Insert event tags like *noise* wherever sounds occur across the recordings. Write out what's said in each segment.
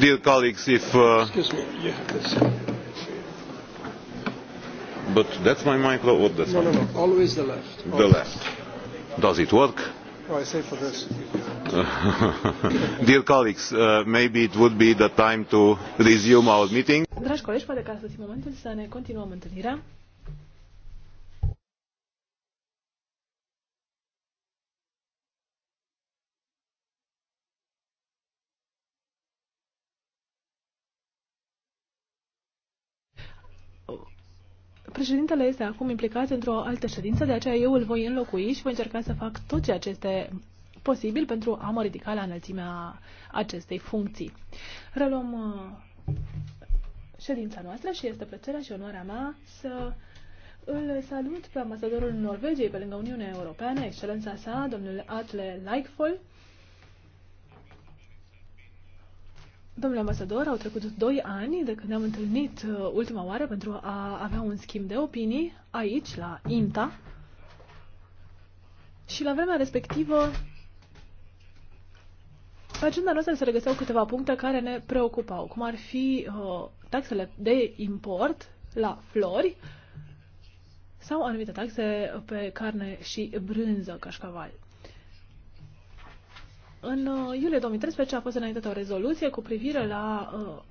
dear colleagues, if. Uh, Excuse me. Yeah, but that's my micro. What that's no, my no, no. Always the left. The left. Does it work? Oh, I say for this. *laughs* dear colleagues, uh, maybe it would be the time to resume our meeting. Dragi colegi, poate că a sosit momentul să ne continuăm întâlnirea. Președintele este acum implicat într-o altă ședință, de aceea eu îl voi înlocui și voi încerca să fac tot ceea ce este posibil pentru a mă ridica la înălțimea acestei funcții. Reluăm uh, ședința noastră și este plăcerea și onoarea mea să îl salut pe ambasadorul Norvegiei pe lângă Uniunea Europeană, excelența sa, domnul Atle Laikfol, Domnule ambasador, au trecut doi ani de când ne-am întâlnit uh, ultima oară pentru a avea un schimb de opinii aici, la INTA. Și la vremea respectivă, pe agenda noastră se regăseau câteva puncte care ne preocupau, cum ar fi uh, taxele de import la flori sau anumite taxe pe carne și brânză cașcaval. În uh, iulie 2013 a fost înaintată o rezoluție cu privire la uh,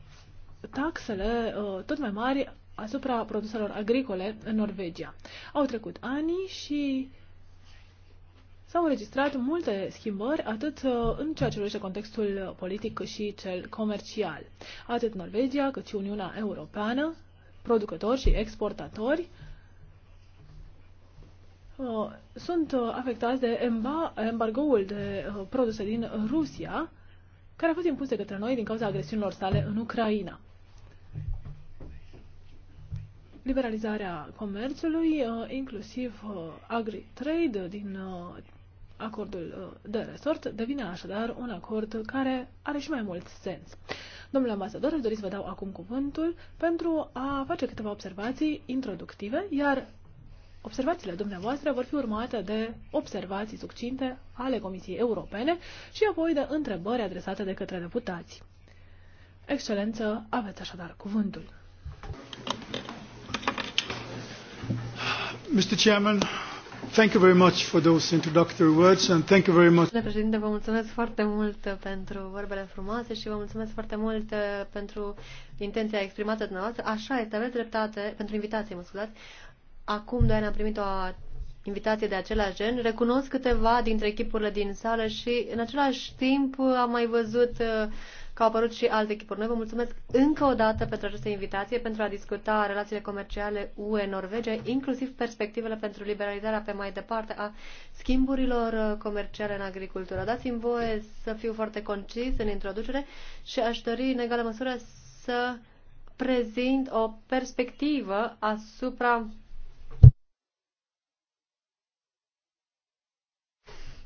taxele uh, tot mai mari asupra produselor agricole în Norvegia. Au trecut ani și s-au înregistrat multe schimbări, atât în ceea ce privește contextul politic, cât și cel comercial. Atât Norvegia, cât și Uniunea Europeană, producători și exportatori, Uh, sunt uh, afectați de embargoul de uh, produse din Rusia, care a fost impus de către noi din cauza agresiunilor sale în Ucraina. Liberalizarea comerțului, inclusiv agri-trade din acordul de resort, devine așadar un acord care are și mai mult sens. Domnule ambasador, doriți să vă dau acum cuvântul pentru a face câteva observații introductive, iar observațiile dumneavoastră vor fi urmate de observații succinte ale Comisiei Europene și apoi de întrebări adresate de către deputați. Excelență, aveți așadar cuvântul. Mr. Chairman, thank you very much for those introductory words and thank you very much. președinte, vă mulțumesc foarte mult pentru vorbele frumoase și vă mulțumesc foarte mult uh, pentru intenția exprimată dumneavoastră. Așa este, aveți dreptate pentru invitație, mă scuzați. Acum doi ani am primit o invitație de același gen. Recunosc câteva dintre echipurile din sală și în același timp am mai văzut uh, că au apărut și alte echipuri. Noi vă mulțumesc încă o dată pentru această invitație, pentru a discuta relațiile comerciale UE-Norvegia, inclusiv perspectivele pentru liberalizarea pe mai departe a schimburilor uh, comerciale în agricultură. Dați-mi voie să fiu foarte concis în introducere și aș dori în egală măsură să prezint o perspectivă asupra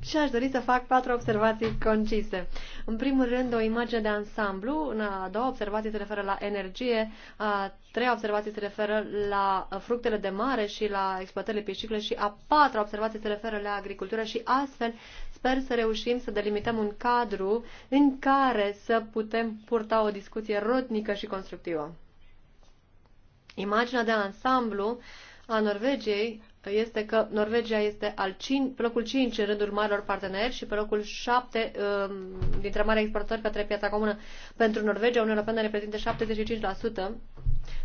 și aș dori să fac patru observații concise. În primul rând, o imagine de ansamblu, în a doua observație se referă la energie, a treia observație se referă la fructele de mare și la exploatările piscicole și a patra observație se referă la agricultură și astfel sper să reușim să delimităm un cadru în care să putem purta o discuție rodnică și constructivă. Imaginea de ansamblu a Norvegiei este că Norvegia este al cin- pe locul 5 în rândul marilor parteneri și pe locul 7 um, dintre mari exportatori către piața comună. Pentru Norvegia, Uniunea Europeană reprezintă 75%,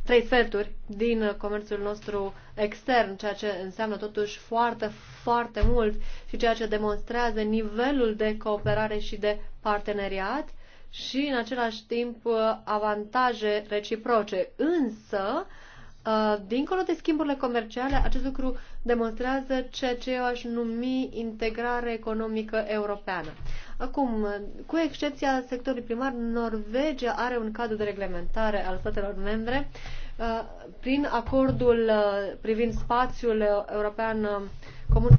trei sferturi din comerțul nostru extern, ceea ce înseamnă totuși foarte, foarte mult și ceea ce demonstrează nivelul de cooperare și de parteneriat și în același timp avantaje reciproce. Însă, Uh, dincolo de schimburile comerciale, acest lucru demonstrează ceea ce eu aș numi integrare economică europeană. Acum, cu excepția sectorului primar, Norvegia are un cadru de reglementare al statelor membre uh, prin acordul uh, privind spațiul european comun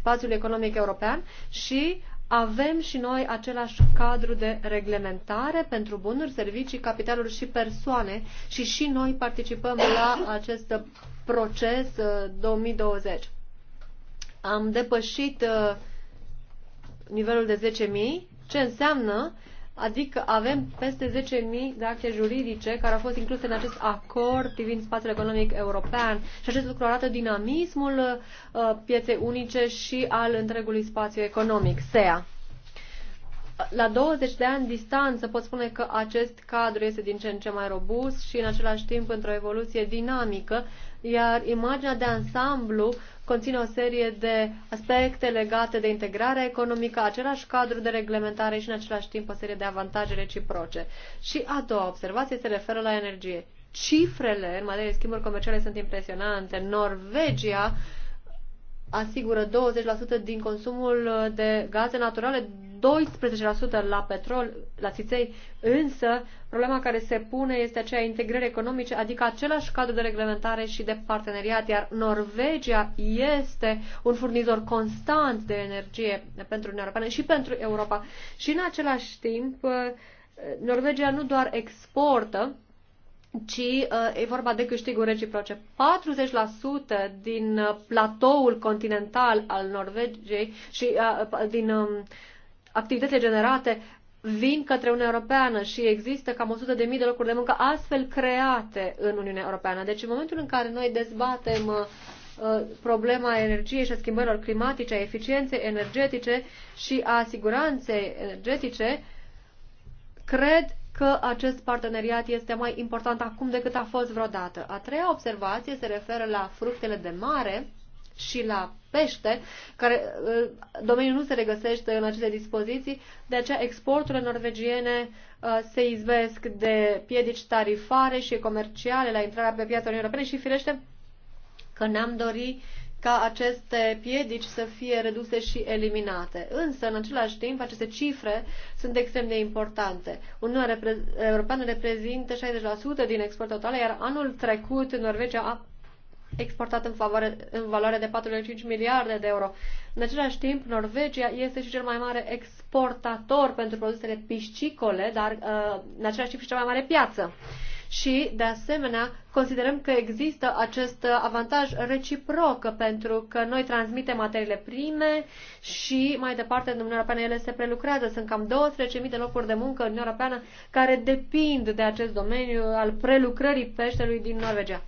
spațiul economic european și avem și noi același cadru de reglementare pentru bunuri, servicii, capitaluri și persoane și și noi participăm la acest proces 2020. Uh, Am depășit uh, nivelul de 10.000, ce înseamnă Adică avem peste 10.000 de acte juridice care au fost incluse în acest acord privind spațiul economic european și acest lucru arată dinamismul uh, pieței unice și al întregului spațiu economic, SEA. La 20 de ani distanță pot spune că acest cadru este din ce în ce mai robust și în același timp într-o evoluție dinamică, iar imaginea de ansamblu conține o serie de aspecte legate de integrarea economică, același cadru de reglementare și în același timp o serie de avantaje reciproce. Și a doua observație se referă la energie. Cifrele în materie de schimburi comerciale sunt impresionante. Norvegia asigură 20% din consumul de gaze naturale, 12% la petrol, la țiței, însă problema care se pune este aceea integrare economice, adică același cadru de reglementare și de parteneriat, iar Norvegia este un furnizor constant de energie pentru Uniunea Europeană și pentru Europa. Și în același timp, Norvegia nu doar exportă, ci uh, e vorba de câștiguri reciproce. 40% din uh, platoul continental al Norvegiei și uh, uh, din um, activitățile generate vin către Uniunea Europeană și există cam 100.000 de locuri de muncă astfel create în Uniunea Europeană. Deci în momentul în care noi dezbatem uh, uh problema energiei și a schimbărilor climatice, a eficienței energetice și a siguranței energetice, cred că acest parteneriat este mai important acum decât a fost vreodată. A treia observație se referă la fructele de mare și la pește, care uh, domeniul nu se regăsește în aceste dispoziții, de aceea exporturile norvegiene uh, se izvesc de piedici tarifare și comerciale la intrarea pe piața Uniunii Europene și firește că ne-am dorit ca aceste piedici să fie reduse și eliminate. Însă, în același timp, aceste cifre sunt extrem de importante. Uniunea Europeană reprezintă 60% din export total, iar anul trecut Norvegia a exportat în, favoare, în valoare de 4,5 miliarde de euro. În același timp, Norvegia este și cel mai mare exportator pentru produsele piscicole, dar uh, în același timp și cea mai mare piață și, de asemenea, considerăm că există acest avantaj reciproc pentru că noi transmitem materiile prime și mai departe în Uniunea Europeană ele se prelucrează. Sunt cam 12.000 de locuri de muncă în Uniunea Europeană care depind de acest domeniu al prelucrării peștelui din Norvegia.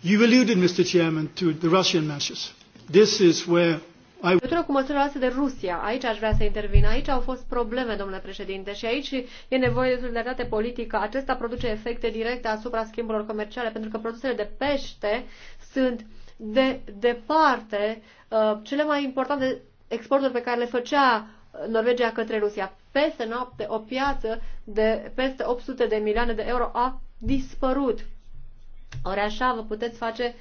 You alluded, Mr. Chairman, to the Russian measures. This is where în legătură cu măsurile astea de Rusia, aici aș vrea să intervin. Aici au fost probleme, domnule președinte, și aici e nevoie de solidaritate politică. Acesta produce efecte directe asupra schimburilor comerciale, pentru că produsele de pește sunt de departe uh, cele mai importante exporturi pe care le făcea uh, Norvegia către Rusia. Peste noapte, o piață de peste 800 de milioane de euro a dispărut. Ori așa vă puteți face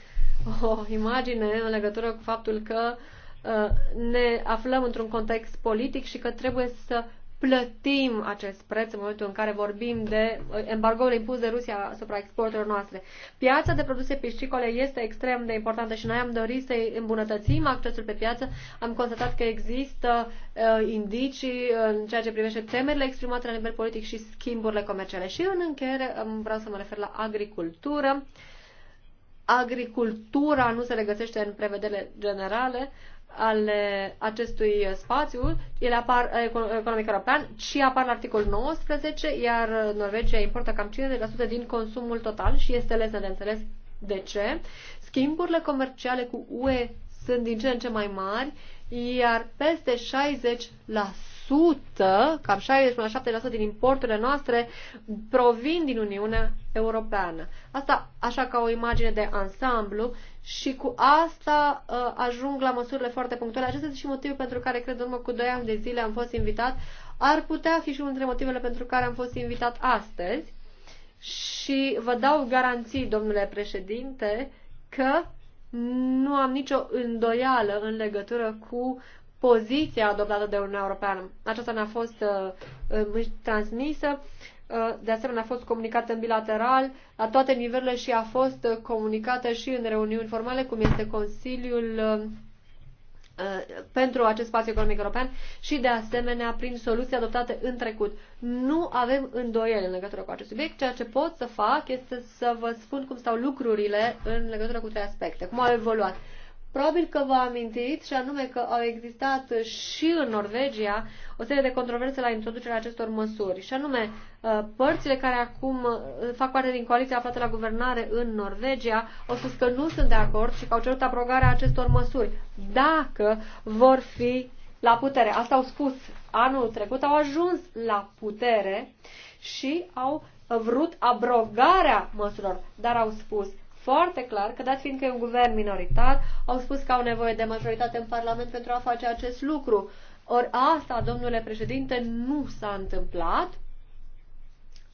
o imagine în legătură cu faptul că uh, Uh, ne aflăm într-un context politic și că trebuie să plătim acest preț în momentul în care vorbim de uh, embargoul impus de Rusia asupra exporturilor noastre. Piața de produse piscicole este extrem de importantă și noi am dorit să îmbunătățim accesul pe piață. Am constatat că există uh, indicii în ceea ce privește temerile exprimate la nivel politic și schimburile comerciale. Și în încheiere um, vreau să mă refer la agricultură. Agricultura nu se regăsește în prevederile generale, ale uh, acestui spațiu, ele apar uh, economic european și apar la articolul 19, iar uh, Norvegia importă cam 50% din consumul total și este lesne de înțeles de ce. Schimburile comerciale cu UE sunt din ce în ce mai mari, iar peste 60% cam 60 la 70% din importurile noastre provin din Uniunea Europeană. Asta așa ca o imagine de ansamblu și cu asta uh, ajung la măsurile foarte punctuale. Acesta este și motivul pentru care, cred, în urmă cu 2 ani de zile am fost invitat. Ar putea fi și unul dintre motivele pentru care am fost invitat astăzi. Și vă dau garanții, domnule președinte, că nu am nicio îndoială în legătură cu poziția adoptată de Uniunea Europeană. Aceasta ne-a fost uh, transmisă, uh, de asemenea a fost comunicată în bilateral la toate nivelurile și a fost uh, comunicată și în reuniuni formale, cum este Consiliul uh, uh, pentru acest spațiu economic european și, de asemenea, prin soluții adoptate în trecut. Nu avem îndoieli în legătură cu acest subiect. Ceea ce pot să fac este să vă spun cum stau lucrurile în legătură cu trei aspecte, cum au evoluat. Probabil că vă amintiți și anume că au existat și în Norvegia o serie de controverse la introducerea acestor măsuri. Și anume, uh, părțile care acum uh, fac parte din coaliția aflată la guvernare în Norvegia au spus că nu sunt de acord și că au cerut abrogarea acestor măsuri dacă vor fi la putere. Asta au spus anul trecut, au ajuns la putere și au vrut abrogarea măsurilor, dar au spus foarte clar că, dat fiindcă e un guvern minoritar, au spus că au nevoie de majoritate în Parlament pentru a face acest lucru. Ori asta, domnule președinte, nu s-a întâmplat.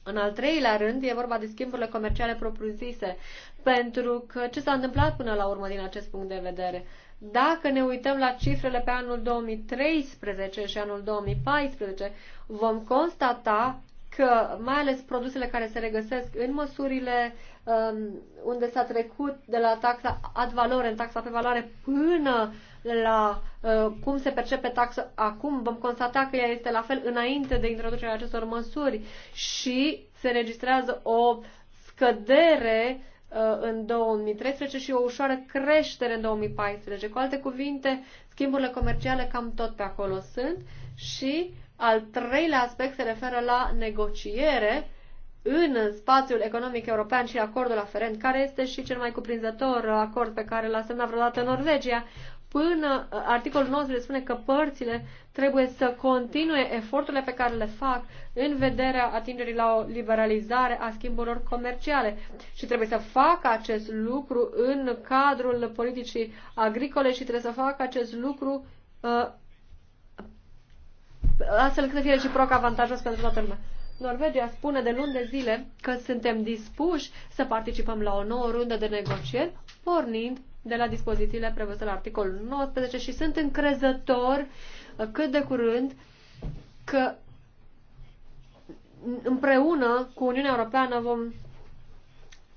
În al treilea rând, e vorba de schimburile comerciale propriu-zise, pentru că ce s-a întâmplat până la urmă din acest punct de vedere? Dacă ne uităm la cifrele pe anul 2013 și anul 2014, vom constata că mai ales produsele care se regăsesc în măsurile uh, Um, unde s-a trecut de la taxa ad valore în taxa pe valoare până la uh, cum se percepe taxa acum, vom constata că ea este la fel înainte de introducerea acestor măsuri și se registrează o scădere uh, în 2013 și o ușoară creștere în 2014. Cu alte cuvinte, schimburile comerciale cam tot pe acolo sunt și al treilea aspect se referă la negociere în spațiul economic european și acordul aferent, care este și cel mai cuprinzător acord pe care l-a semnat vreodată Norvegia, până uh, articolul 19 spune că părțile trebuie să continue eforturile pe care le fac în vederea atingerii la o liberalizare a schimburilor comerciale și trebuie să facă acest lucru în cadrul politicii agricole și trebuie să facă acest lucru uh, astfel cât să fie reciproc avantajos pentru toată lumea. Norvegia spune de luni de zile că suntem dispuși să participăm la o nouă rundă de negocieri, pornind de la dispozițiile prevăzute la articolul 19 și sunt încrezător uh, cât de curând că împreună cu Uniunea Europeană vom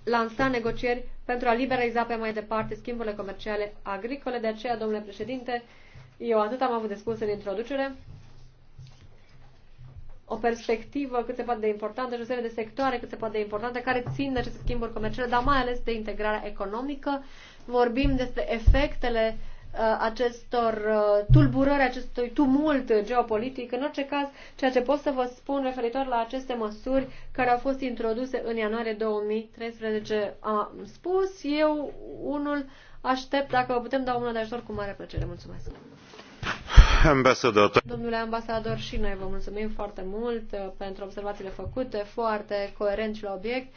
lansa negocieri pentru a liberaliza pe mai departe schimburile comerciale agricole. De aceea, domnule președinte, eu atât am avut de spus în introducere o perspectivă cât se poate de importantă și o serie de sectoare cât se poate de importante care țin de aceste schimburi comerciale, dar mai ales de integrarea economică. Vorbim despre efectele uh, acestor uh, tulburări, acestui tumult geopolitic. În orice caz, ceea ce pot să vă spun referitor la aceste măsuri care au fost introduse în ianuarie 2013, am spus eu unul aștept dacă vă putem da mână de ajutor cu mare plăcere. Mulțumesc! Domnule ambasador, și noi vă mulțumim foarte mult uh, pentru observațiile făcute, foarte coerent și la obiect,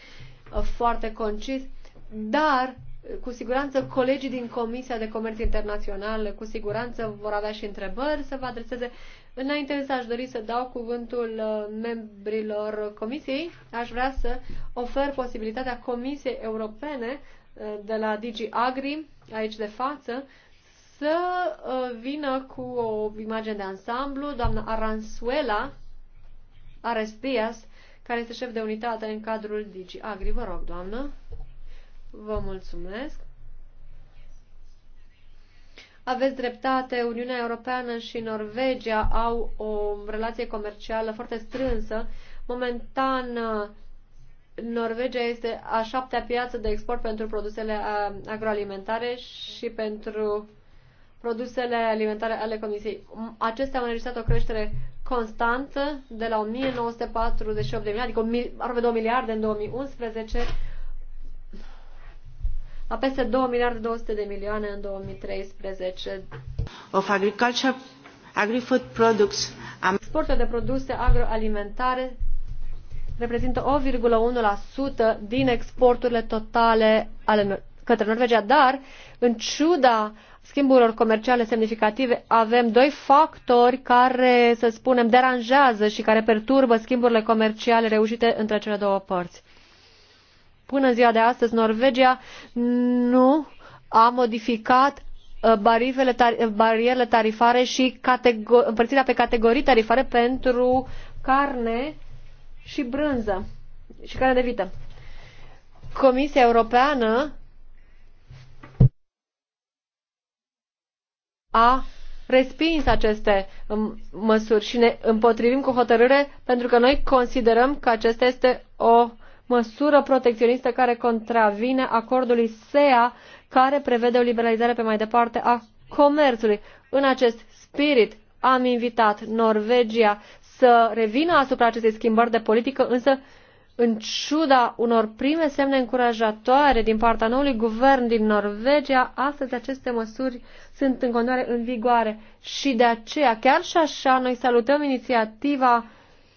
uh, foarte concis, dar uh, cu siguranță colegii din Comisia de Comerț Internațional cu siguranță vor avea și întrebări să vă adreseze. Înainte să aș dori să dau cuvântul membrilor Comisiei, aș vrea să ofer posibilitatea Comisiei Europene de la Digi Agri, aici de față, să uh, vină cu o imagine de ansamblu, doamna Aransuela Arespias, care este șef de unitate în cadrul Digi Agri. Vă rog, doamnă. Vă mulțumesc. Aveți dreptate, Uniunea Europeană și Norvegia au o relație comercială foarte strânsă. Momentan, Norvegia este a șaptea piață de export pentru produsele uh, agroalimentare și pentru produsele alimentare ale Comisiei. Acestea au înregistrat o creștere constantă de la 1948 de miliarde, adică aproape 2 miliarde în 2011, la peste 2 miliarde 200 de milioane în 2013. Of agriculture, agri-food products. Exportul de produse agroalimentare reprezintă 1,1% din exporturile totale ale către Norvegia, dar în ciuda schimburilor comerciale semnificative avem doi factori care, să spunem, deranjează și care perturbă schimburile comerciale reușite între cele două părți. Până în ziua de astăzi, Norvegia nu a modificat uh, barierele, tar- uh, barierele tarifare și categor- împărțirea pe categorii tarifare pentru carne și brânză și carne de vită. Comisia Europeană a respins aceste um, măsuri și ne împotrivim cu hotărâre pentru că noi considerăm că acesta este o măsură protecționistă care contravine acordului SEA care prevede o liberalizare pe mai departe a comerțului. În acest spirit am invitat Norvegia să revină asupra acestei schimbări de politică, însă în ciuda unor prime semne încurajatoare din partea noului guvern din Norvegia, astăzi aceste măsuri sunt în continuare în vigoare. Și de aceea, chiar și așa, noi salutăm inițiativa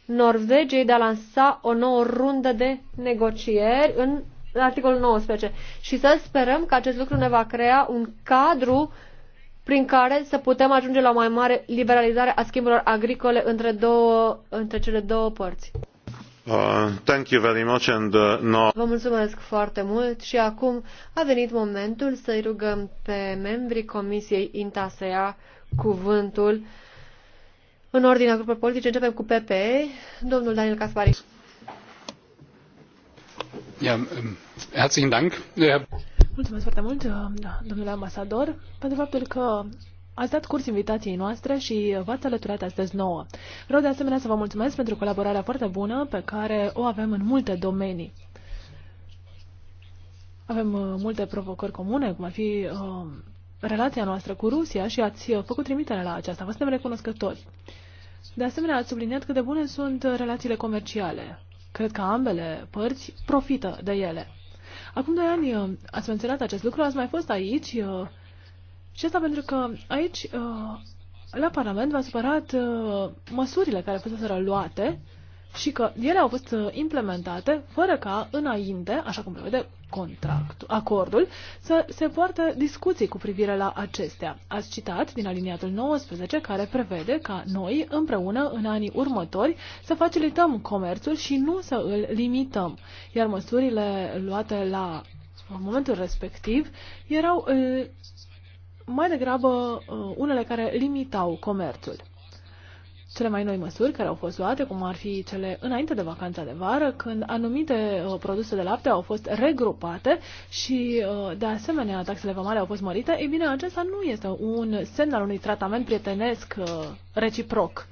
Norvegiei de a lansa o nouă rundă de negocieri în articolul 19. Și să sperăm că acest lucru ne va crea un cadru prin care să putem ajunge la o mai mare liberalizare a schimburilor agricole între, două, între cele două părți. Uh, thank you very much and, uh, no... Vă mulțumesc foarte mult și acum a venit momentul să-i rugăm pe membrii Comisiei INTA să ia cuvântul. În ordinea grupului politice începem cu PP. Domnul Daniel Caspari. Ja, um, herzlichen Dank. Mulțumesc foarte mult, uh, da, domnule ambasador, pentru faptul că Ați dat curs invitației noastre și v-ați alăturat astăzi nouă. Vreau de asemenea să vă mulțumesc pentru colaborarea foarte bună pe care o avem în multe domenii. Avem uh, multe provocări comune, cum ar fi uh, relația noastră cu Rusia și ați uh, făcut trimitere la aceasta. Vă suntem recunoscători. De asemenea, ați subliniat cât de bune sunt relațiile comerciale. Cred că ambele părți profită de ele. Acum doi ani uh, ați menționat acest lucru, ați mai fost aici și asta pentru că aici, uh, la Parlament, v-a supărat uh, măsurile care fuseseră luate și că ele au fost uh, implementate fără ca înainte, așa cum prevede contractul, acordul, să se poartă discuții cu privire la acestea. Ați citat din aliniatul 19 care prevede ca noi împreună în anii următori să facilităm comerțul și nu să îl limităm, iar măsurile luate la în momentul respectiv erau mai degrabă uh, unele care limitau comerțul. Cele mai noi măsuri care au fost luate, cum ar fi cele înainte de vacanța de vară, când anumite uh, produse de lapte au fost regrupate și, uh, de asemenea, taxele vamale au fost mărite, ei bine, acesta nu este un semn al unui tratament prietenesc reciproc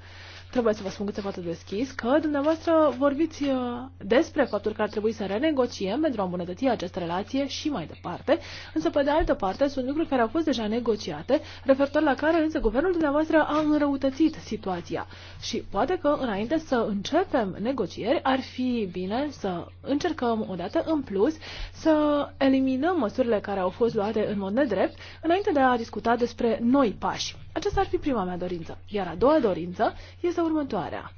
trebuie să vă spun cât se poate deschis că dumneavoastră vorbiți uh, despre faptul că ar trebui să renegociem pentru a îmbunătăți această relație și mai departe, însă pe de altă parte sunt lucruri care au fost deja negociate, referitor la care însă guvernul dumneavoastră a înrăutățit situația. Și poate că înainte să începem negocieri ar fi bine să încercăm odată în plus să eliminăm măsurile care au fost luate în mod nedrept înainte de a discuta despre noi pași. Aceasta ar fi prima mea dorință. Iar a doua dorință este următoarea.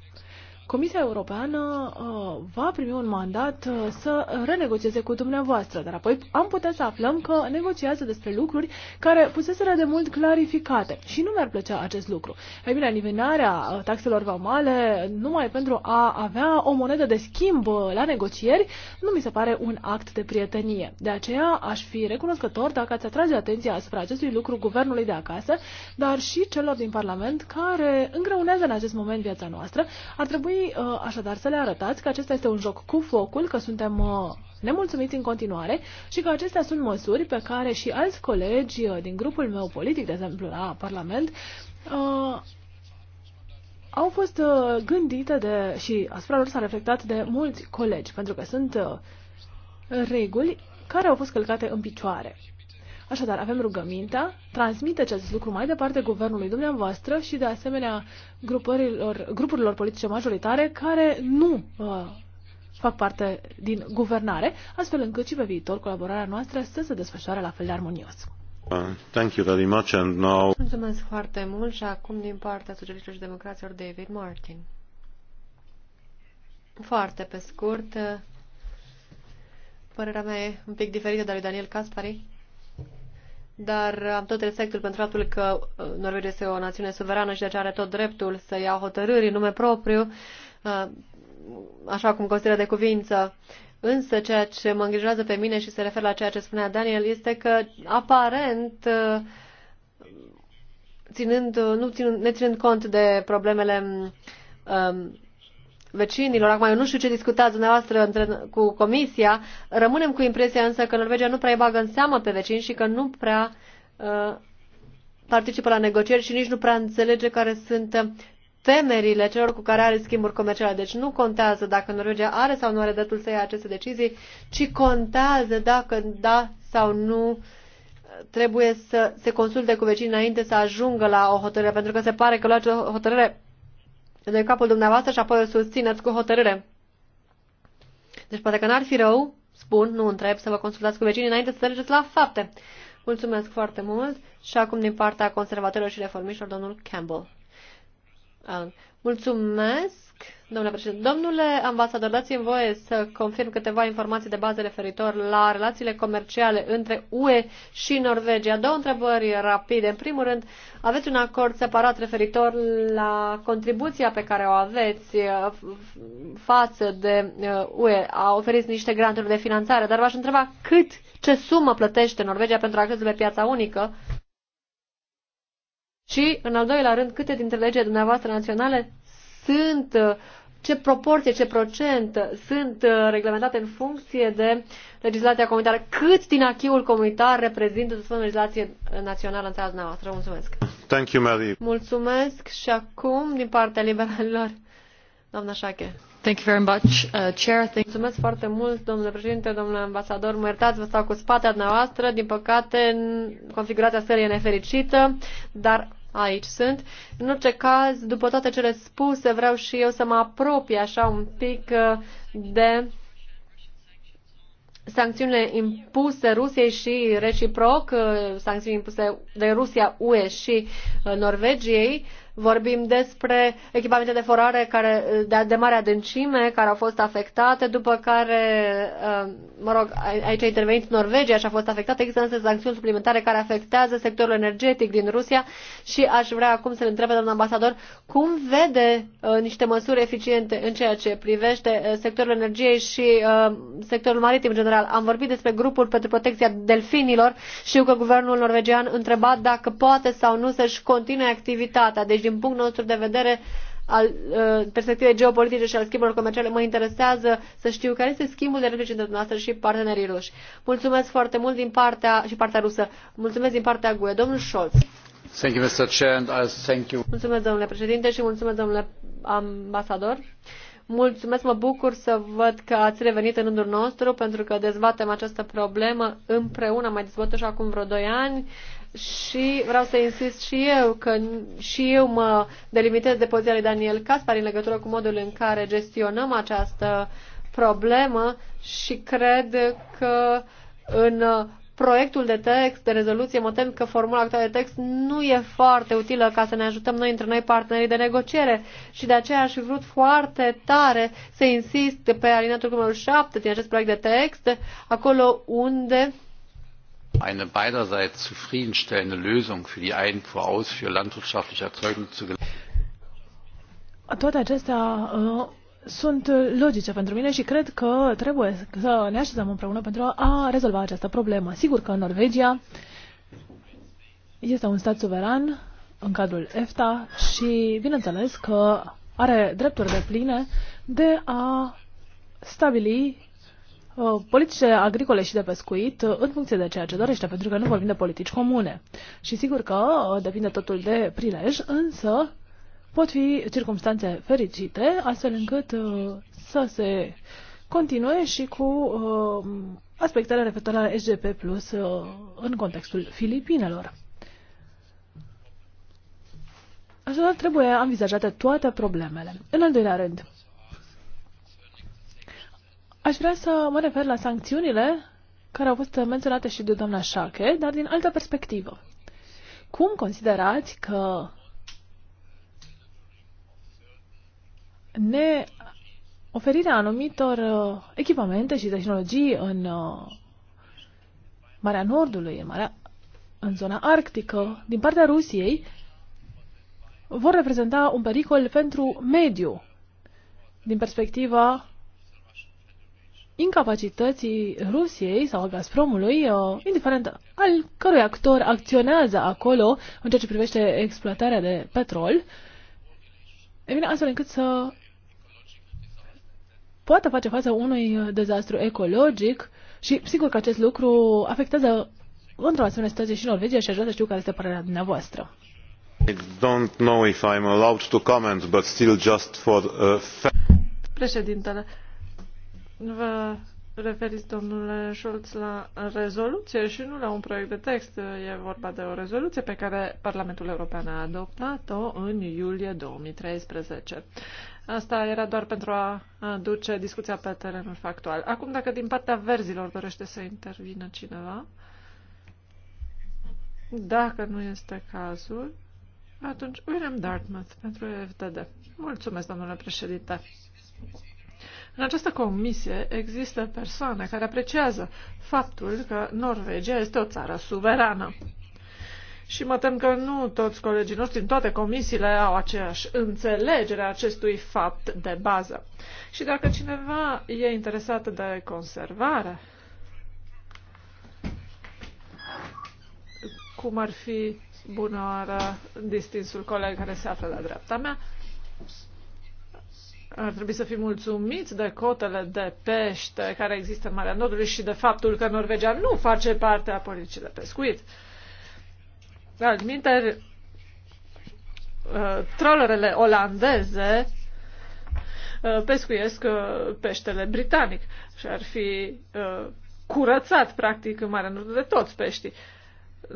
Comisia Europeană uh, va primi un mandat uh, să renegocieze cu dumneavoastră, dar apoi am putea să aflăm că negociază despre lucruri care puseseră de mult clarificate și nu mi-ar plăcea acest lucru. Ei bine, nivelarea uh, taxelor vamale numai pentru a avea o monedă de schimb la negocieri nu mi se pare un act de prietenie. De aceea aș fi recunoscător dacă ați atrage atenția asupra acestui lucru guvernului de acasă, dar și celor din Parlament care îngreunează în acest moment viața noastră. Ar trebui și uh, așadar să le arătați că acesta este un joc cu focul, că suntem uh, nemulțumiți în continuare și că acestea sunt măsuri pe care și alți colegi uh, din grupul meu politic, de exemplu la Parlament, au fost gândite de, și asupra lor s-a reflectat de mulți colegi, pentru că sunt reguli care au fost călcate în picioare. Așadar, avem rugămintea, transmite acest lucru mai departe guvernului dumneavoastră și de asemenea grupurilor, grupurilor politice majoritare care nu uh, fac parte din guvernare, astfel încât și pe viitor colaborarea noastră să se desfășoare la fel de armonios. Uh, thank you very much and now... Mulțumesc foarte mult și acum din partea Socialiștilor și Democraților David Martin. Foarte pe scurt, uh, părerea mea e un pic diferită de a lui Daniel Caspari dar am tot respectul pentru faptul că uh, Norvegia este o națiune suverană și de aceea are tot dreptul să ia hotărâri în nume propriu, uh, așa cum consideră de cuvință. Însă ceea ce mă îngrijorează pe mine și se referă la ceea ce spunea Daniel este că aparent uh, ținând, nu ținând, ne ținând cont de problemele um, vecinilor. Acum eu nu știu ce discutați dumneavoastră între, cu comisia, rămânem cu impresia însă că Norvegia nu prea îi bagă în seamă pe vecini și că nu prea uh, participă la negocieri și nici nu prea înțelege care sunt temerile celor cu care are schimburi comerciale. Deci nu contează dacă Norvegia are sau nu are dreptul să ia aceste decizii, ci contează dacă da sau nu uh, trebuie să se consulte cu vecinii înainte să ajungă la o hotărâre, pentru că se pare că luați o hotărâre de capul dumneavoastră și apoi îl susțineți cu hotărâre. Deci poate că n-ar fi rău, spun, nu întreb, să vă consultați cu vecinii înainte să mergeți la fapte. Mulțumesc foarte mult și acum din partea conservatorilor și reformiștilor, domnul Campbell. Ah, mulțumesc! domnule președinte. Domnule ambasador, dați-mi voie să confirm câteva informații de bază referitor la relațiile comerciale între UE și Norvegia. Două întrebări rapide. În primul rând, aveți un acord separat referitor la contribuția pe care o aveți uh, față de UE. Uh, a oferit niște granturi de finanțare, dar v-aș întreba cât, ce sumă plătește Norvegia pentru accesul pe piața unică? Și, în al doilea rând, câte dintre legile dumneavoastră naționale sunt, uh, ce proporție, ce procent sunt uh, reglementate în funcție de legislația comunitară, cât din achiul comunitar reprezintă, să spunem, legislație națională în țara noastră. Mulțumesc! Thank you, Mary. Mulțumesc și acum din partea liberalilor. Doamna Șache. Thank you very much, uh, Chair. Thank Mulțumesc foarte mult, domnule președinte, domnule ambasador. Mă iertați, vă stau cu spatea noastră. Din păcate, în configurația sării e nefericită, dar aici sunt. În orice caz, după toate cele spuse, vreau și eu să mă apropii așa un pic uh, de sancțiunile impuse Rusiei și reciproc, uh, sancțiunile impuse de Rusia, UE și uh, Norvegiei. Vorbim despre echipamente de forare care, de, de mare adâncime care au fost afectate, după care, uh, mă rog, aici a intervenit Norvegia și a fost afectată. Există însă sancțiuni suplimentare care afectează sectorul energetic din Rusia și aș vrea acum să-l întrebe, domnul ambasador, cum vede uh, niște măsuri eficiente în ceea ce privește uh, sectorul energiei și sectorul maritim în general. Am vorbit despre grupul pentru protecția delfinilor. eu că guvernul norvegian întreba dacă poate sau nu să-și continue activitatea. Deci, din punctul nostru de vedere al uh, perspectivei geopolitice și al schimburilor comerciale, mă interesează să știu care este schimbul de replici între dumneavoastră și partenerii ruși. Mulțumesc foarte mult din partea și partea rusă. Mulțumesc din partea GUE. Domnul Scholz. Thank you, Mr. Chair, and I thank you. Mulțumesc, domnule președinte, și mulțumesc, domnule ambasador. Mulțumesc, mă bucur să văd că ați revenit în rândul nostru pentru că dezbatem această problemă împreună. Am mai dezbătut și acum vreo doi ani și vreau să insist și eu că și eu mă delimitez de poziția lui Daniel Caspar în legătură cu modul în care gestionăm această problemă și cred că în proiectul de text, de rezoluție, mă tem că formula actuală de text nu e foarte utilă ca să ne ajutăm noi între noi partenerii de negociere și de aceea aș fi vrut foarte tare să insist pe alineatul numărul 7 din acest proiect de text, acolo unde uh, Eine beiderseits zufriedenstellende Lösung für die Einfuhr aus für landwirtschaftliche Erzeugnisse zu gelangen. Toate acestea uh, sunt uh, logice pentru mine și cred că trebuie să ne așezăm împreună pentru a rezolva această problemă. Sigur că Norvegia este un stat suveran în cadrul EFTA și bineînțeles că are drepturi de pline de a stabili Uh, politice agricole și de pescuit uh, în funcție de ceea ce dorește, pentru că nu vorbim de politici comune. Și sigur că uh, depinde totul de prilej, însă pot fi circumstanțe fericite, astfel încât să se continue și cu aspectele referitoare la SGP Plus în contextul Filipinelor. Așadar, trebuie anvizajate toate problemele. În al doilea rând, Aș vrea să mă refer la sancțiunile care au fost menționate și de doamna Șache, dar din altă perspectivă. Cum considerați că ne oferirea anumitor uh, echipamente și tehnologii în uh, Marea Nordului, în, Marea, în zona arctică, din partea Rusiei, vor reprezenta un pericol pentru mediu, din perspectiva incapacității Rusiei sau a Gazpromului, uh, indiferent al cărui actor acționează acolo în ceea ce privește exploatarea de petrol, e bine, astfel încât să poată face față unui dezastru ecologic și sigur că acest lucru afectează într-o asemenea situație și Norvegia și aș vrea să știu care este părerea dumneavoastră. I don't know if I'm allowed to comment, but still just for uh, președintele Vă referiți, domnule Schulz, la rezoluție și nu la un proiect de text. E vorba de o rezoluție pe care Parlamentul European a adoptat-o în iulie 2013. Asta era doar pentru a aduce discuția pe terenul factual. Acum, dacă din partea verzilor dorește să intervină cineva, dacă nu este cazul, atunci William Dartmouth pentru FDD. Mulțumesc, domnule președinte. În această comisie există persoane care apreciază faptul că Norvegia este o țară suverană. Și mă tem că nu toți colegii noștri în toate comisiile au aceeași înțelegere a acestui fapt de bază. Și dacă cineva e interesat de conservare, cum ar fi bună oară distinsul coleg care se află la dreapta mea, ar trebui să fim mulțumiți de cotele de pește care există în Marea Nordului și de faptul că Norvegia nu face parte a politicii de pescuit. Altminteri, uh, trollerele olandeze uh, pescuiesc uh, peștele britanic și ar fi curățat, practic, în Marea Nordului de toți peștii.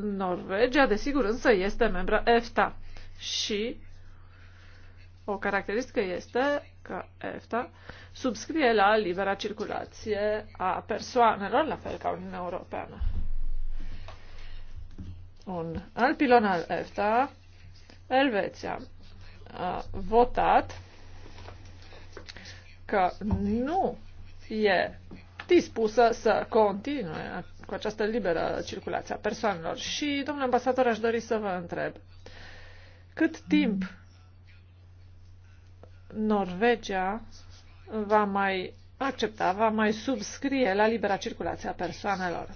Norvegia, desigur, însă este membra EFTA și o caracteristică este că EFTA subscrie la libera circulație a persoanelor, la fel ca Uniunea Europeană. Un alt pilon al EFTA, Elveția, a votat că nu e dispusă să continue cu această liberă circulație a persoanelor. Și, domnule ambasador, aș dori să vă întreb cât timp Norvegia va mai accepta, va mai subscrie la libera circulație a persoanelor.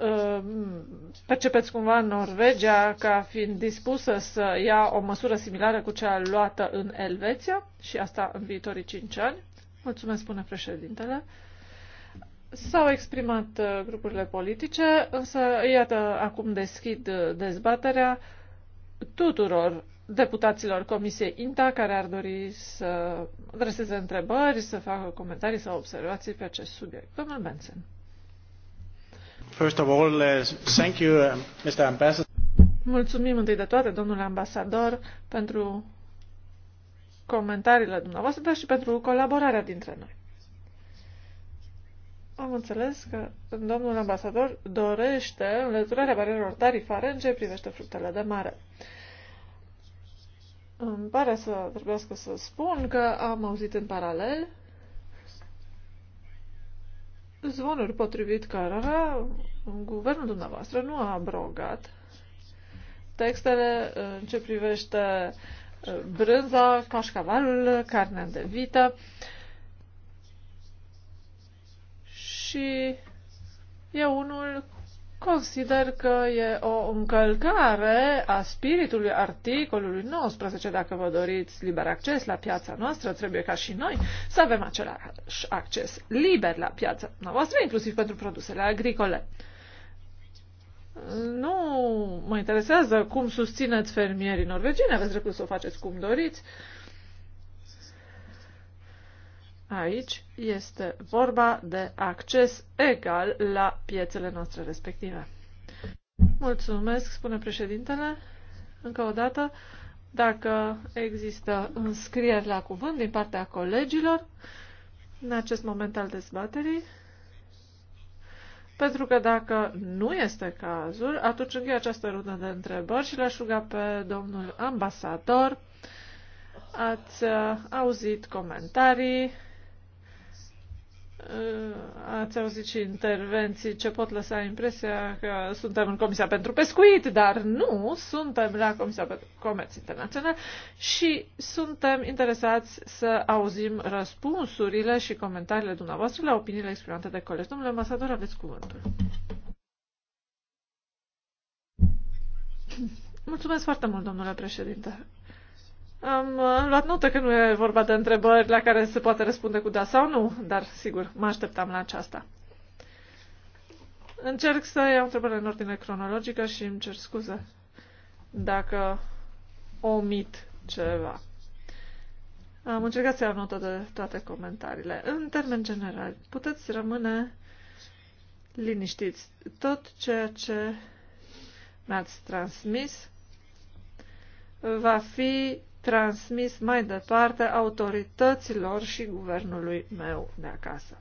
Ehm, percepeți cumva Norvegia ca fiind dispusă să ia o măsură similară cu cea luată în Elveția și asta în viitorii cinci ani? Mulțumesc, spune președintele. S-au exprimat uh, grupurile politice, însă iată acum deschid uh, dezbaterea tuturor deputaților Comisiei INTA care ar dori să adreseze întrebări, să facă comentarii sau observații pe acest subiect. Domnul Benson. First of all, uh, thank you, uh, Mr. Ambassador. Mulțumim întâi de toate, domnule ambasador, pentru comentariile dumneavoastră, dar și pentru colaborarea dintre noi. Am înțeles că domnul ambasador dorește înlăturarea barierelor tarifare în ce privește fructele de mare. Uh, îmi pare să trebuiască să spun că am auzit în paralel zvonuri potrivit cărora guvernul dumneavoastră nu a abrogat textele în ce privește uh, brânza, cașcavalul, carnea de vită și eu unul Consider că e o încălcare a spiritului articolului 19. Dacă vă doriți liber acces la piața noastră, trebuie ca și noi să avem același acces liber la piața noastră, inclusiv pentru produsele agricole. Nu mă interesează cum susțineți fermierii norvegieni, aveți dreptul să o faceți cum doriți. Uh, Aici este vorba de acces egal la piețele noastre respective. Mulțumesc, spune președintele. Încă o dată, dacă există înscrieri la cuvânt din partea colegilor, în acest moment al dezbaterii, pentru că dacă nu este cazul, atunci închei această rundă de întrebări și l-aș ruga pe domnul ambasador. Ați uh, auzit comentarii, Ați auzit și intervenții ce pot lăsa impresia că suntem în Comisia pentru Pescuit, dar nu, suntem la Comisia pentru Comerț Internațional și suntem interesați să auzim răspunsurile și comentariile dumneavoastră la opiniile exprimate de colegi. Domnule ambasador, aveți cuvântul. Mulțumesc foarte mult, domnule președinte. Am uh, luat notă că nu e vorba de întrebări la care se poate răspunde cu da sau nu, dar sigur, mă așteptam la aceasta. Încerc să iau întrebările în ordine cronologică și îmi cer scuze dacă omit ceva. Am încercat să iau notă de toate comentariile. În termen general, puteți rămâne liniștiți. Tot ceea ce mi-ați transmis va fi transmis mai departe autorităților și guvernului meu de acasă.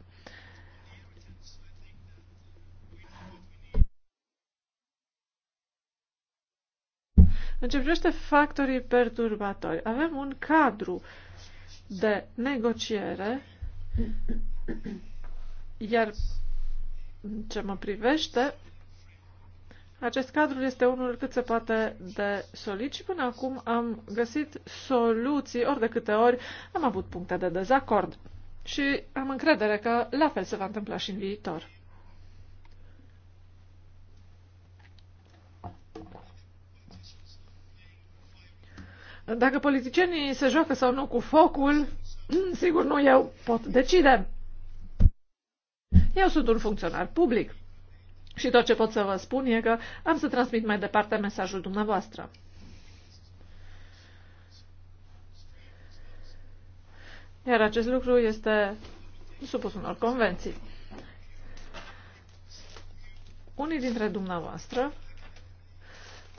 În ce privește factorii perturbatori, avem un cadru de negociere, iar în ce mă privește, acest cadru este unul cât se poate de solid și până acum am găsit soluții, ori de câte ori am avut puncte de dezacord. Și am încredere că la fel se va întâmpla și în viitor. Dacă politicienii se joacă sau nu cu focul, mm, sigur nu eu pot decide. Eu sunt un funcționar public și tot ce pot să vă spun e că am să transmit mai departe mesajul dumneavoastră. Iar acest lucru este supus unor convenții. Unii dintre dumneavoastră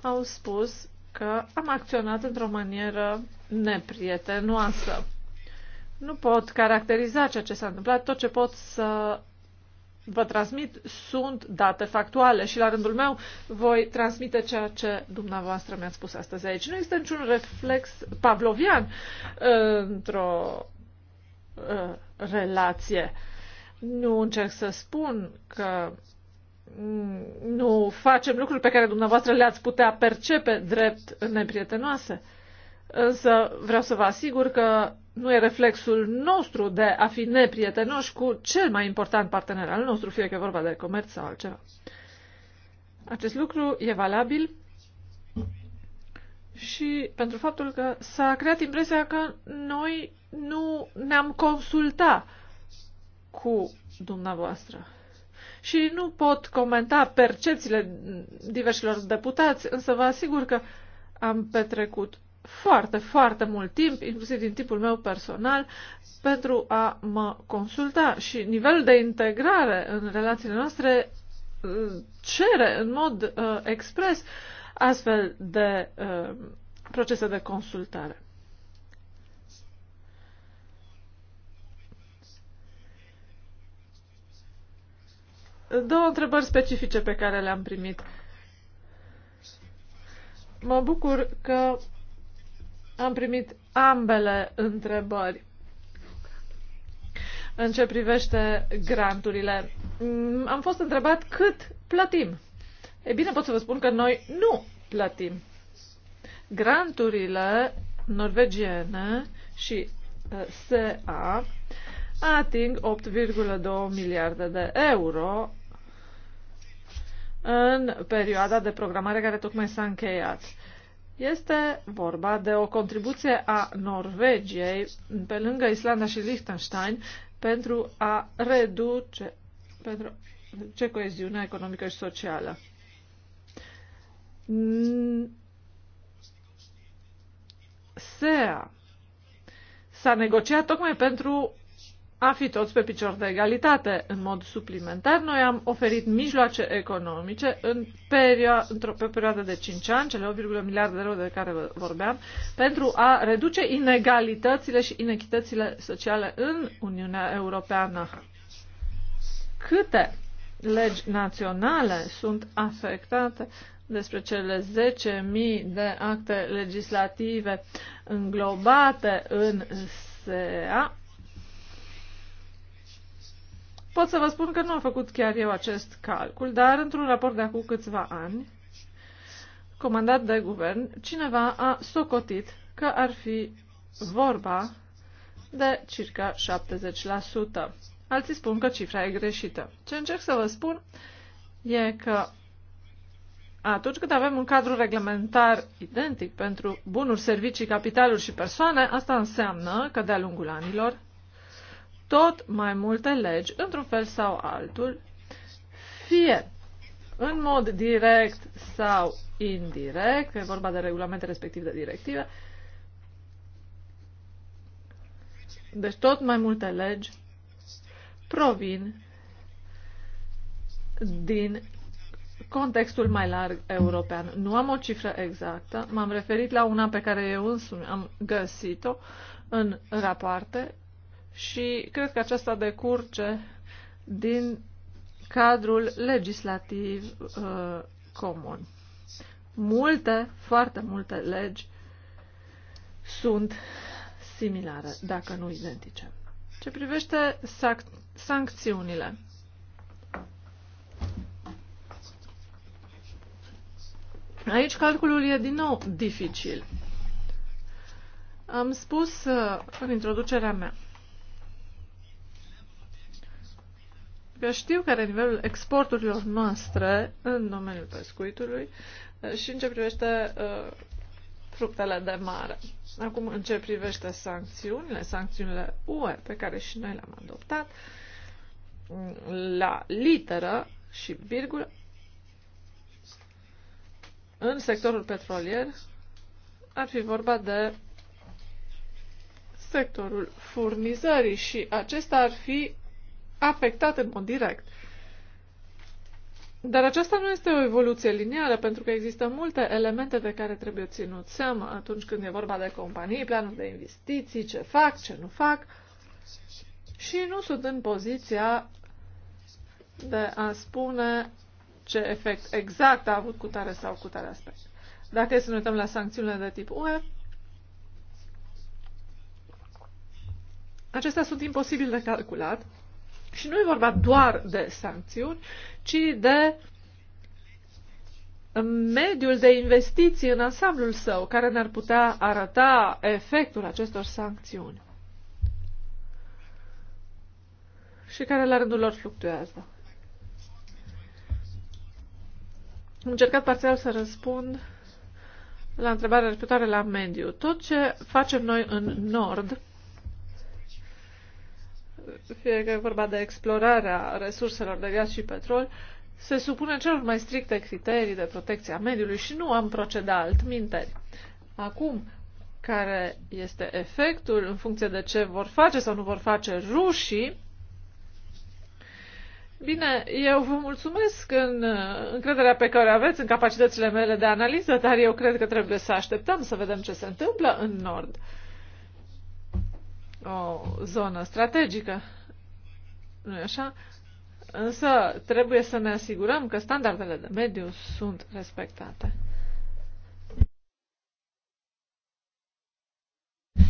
au spus că am acționat într-o manieră neprietenoasă. Nu pot caracteriza ceea ce s-a întâmplat, tot ce pot să vă transmit sunt date factuale și la rândul meu voi transmite ceea ce dumneavoastră mi-ați spus astăzi aici. Nu este niciun reflex pavlovian uh, într-o uh, relație. Nu încerc să spun că mm, nu facem lucruri pe care dumneavoastră le-ați putea percepe drept neprietenoase. Însă vreau să vă asigur că nu e reflexul nostru de a fi neprietenoși cu cel mai important partener al nostru, fie că e vorba de comerț sau altceva. Acest lucru e valabil și pentru faptul că s-a creat impresia că noi nu ne-am consultat cu dumneavoastră. Și nu pot comenta percepțiile diversilor deputați, însă vă asigur că am petrecut foarte, foarte mult timp, inclusiv din timpul meu personal, pentru a mă consulta și nivelul de integrare în relațiile noastre uh, cere în mod uh, expres astfel de uh, procese de consultare. Două întrebări specifice pe care le-am primit. Mă bucur că am primit ambele întrebări. În ce privește granturile, mm, am fost întrebat cât plătim. E bine, pot să vă spun că noi nu plătim. Granturile norvegiene și uh, SA ating 8,2 miliarde de euro în perioada de programare care tocmai s-a încheiat. Este vorba de o contribuție a Norvegiei, pe lângă Islanda și Liechtenstein, pentru a reduce, pentru ce coeziunea economică și socială. SEA s-a negociat tocmai pentru a fi toți pe picior de egalitate în mod suplimentar. Noi am oferit mijloace economice în perio- într-o, pe o perioadă de 5 ani, cele 8, miliarde de euro de care vorbeam, pentru a reduce inegalitățile și inechitățile sociale în Uniunea Europeană. Câte legi naționale sunt afectate despre cele 10.000 de acte legislative înglobate în SEA, Pot să vă spun că nu am făcut chiar eu acest calcul, dar într-un raport de acum câțiva ani, comandat de guvern, cineva a socotit că ar fi vorba de circa 70%. Alții spun că cifra e greșită. Ce încerc să vă spun e că atunci când avem un cadru reglementar identic pentru bunuri, servicii, capitaluri și persoane, asta înseamnă că de-a lungul anilor tot mai multe legi, într-un fel sau altul, fie în mod direct sau indirect, că e vorba de regulamente respectiv de directive, deci tot mai multe legi provin din contextul mai larg european. Nu am o cifră exactă, m-am referit la una pe care eu însumi am găsit-o în rapoarte și cred că aceasta decurge din cadrul legislativ uh, comun. Multe, foarte multe legi sunt similare, dacă nu identice. Ce privește sac- sancțiunile. Aici calculul e din nou dificil. Am spus uh, în introducerea mea că știu care e nivelul exporturilor noastre în domeniul pescuitului eh, și în ce privește uh, fructele de mare. Acum, în ce privește sancțiunile, sancțiunile UE pe care și noi le-am adoptat, mm, la literă și virgulă, în sectorul petrolier ar fi vorba de sectorul furnizării și acesta ar fi afectat în mod direct. Dar aceasta nu este o evoluție lineară, pentru că există multe elemente de care trebuie ținut seama atunci când e vorba de companii, planul de investiții, ce fac, ce nu fac. Și nu sunt în poziția de a spune ce efect exact a avut cu tare sau cu tare aspect. Dacă e să ne uităm la sancțiunile de tip UE, acestea sunt imposibil de calculat și nu e vorba doar de sancțiuni, ci de mediul de investiții în ansamblul său, care ne-ar putea arăta efectul acestor sancțiuni și care la rândul lor fluctuează. Am încercat parțial să răspund la întrebarea referitoare la mediu. Tot ce facem noi în Nord fie că e vorba de explorarea resurselor de gaz și petrol, se supune celor mai stricte criterii de protecție a mediului și nu am proceda altminteri. Acum, care este efectul în funcție de ce vor face sau nu vor face rușii, Bine, eu vă mulțumesc în uh, încrederea pe care o aveți în capacitățile mele de analiză, dar eu cred că trebuie să așteptăm să vedem ce se întâmplă în Nord o zonă strategică. nu e așa? Însă trebuie să ne asigurăm că standardele de mediu sunt respectate.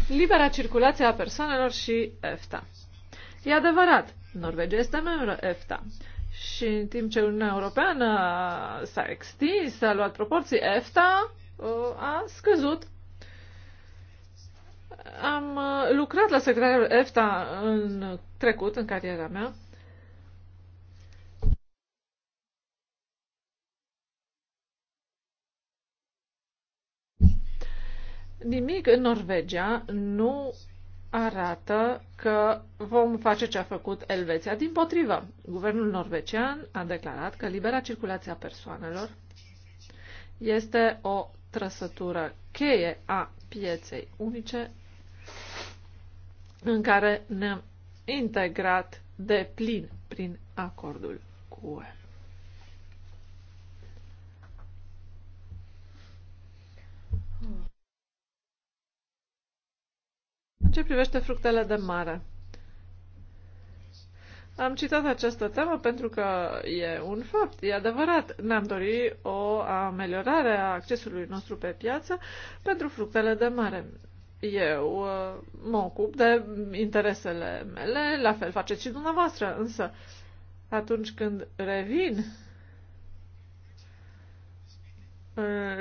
Libera circulație a persoanelor și EFTA. E adevărat, Norvegia este membră EFTA. Și în timp ce Uniunea Europeană s-a extins, s-a luat proporții, EFTA uh, a scăzut am uh, lucrat la secretariul EFTA în trecut, în cariera mea. Nimic în Norvegia nu arată că vom face ce a făcut Elveția. Din potrivă, guvernul norvegian a declarat că libera circulație a persoanelor este o trăsătură cheie a pieței unice în care ne-am integrat de plin prin acordul cu UE. În ce privește fructele de mare? Am citat această temă pentru că e un fapt, e adevărat. Ne-am dorit o ameliorare a accesului nostru pe piață pentru fructele de mare eu uh, mă ocup de interesele mele, la fel faceți și dumneavoastră, însă atunci când revin uh,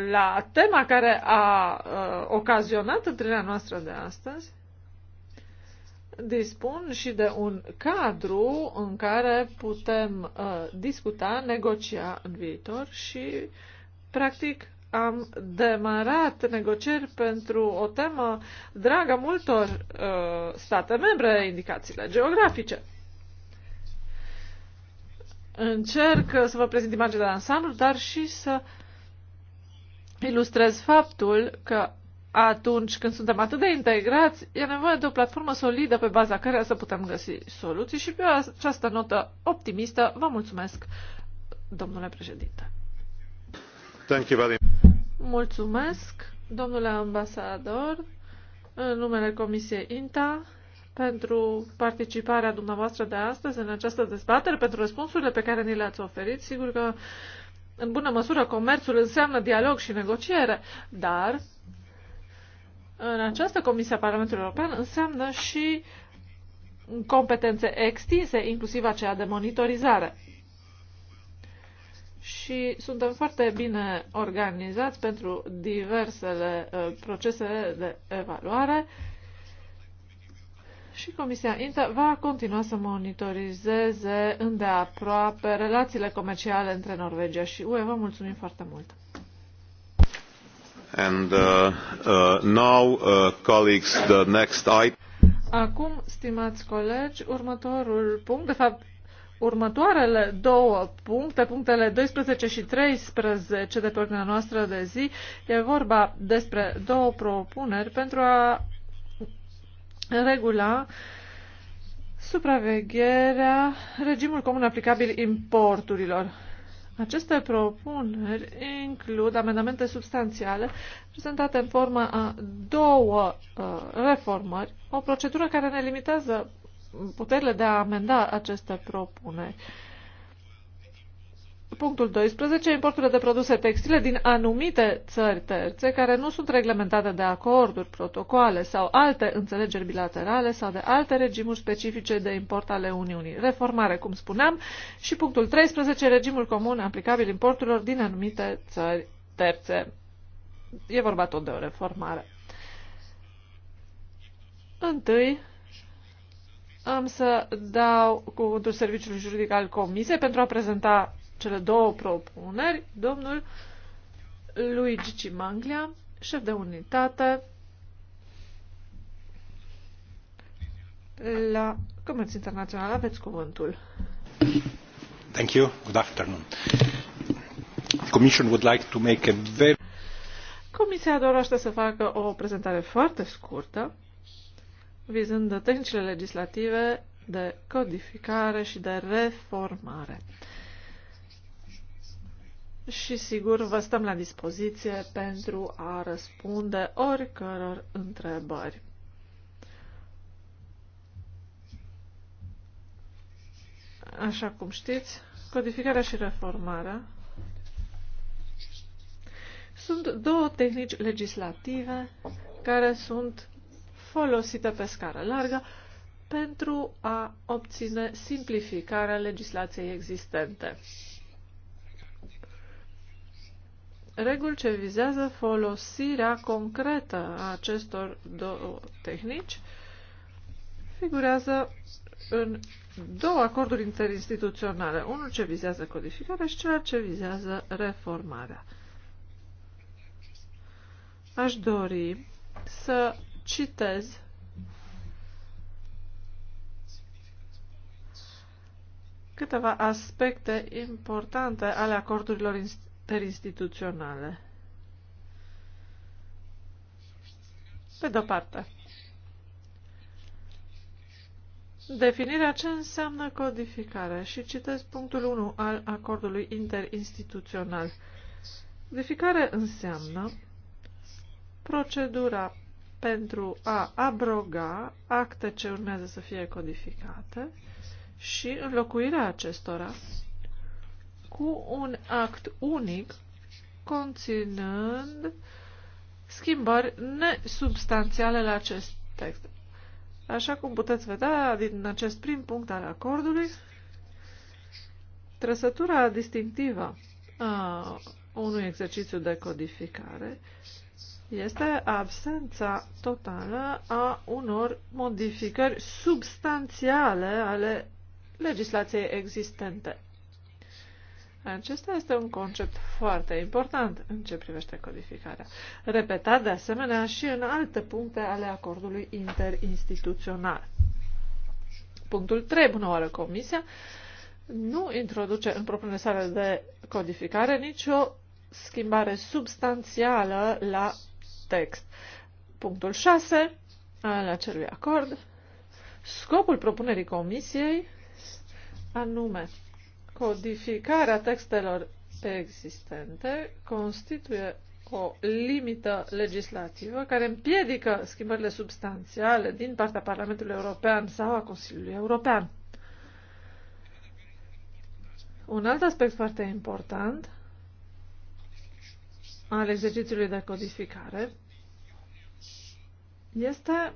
la tema care a, a uh, ocazionat întâlnirea noastră de astăzi, dispun și de un cadru în care putem discuta, negocia în viitor și, practic, am demarat negocieri pentru o temă dragă multor uh, state membre, indicațiile geografice. Încerc să vă prezint imaginea de ansamblu, dar și să ilustrez faptul că atunci când suntem atât de integrați, e nevoie de o platformă solidă pe baza care să putem găsi soluții și pe această notă optimistă vă mulțumesc, domnule președinte. Thank you very much. Mulțumesc, domnule ambasador, în numele Comisiei INTA, pentru participarea dumneavoastră de astăzi în această dezbatere, pentru răspunsurile pe care ni le-ați oferit. Sigur că, în bună măsură, comerțul înseamnă dialog și negociere, dar în această Comisie a Parlamentului European înseamnă și competențe extinse, inclusiv aceea de monitorizare și suntem foarte bine organizați pentru diversele uh, procese de evaluare și Comisia INTA va continua să monitorizeze îndeaproape relațiile comerciale între Norvegia și UE. Vă mulțumim foarte mult! And uh, uh, now, uh, colleagues, the next item. Acum, stimați colegi, următorul punct, de fapt, Următoarele două puncte, punctele 12 și 13 de pe ordinea noastră de zi, e vorba despre două propuneri pentru a regula supravegherea, regimul comun aplicabil importurilor. Aceste propuneri includ amendamente substanțiale prezentate în forma a două uh, reformări, o procedură care ne limitează puterile de a amenda aceste propuneri. Punctul 12. Importurile de produse textile din anumite țări terțe care nu sunt reglementate de acorduri, protocoale sau alte înțelegeri bilaterale sau de alte regimuri specifice de import ale Uniunii. Reformare, cum spuneam. Și punctul 13. Regimul comun aplicabil importurilor din anumite țări terțe. E vorba tot de o reformare. Întâi, am să dau cuvântul Serviciului Juridic al Comisiei pentru a prezenta cele două propuneri, domnul Luigi Cimanglia, șef de unitate la Comerț Internațional. Aveți cuvântul. Thank you. Good afternoon. The Commission would like to make a very... Comisia dorește să facă o prezentare foarte scurtă vizând tehnicile legislative de codificare și de reformare. Și sigur, vă stăm la dispoziție pentru a răspunde oricăror întrebări. Așa cum știți, codificarea și reformarea sunt două tehnici legislative care sunt folosită pe scară largă pentru a obține simplificarea legislației existente. Reguli ce vizează folosirea concretă a acestor două tehnici figurează în două acorduri interinstituționale, unul ce vizează codificarea și celălalt ce vizează reformarea. Aș dori să citez. câteva aspecte importante ale acordurilor interinstituționale. Pe de-o parte, definirea ce înseamnă codificare și citesc punctul 1 al acordului interinstituțional. Codificare înseamnă procedura pentru a abroga acte ce urmează să fie codificate și înlocuirea acestora cu un act unic conținând schimbări nesubstanțiale la acest text. Așa cum puteți vedea din acest prim punct al acordului, trăsătura distinctivă a unui exercițiu de codificare este absența totală a unor modificări substanțiale ale legislației existente. Acesta este un concept foarte important în ce privește codificarea, repetat de asemenea și în alte puncte ale acordului interinstituțional. Punctul 3. Bună oară, Comisia nu introduce în propunerea de codificare nicio schimbare substanțială la text. Punctul 6 al acelui acord, scopul propunerii comisiei, anume codificarea textelor existente, constituie o limită legislativă care împiedică schimbările substanțiale din partea Parlamentului European sau a Consiliului European. Un alt aspect foarte important al exercițiului de codificare este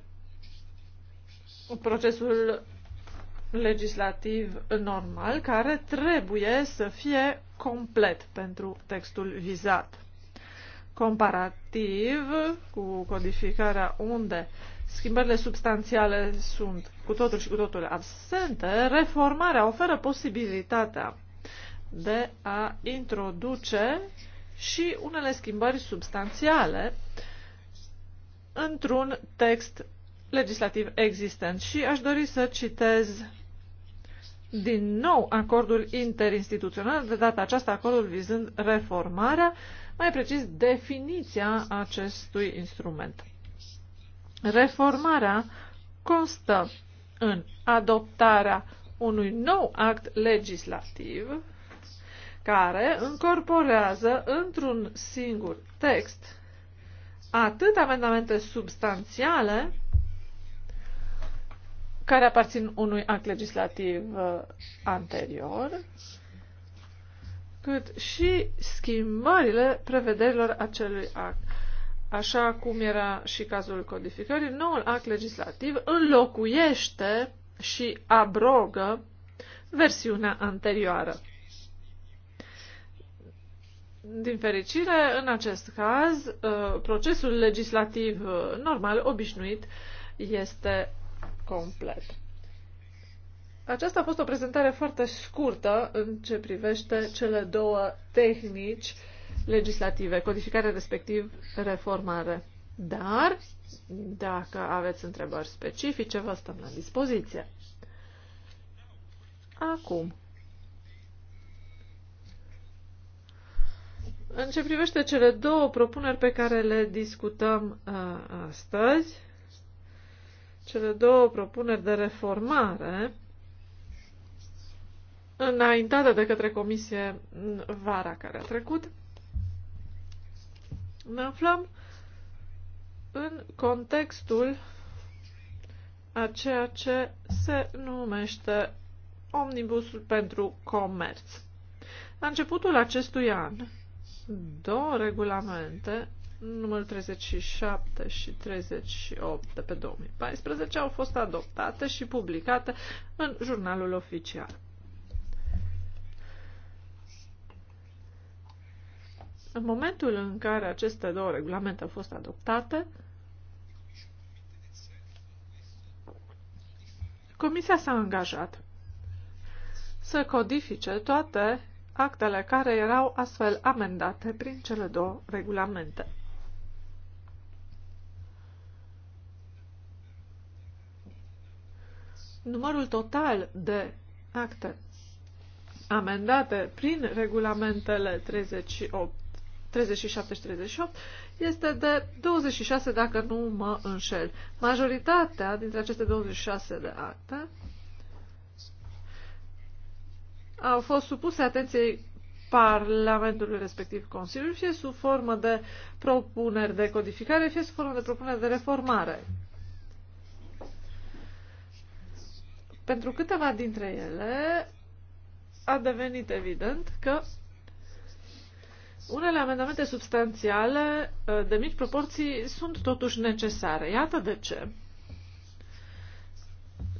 procesul legislativ normal care trebuie să fie complet pentru textul vizat. Comparativ cu codificarea unde schimbările substanțiale sunt cu totul și cu totul absente, reformarea oferă posibilitatea de a introduce uh, și unele schimbări substanțiale într-un text legislativ existent. Și aș dori să citez din nou acordul interinstituțional, de data aceasta acordul vizând reformarea, mai precis definiția acestui instrument. Reformarea constă în adoptarea unui nou act legislativ care încorporează într-un singur text atât amendamente substanțiale care aparțin unui act legislativ uh, anterior, cât și schimbările prevederilor acelui act. Așa cum era și cazul codificării, noul act legislativ înlocuiește și abrogă versiunea anterioară. Din fericire, în acest caz, uh, procesul legislativ uh, normal, obișnuit, este complet. Aceasta a fost o prezentare foarte scurtă în ce privește cele două tehnici legislative, codificare respectiv reformare. Dar, dacă aveți întrebări specifice, vă stăm la dispoziție. Acum, În ce privește cele două propuneri pe care le discutăm uh, astăzi, cele două propuneri de reformare înaintate de către Comisie în vara care a trecut, ne aflăm în contextul a ceea ce se numește Omnibusul pentru Comerț. La începutul acestui an, două regulamente, numărul 37 și 38 de pe 2014, au fost adoptate și publicate în jurnalul oficial. În momentul în care aceste două regulamente au fost adoptate, Comisia s-a angajat să codifice toate actele care erau astfel amendate prin cele două regulamente. Numărul total de acte amendate prin regulamentele 38, 37 și 38 este de 26, dacă nu mă înșel. Majoritatea dintre aceste 26 de acte au fost supuse atenției Parlamentului respectiv Consiliului, fie sub formă de propuneri de codificare, fie sub formă de propuneri de reformare. Pentru câteva dintre ele a devenit evident că unele amendamente substanțiale uh, de mici proporții sunt totuși necesare. Iată de ce.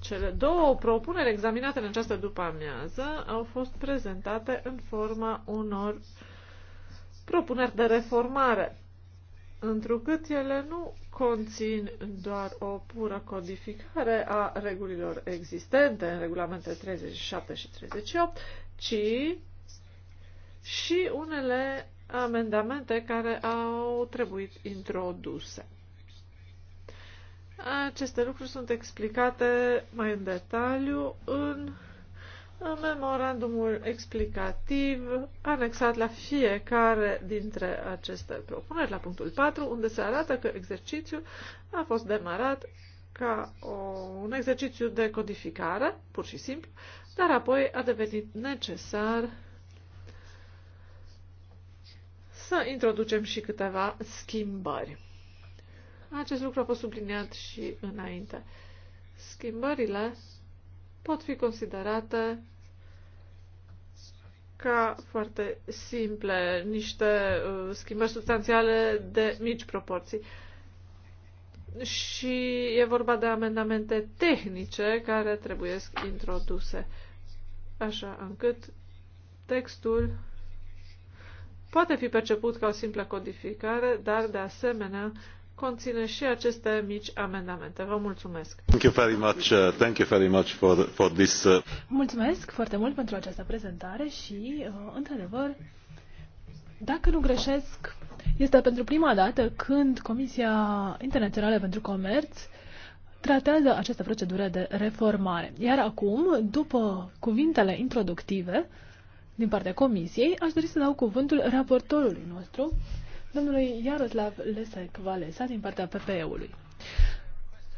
Cele două propuneri examinate în această după-amiază au fost prezentate în forma unor propuneri de reformare, întrucât ele nu conțin doar o pură codificare a regulilor existente în regulamente 37 și 38, ci și unele amendamente care au trebuit introduse. Aceste lucruri sunt explicate mai în detaliu în memorandumul explicativ anexat la fiecare dintre aceste propuneri, la punctul 4, unde se arată că exercițiul a fost demarat ca o, un exercițiu de codificare, pur și simplu, dar apoi a devenit necesar să introducem și câteva schimbări. Acest lucru a fost subliniat și înainte. Schimbările pot fi considerate ca foarte simple, niște uh, schimbări substanțiale de mici proporții. Și e vorba de amendamente tehnice care trebuie introduse, așa încât textul poate fi perceput ca o simplă codificare, dar de asemenea conține și aceste mici amendamente. Vă mulțumesc. Thank you very much. Uh, thank you very much for, for this. Uh, mulțumesc foarte mult pentru această prezentare și, uh, într-adevăr, dacă nu greșesc, este pentru prima dată când Comisia Internațională pentru Comerț tratează această procedură de reformare. Iar acum, după cuvintele introductive din partea Comisiei, aș dori să dau cuvântul raportorului nostru, domnului Iaroslav Lesec Valesa din partea PPE-ului.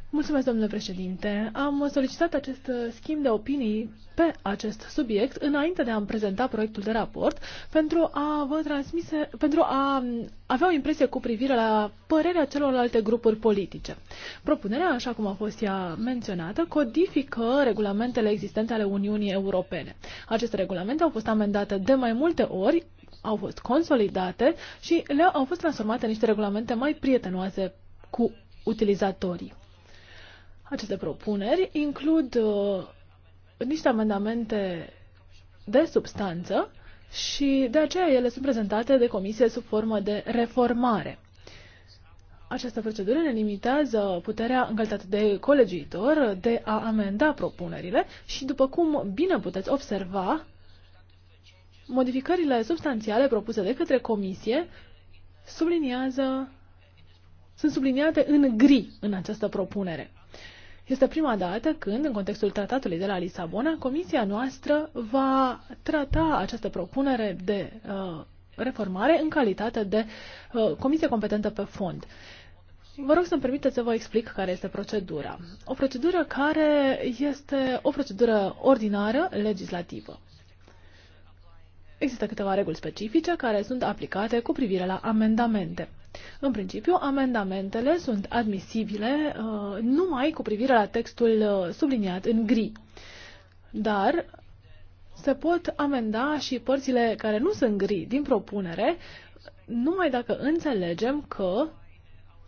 Mulțumesc, domnule președinte. Am solicitat acest schimb de opinii pe acest subiect înainte de a-mi prezenta proiectul de raport pentru a vă transmise, pentru a avea o impresie cu privire la părerea celorlalte grupuri politice. Propunerea, așa cum a fost ea menționată, codifică regulamentele existente ale Uniunii Europene. Aceste regulamente au fost amendate de mai multe ori au fost consolidate și le au fost transformate în niște regulamente mai prietenoase cu utilizatorii. Aceste propuneri includ uh, niște amendamente de substanță și de aceea ele sunt prezentate de comisie sub formă de reformare. Această procedură ne limitează puterea în de colegiuitor de a amenda propunerile și, după cum bine puteți observa, modificările substanțiale propuse de către comisie subliniază, sunt subliniate în gri în această propunere. Este prima dată când, în contextul tratatului de la Lisabona, comisia noastră va trata această propunere de uh, reformare în calitate de uh, comisie competentă pe fond. Vă rog să-mi permiteți să vă explic care este procedura. O procedură care este o procedură ordinară legislativă. Există câteva reguli specifice care sunt aplicate cu privire la amendamente. În principiu, amendamentele sunt admisibile uh, numai cu privire la textul uh, subliniat în gri, dar se pot amenda și părțile care nu sunt gri din propunere numai dacă înțelegem că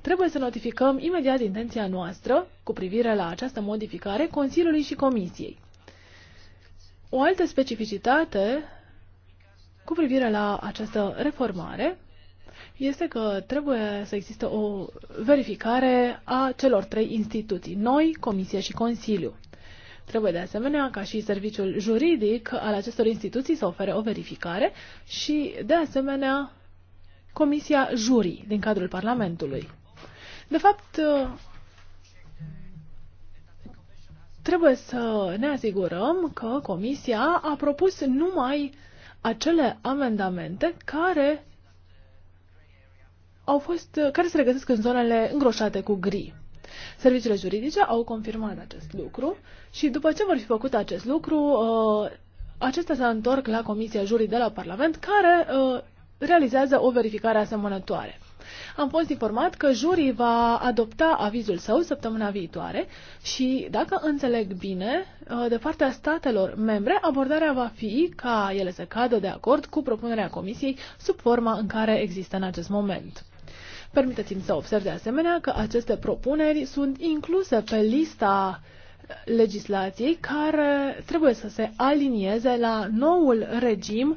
trebuie să notificăm imediat intenția noastră cu privire la această modificare Consiliului și Comisiei. O altă specificitate cu privire la această reformare este că trebuie să existe o verificare a celor trei instituții, noi, Comisie și Consiliu. Trebuie de asemenea ca și serviciul juridic al acestor instituții să ofere o verificare și, de asemenea, Comisia Jurii din cadrul Parlamentului. De fapt, trebuie să ne asigurăm că Comisia a propus numai acele amendamente care au fost, care se regăsesc în zonele îngroșate cu gri. Serviciile juridice au confirmat acest lucru și după ce vor fi făcut acest lucru, uh, acestea se întorc la Comisia Jurii de la Parlament, care uh, realizează o verificare asemănătoare. Am fost informat că jurii va adopta avizul său săptămâna viitoare și, dacă înțeleg bine, uh, de partea statelor membre, abordarea va fi ca ele să cadă de acord cu propunerea Comisiei sub forma în care există în acest moment. Permiteți-mi să observ de asemenea că aceste propuneri sunt incluse pe lista legislației care trebuie să se alinieze la noul regim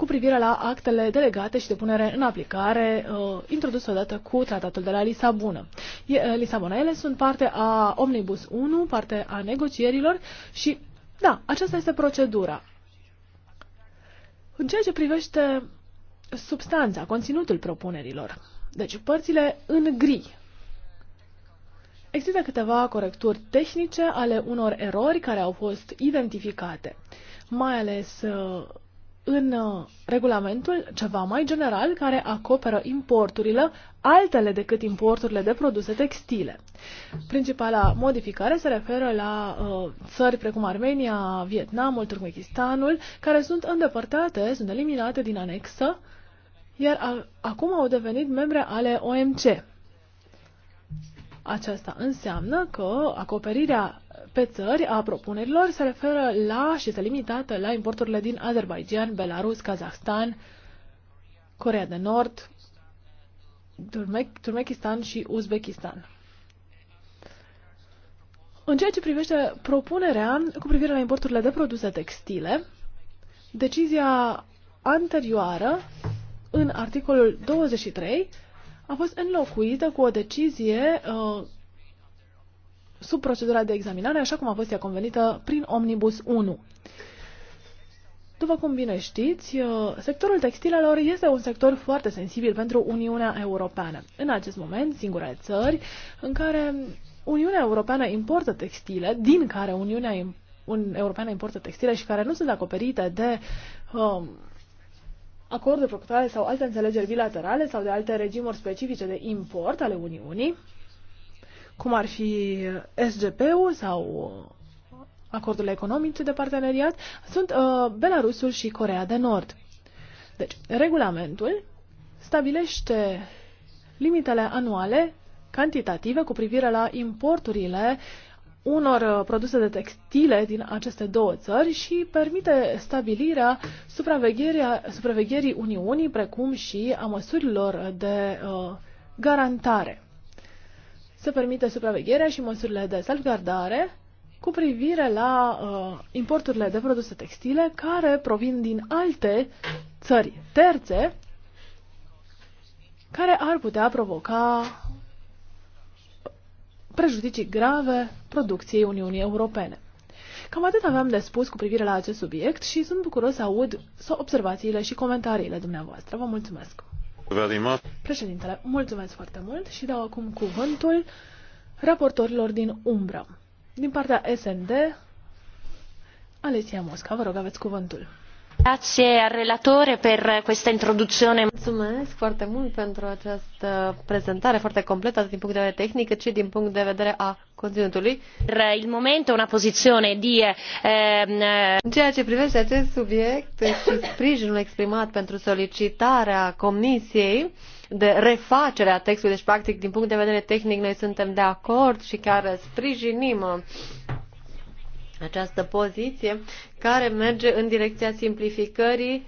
cu privire la actele delegate și de punere în aplicare uh, introduse odată cu tratatul de la Lisabona. E, uh, Lisabona. Ele sunt parte a Omnibus 1, parte a negocierilor și, da, aceasta este procedura. În ceea ce privește substanța, conținutul propunerilor, deci părțile în gri, Există câteva corecturi tehnice ale unor erori care au fost identificate, mai ales uh, în uh, regulamentul ceva mai general care acoperă importurile altele decât importurile de produse textile. Principala modificare se referă la uh, țări precum Armenia, Vietnamul, Turkmenistanul, care sunt îndepărtate, sunt eliminate din anexă, iar a, acum au devenit membre ale OMC. Aceasta înseamnă că acoperirea pe țări a propunerilor se referă la și este limitată la importurile din Azerbaijan, Belarus, Kazahstan, Corea de Nord, Turmekistan și Uzbekistan. În ceea ce privește propunerea cu privire la importurile de produse textile, decizia anterioară, în articolul 23, a fost înlocuită cu o decizie uh, sub procedura de examinare, așa cum a fost ea convenită prin Omnibus 1. După cum bine știți, uh, sectorul textilelor este un sector foarte sensibil pentru Uniunea Europeană. În acest moment, singura țări în care Uniunea Europeană importă textile, din care Uniunea Europeană importă textile și care nu sunt acoperite de um, acorduri proprietare sau alte înțelegeri bilaterale sau de alte regimuri specifice de import ale Uniunii, cum ar fi SGP-ul sau uh, acordurile economice de parteneriat, sunt uh, Belarusul și Corea de Nord. Deci, regulamentul stabilește limitele anuale cantitative cu privire la importurile unor uh, produse de textile din aceste două țări și permite stabilirea supravegherii Uniunii, precum și a măsurilor de uh, garantare să permită supravegherea și măsurile de salvgardare cu privire la uh, importurile de produse textile care provin din alte țări terțe care ar putea provoca prejudicii grave producției Uniunii Europene. Cam atât aveam de spus cu privire la acest subiect și sunt bucuros să aud observațiile și comentariile dumneavoastră. Vă mulțumesc! Președintele, mulțumesc foarte mult și dau acum cuvântul raportorilor din umbră. Din partea SND, Alesia Mosca, vă rog, aveți cuvântul. Grazie al relatore per questa introduzione. Mulțumesc foarte mult pentru această prezentare foarte completă, atât din punct de vedere tehnic, cât și din punct de vedere a conținutului. Il momento una poziție de... Ehm, În ceea ce privește acest subiect și sprijinul exprimat pentru solicitarea Comisiei, de refacere a textului, deci practic din punct de vedere tehnic noi suntem de acord și chiar sprijinim această poziție care merge în direcția simplificării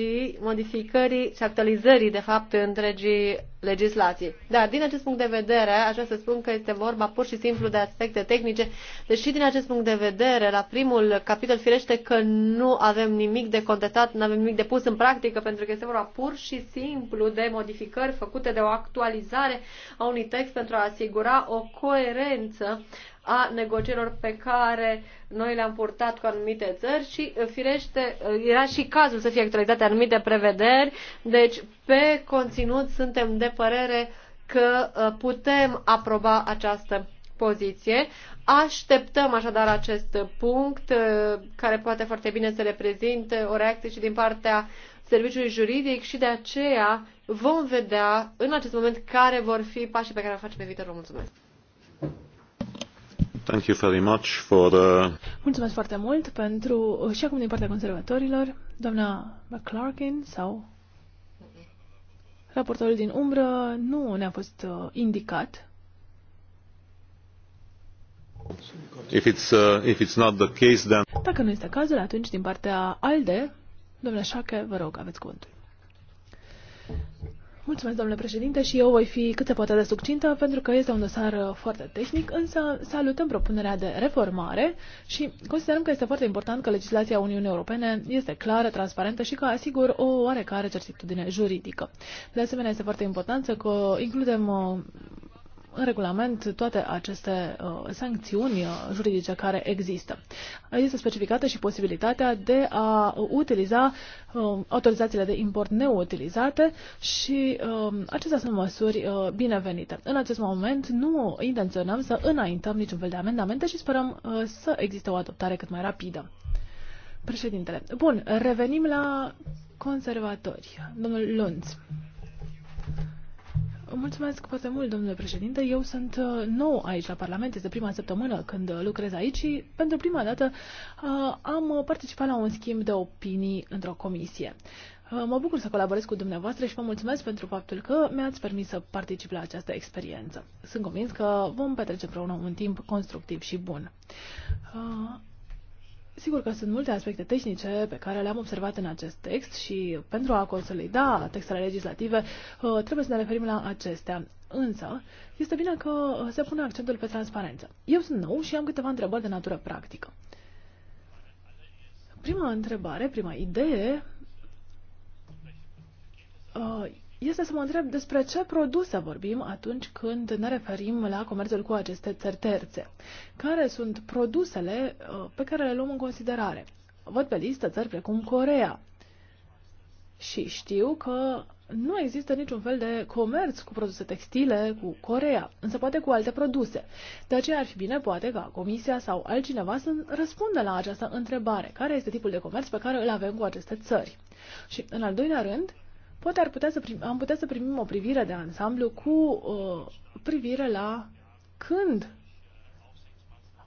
și modificării și actualizării, de fapt, întregii legislații. Dar, din acest punct de vedere, aș vrea să spun că este vorba pur și simplu de aspecte tehnice, deși, din acest punct de vedere, la primul capitol firește că nu avem nimic de contestat, nu avem nimic de pus în practică, pentru că este vorba pur și simplu de modificări făcute de o actualizare a unui text pentru a asigura o coerență a negocierilor pe care noi le-am purtat cu anumite țări și, uh, firește, uh, era și cazul să fie actualizate anumite prevederi, deci pe conținut suntem de părere că uh, putem aproba această poziție. Așteptăm așadar acest punct care poate foarte bine să reprezinte o reacție și din partea serviciului juridic și de aceea vom vedea în acest moment care vor fi pașii pe care le facem pe viitor. Vă mulțumesc! Thank you very much for, Mulțumesc foarte mult pentru, și acum din partea conservatorilor, doamna McClarkin sau raportorul din umbră nu ne-a fost uh, indicat. If it's, uh, if it's not the case, then... Dacă nu este cazul, atunci din partea ALDE, domnule Șache, vă rog, aveți cuvântul. Mulțumesc, domnule președinte, și eu voi fi cât se poate de succintă, pentru că este un dosar uh, foarte tehnic, însă salutăm propunerea de reformare și considerăm că este foarte important că legislația Uniunii Europene este clară, transparentă și că asigur o oarecare certitudine juridică. De asemenea, este foarte important să includem uh, în regulament toate aceste uh, sancțiuni uh, juridice care există. Este specificată și posibilitatea de a utiliza uh, autorizațiile de import neutilizate și uh, acestea sunt măsuri uh, binevenite. În acest moment nu intenționăm să înaintăm niciun fel de amendamente și sperăm uh, să existe o adoptare cât mai rapidă. Președintele. Bun, revenim la conservatori. Domnul Lunț. Mulțumesc foarte mult, domnule președinte. Eu sunt uh, nou aici la Parlament, este prima săptămână când uh, lucrez aici și pentru prima dată uh, am participat la un schimb de opinii într-o comisie. Mă bucur să colaborez cu dumneavoastră și vă mulțumesc pentru faptul că mi-ați permis să particip la această experiență. Sunt convins că vom petrece împreună un timp constructiv și bun. Sigur că sunt multe aspecte tehnice pe care le-am observat în acest text și pentru a consolida textele legislative uh, trebuie să ne referim la acestea. Însă, este bine că uh, se pune accentul pe transparență. Eu sunt nou și am câteva întrebări de natură practică. Prima întrebare, prima idee uh, este să mă întreb despre ce produse vorbim atunci când ne referim la comerțul cu aceste țări terțe. Care sunt produsele uh, pe care le luăm în considerare? Văd pe listă țări precum Corea. Și știu că nu există niciun fel de comerț cu produse textile cu Corea, însă poate cu alte produse. De aceea ar fi bine poate ca Comisia sau altcineva să răspundă la această întrebare. Care este tipul de comerț pe care îl avem cu aceste țări? Și în al doilea rând, poate ar putea să prim, am putea să primim o privire de ansamblu cu uh, privire la când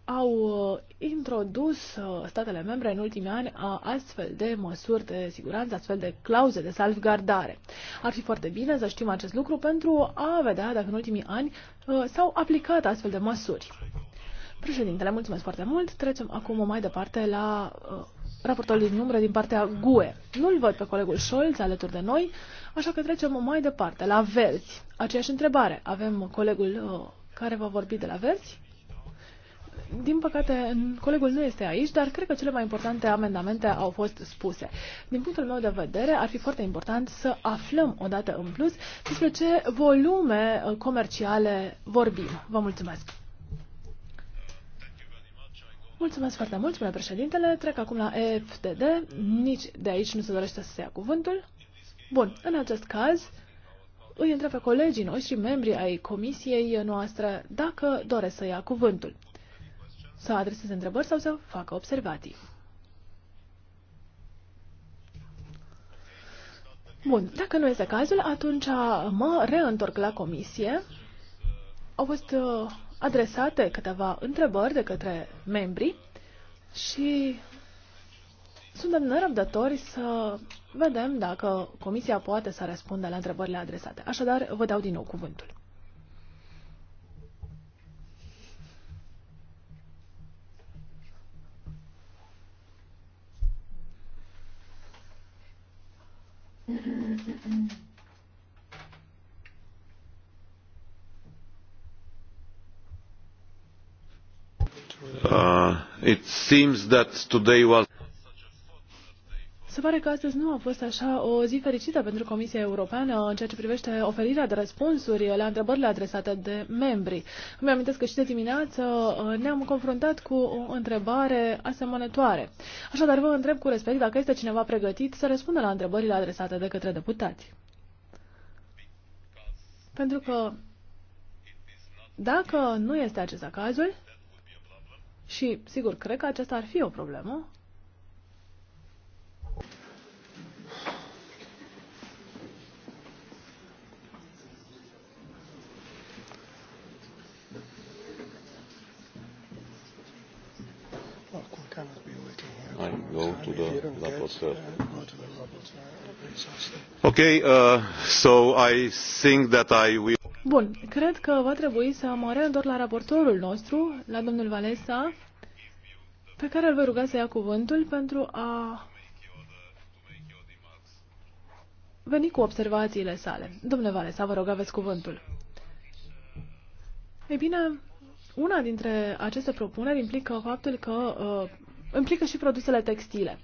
au uh, introdus uh, statele membre în ultimii ani uh, astfel de măsuri de siguranță, astfel de clauze de salvgardare. Ar fi foarte bine să știm acest lucru pentru a vedea dacă în ultimii ani uh, s-au aplicat astfel de măsuri. Președintele, mulțumesc foarte mult. Trecem acum mai departe la uh, raportorul din umbră din partea GUE. Nu-l văd pe colegul Scholz alături de noi, așa că trecem mai departe, la Verzi. Aceeași întrebare. Avem colegul uh, care va vorbi de la Verzi? Din păcate, colegul nu este aici, dar cred că cele mai importante amendamente au fost spuse. Din punctul meu de vedere, ar fi foarte important să aflăm odată în plus despre ce volume uh, comerciale vorbim. Vă mulțumesc! Mulțumesc foarte mult, spune președintele. Trec acum la EFTD. Nici de aici nu se dorește să se ia cuvântul. Bun, în acest caz, îi întreb pe colegii noștri, membrii ai comisiei noastre, dacă doresc să ia cuvântul, să adreseze întrebări sau să facă observații. Bun, dacă nu este cazul, atunci mă reîntorc la comisie. Au fost uh, adresate câteva întrebări de către membri și suntem nerăbdători să vedem dacă Comisia poate să răspundă la întrebările adresate. Așadar, vă dau din nou cuvântul. Mm-hmm. *clears throat* Uh, it seems that today was... Se pare că astăzi nu a fost așa o zi fericită pentru Comisia Europeană în ceea ce privește oferirea de răspunsuri la întrebările adresate de membri. Îmi amintesc că și de dimineață uh, ne-am confruntat cu o întrebare asemănătoare. Așadar vă întreb cu respect dacă este cineva pregătit să răspundă la întrebările adresate de către deputați. Pentru că dacă nu este acesta cazul, și, sigur, cred că aceasta ar fi o problemă. Okay, uh, so I think that I will... Bun, cred că va trebui să mă doar la raportorul nostru, la domnul Valesa, pe care îl voi ruga să ia cuvântul pentru a veni cu observațiile sale. Domnule Valesa, vă rog, aveți cuvântul. Ei bine, una dintre aceste propuneri implică faptul că uh, implică și produsele textile.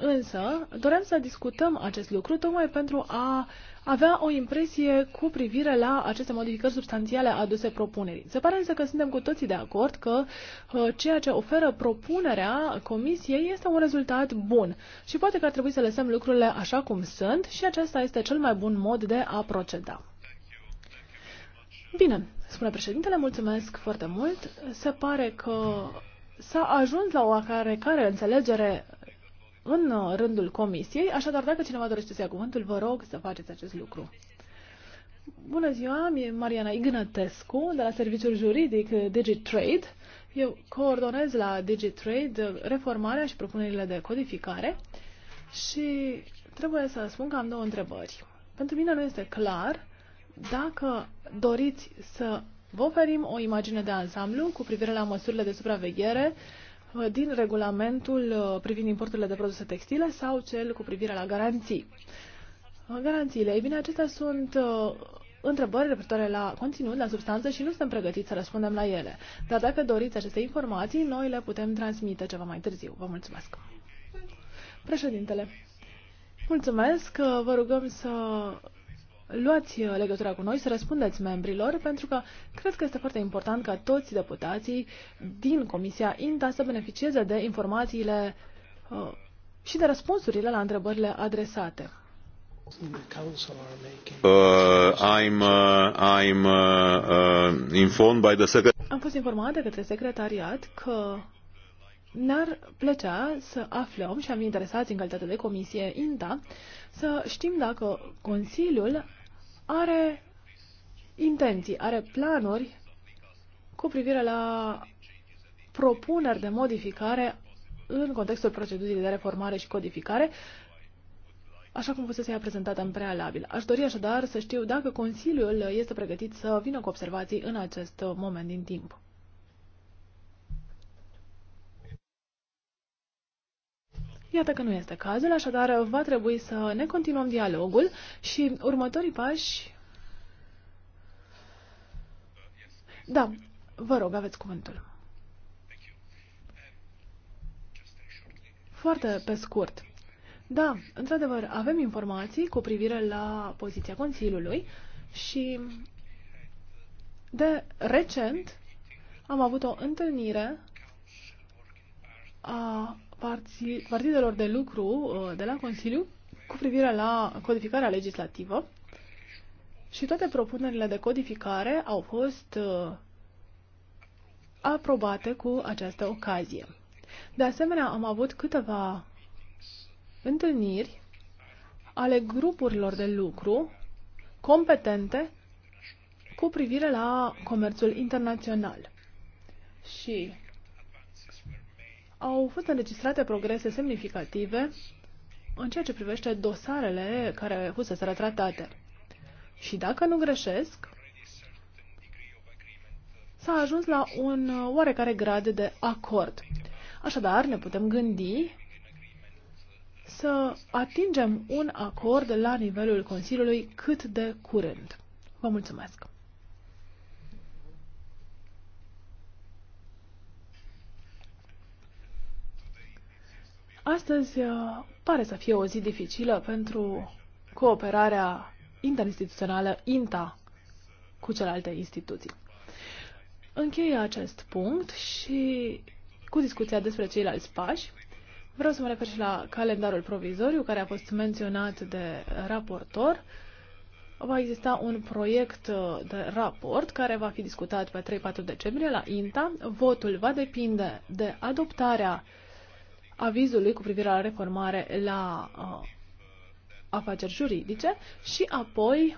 Însă, dorem să discutăm acest lucru tocmai pentru a avea o impresie cu privire la aceste modificări substanțiale aduse propunerii. Se pare însă că suntem cu toții de acord că uh, ceea ce oferă propunerea comisiei este un rezultat bun și poate că ar trebui să lăsăm lucrurile așa cum sunt și acesta este cel mai bun mod de a proceda. Bine, spune președintele, mulțumesc foarte mult. Se pare că s-a ajuns la o care înțelegere în uh, rândul comisiei, așadar dacă cineva dorește să ia cuvântul, vă rog să faceți acest lucru. Bună ziua, e Mariana Ignatescu de la Serviciul Juridic uh, DigiTrade. Eu coordonez la DigiTrade uh, reformarea și propunerile de codificare și trebuie să spun că am două întrebări. Pentru mine nu este clar dacă doriți să vă oferim o imagine de ansamblu cu privire la măsurile de supraveghere Uh, din regulamentul uh, privind importurile de produse textile sau cel cu privire la garanții. Uh, garanțiile, ei bine, acestea sunt întrebări referitoare la conținut, la substanță și nu suntem pregătiți să răspundem la ele. Dar dacă doriți aceste informații, noi le putem transmite ceva mai târziu. Vă mulțumesc. Președintele, mulțumesc. Vă rugăm să luați uh, legătura cu noi, să răspundeți membrilor, pentru că cred că este foarte important ca toți deputații din Comisia INTA să beneficieze de informațiile uh, și de răspunsurile la întrebările adresate. Uh, uh, am fost informat de către secretariat că ne-ar plăcea să aflăm și am interesați în calitate de comisie INTA să știm dacă Consiliul are intenții, are planuri cu privire la propuneri de modificare în contextul procedurii de reformare și codificare, așa cum fusese ea prezentată în prealabil. Aș dori așadar să știu dacă Consiliul este pregătit să vină cu observații în acest moment din timp. Iată că nu este cazul, așadar va trebui să ne continuăm dialogul și următorii pași... Da, vă rog, aveți cuvântul. Foarte pe scurt. Da, într-adevăr, avem informații cu privire la poziția Consiliului și de recent am avut o întâlnire a parții, partidelor de lucru uh, de la Consiliu cu privire la codificarea legislativă și toate propunerile de codificare au fost uh, aprobate cu această ocazie. De asemenea, am avut câteva întâlniri ale grupurilor de lucru competente cu privire la comerțul internațional. Și au fost înregistrate progrese semnificative în ceea ce privește dosarele care fuseseră tratate. Și dacă nu greșesc, s-a ajuns la un oarecare grad de acord. Așadar, ne putem gândi să atingem un acord la nivelul Consiliului cât de curând. Vă mulțumesc! Astăzi uh, pare să fie o zi dificilă pentru cooperarea interinstituțională INTA cu celelalte instituții. Încheie acest punct și cu discuția despre ceilalți pași, vreau să mă refer și la calendarul provizoriu care a fost menționat de raportor. Va exista un proiect uh, de raport care va fi discutat pe 3-4 decembrie la INTA. Votul va depinde de adoptarea uh, avizului cu privire la reformare la uh, afaceri juridice și apoi,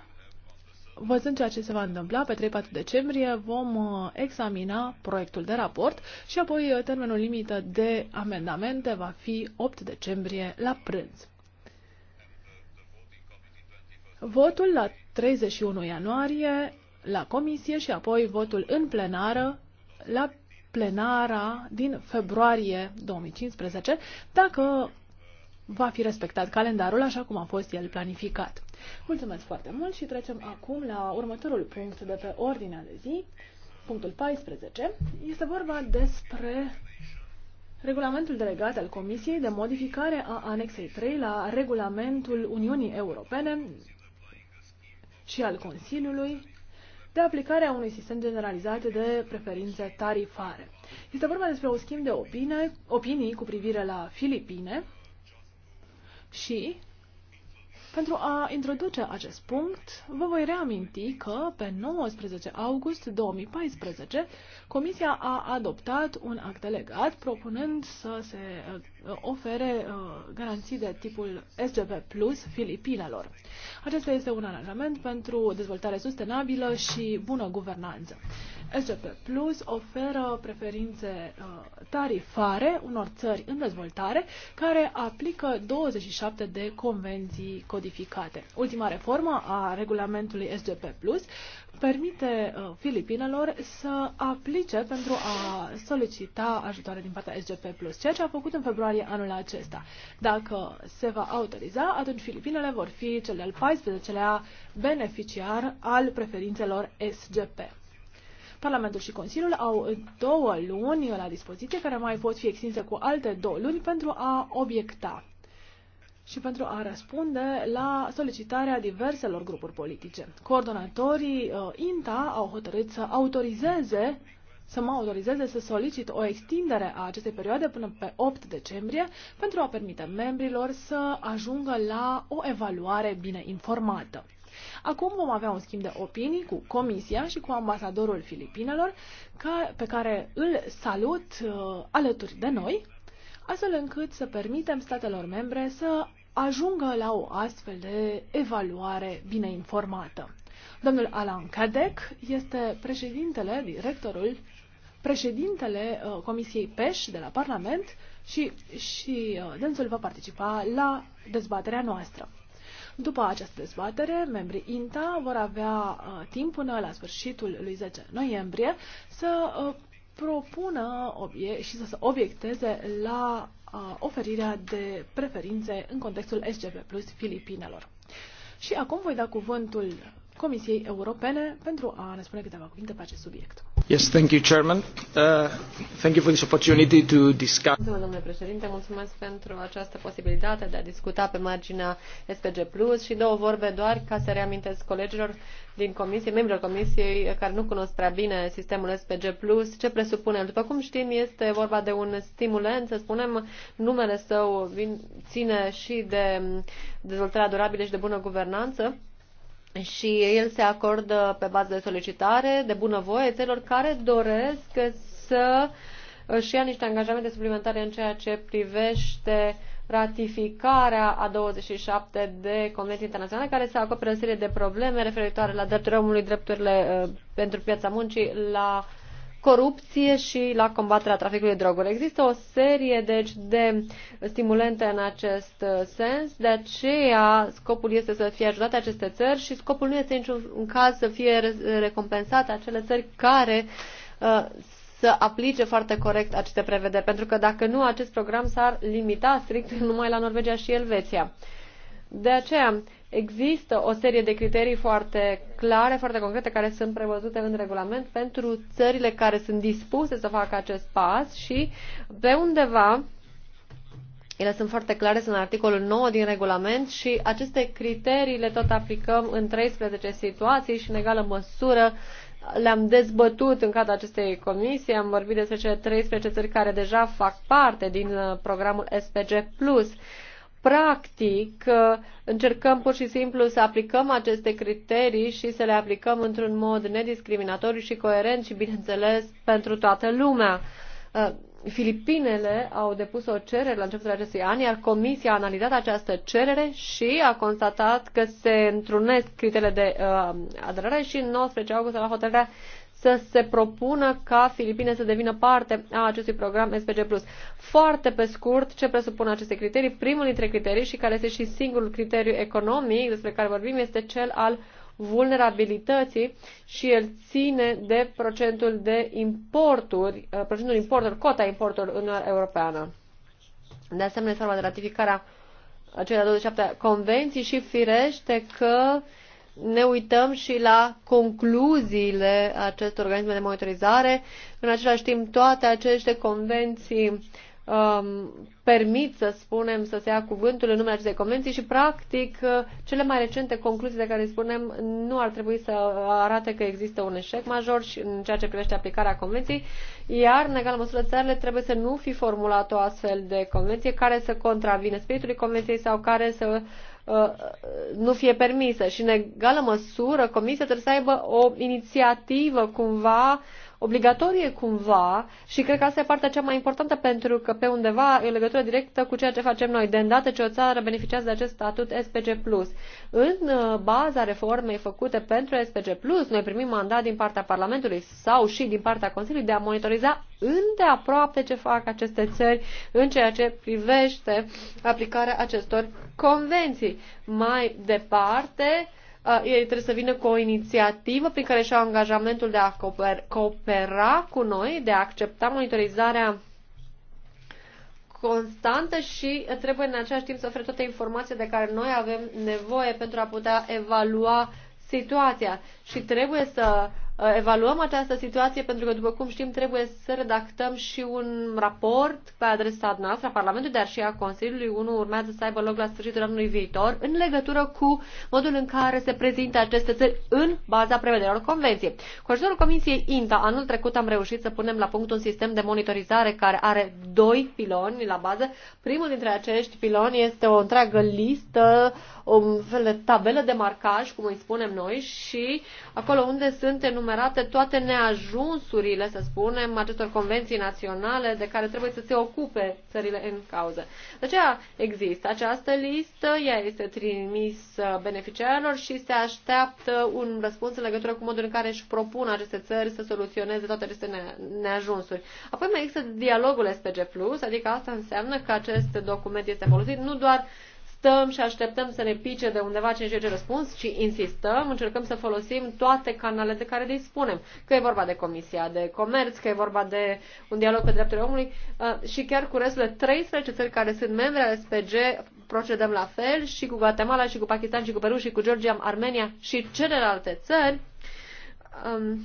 văzând ceea ce se va întâmpla, pe 3-4 decembrie vom uh, examina proiectul de raport și apoi uh, termenul limită de amendamente va fi 8 decembrie la prânz. Votul la 31 ianuarie la comisie și apoi votul în plenară la plenara din februarie 2015, dacă va fi respectat calendarul așa cum a fost el planificat. Mulțumesc foarte mult și trecem acum la următorul punct de pe ordinea de zi, punctul 14. Este vorba despre regulamentul delegat al Comisiei de modificare a anexei 3 la regulamentul Uniunii Europene și al Consiliului de aplicare a unui sistem generalizat de preferințe tarifare. Este vorba despre un schimb de opinie, opinii cu privire la Filipine și pentru a introduce acest punct, vă voi reaminti că pe 19 august 2014 Comisia a adoptat un act delegat propunând să se uh, ofere uh, garanții de tipul SGP Plus Filipinelor. Acesta este un aranjament pentru dezvoltare sustenabilă și bună guvernanță. SGP Plus oferă preferințe uh, tarifare unor țări în dezvoltare care aplică 27 de convenții codificate. Ultima reformă a regulamentului SGP Plus permite uh, Filipinelor să aplice pentru a solicita ajutoare din partea SGP Plus, ceea ce a făcut în februarie anul acesta. Dacă se va autoriza, atunci Filipinele vor fi cel de-al 14-lea beneficiar al preferințelor SGP. Parlamentul și Consiliul au două luni la dispoziție, care mai pot fi extinse cu alte două luni pentru a obiecta și pentru a răspunde la solicitarea diverselor grupuri politice. Coordonatorii uh, INTA au hotărât să autorizeze să mă autorizeze să solicit o extindere a acestei perioade până pe 8 decembrie pentru a permite membrilor să ajungă la o evaluare bine informată. Acum vom avea un schimb de opinii cu Comisia și cu ambasadorul Filipinelor, ca, pe care îl salut uh, alături de noi, astfel încât să permitem statelor membre să ajungă la o astfel de evaluare bine informată. Domnul Alan Cadec este președintele, directorul, președintele uh, Comisiei PES de la Parlament și, și uh, dânsul va participa la dezbaterea noastră. După această dezbatere, membrii INTA vor avea uh, timp până la sfârșitul lui 10 noiembrie să uh, propună obie- și să se obiecteze la uh, oferirea de preferințe în contextul SGP plus Filipinelor. Și acum voi da cuvântul Comisiei Europene pentru a ne spune câteva cuvinte pe acest subiect. Yes, thank you, Chairman. Uh, thank you for this opportunity to discuss. Domnule președinte, mulțumesc pentru această posibilitate de a discuta pe marginea SPG Plus și două vorbe doar ca să reamintesc colegilor din comisie, membrilor comisiei care nu cunosc prea bine sistemul SPG Plus, ce presupune. După cum știm, este vorba de un stimulent, să spunem, numele său vin, ține și de dezvoltarea durabilă și de bună guvernanță și el se acordă pe bază de solicitare, de bunăvoie, celor care doresc să își ia niște angajamente suplimentare în ceea ce privește ratificarea a 27 de convenții internaționale care se acoperă o serie de probleme referitoare la drepturile omului, drepturile uh, pentru piața muncii, la corupție și la combaterea traficului de droguri. Există o serie deci, de stimulente în acest uh, sens, de aceea scopul este să fie ajutate aceste țări și scopul nu este niciun caz să fie recompensate acele țări care uh, să aplice foarte corect aceste prevederi, pentru că dacă nu, acest program s-ar limita strict *laughs* numai la Norvegia și Elveția. De aceea există o serie de criterii foarte clare, foarte concrete, care sunt prevăzute în regulament pentru țările care sunt dispuse să facă acest pas și pe undeva ele sunt foarte clare, sunt în articolul 9 din regulament și aceste criterii le tot aplicăm în 13 situații și în egală măsură le-am dezbătut în cadrul acestei comisii, am vorbit despre cele 13 țări care deja fac parte din uh, programul SPG+ practic încercăm pur și simplu să aplicăm aceste criterii și să le aplicăm într-un mod nediscriminatoriu și coerent și, bineînțeles, pentru toată lumea. Uh, Filipinele au depus o cerere la începutul acestui an, iar Comisia a analizat această cerere și a constatat că se întrunesc criteriile de uh, aderare și în 19 august la hotărârea să se propună ca Filipine să devină parte a acestui program SPG+. Foarte pe scurt, ce presupun aceste criterii? Primul dintre criterii și care este și singurul criteriu economic despre care vorbim este cel al vulnerabilității și el ține de procentul de importuri, uh, procentul importuri, cota importurilor în Uniunea Europeană. De asemenea, este vorba de ratificarea acelea 27 convenții și firește că uh, ne uităm și la concluziile acestor organisme de monitorizare. În același timp, toate aceste convenții um, permit, să spunem, să se ia cuvântul în numele acestei convenții și, practic, cele mai recente concluzii de care spunem nu ar trebui să arate că există un eșec major și în ceea ce privește aplicarea convenției, iar, în egală măsură, țările trebuie să nu fi formulat o astfel de convenție care să contravine spiritului convenției sau care să uh, Uh, nu fie permisă. Și în egală măsură, Comisia trebuie să aibă o inițiativă cumva obligatorie cumva și cred că asta e partea cea mai importantă pentru că pe undeva e legătură directă cu ceea ce facem noi, de îndată ce o țară beneficiază de acest statut SPG+. În uh, baza reformei făcute pentru SPG+, noi primim mandat din partea Parlamentului sau și din partea Consiliului de a monitoriza îndeaproape ce fac aceste țări în ceea ce privește aplicarea acestor convenții. Mai departe, uh, ei trebuie să vină cu o inițiativă prin care și-au angajamentul de a coopera cu noi, de a accepta monitorizarea constantă și trebuie în același timp să ofere toate informațiile de care noi avem nevoie pentru a putea evalua situația și trebuie să Uh, evaluăm această situație pentru că, după cum știm, trebuie să redactăm și un raport pe adresa noastră a Parlamentului, dar și a Consiliului. Unul urmează să aibă loc la sfârșitul anului viitor în legătură cu modul în care se prezintă aceste țări în baza prevederilor Convenției. Cu ajutorul Comisiei INTA, anul trecut am reușit să punem la punct un sistem de monitorizare care are doi piloni la bază. Primul dintre acești piloni este o întreagă listă o um, fel de tabelă de marcaj, cum îi spunem noi, și acolo unde sunt enumerate toate neajunsurile, să spunem, acestor convenții naționale de care trebuie să se ocupe țările în cauză. De aceea există această listă, ea este trimisă beneficiarilor și se așteaptă un răspuns în legătură cu modul în care își propun aceste țări să soluționeze toate aceste neajunsuri. Apoi mai există dialogul SPG+, adică asta înseamnă că acest document este folosit nu doar uh, stăm și așteptăm să ne pice de undeva cine știe răspuns, ci insistăm, încercăm să folosim toate canalele de care dispunem. Că e vorba de Comisia de Comerț, că e vorba de un dialog pe drepturile omului uh, și chiar cu restul de 13 țări care sunt membre ale SPG procedăm la fel și cu Guatemala și cu Pakistan și cu Peru și cu Georgia, Armenia și celelalte țări. Um,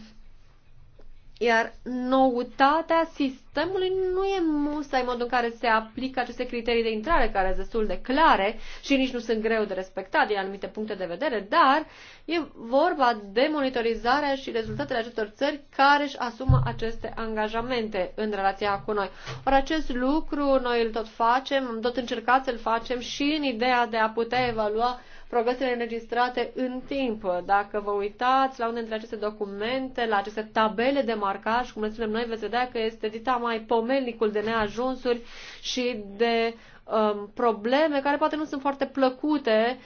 iar noutatea sistemului nu e musai modul în care se aplică aceste criterii de intrare, care sunt destul de clare și nici nu sunt greu de respectat din anumite puncte de vedere, dar e vorba de monitorizarea și rezultatele acestor țări care își asumă aceste angajamente în relația cu noi. Ori acest lucru noi îl tot facem, am tot încercat să-l facem și în ideea de a putea evalua progresele înregistrate în timp. Dacă vă uitați la unele dintre aceste documente, la aceste tabele de marcaj, cum le spunem noi, veți vedea că este dita mai pomelnicul de neajunsuri și de um, probleme care poate nu sunt foarte plăcute,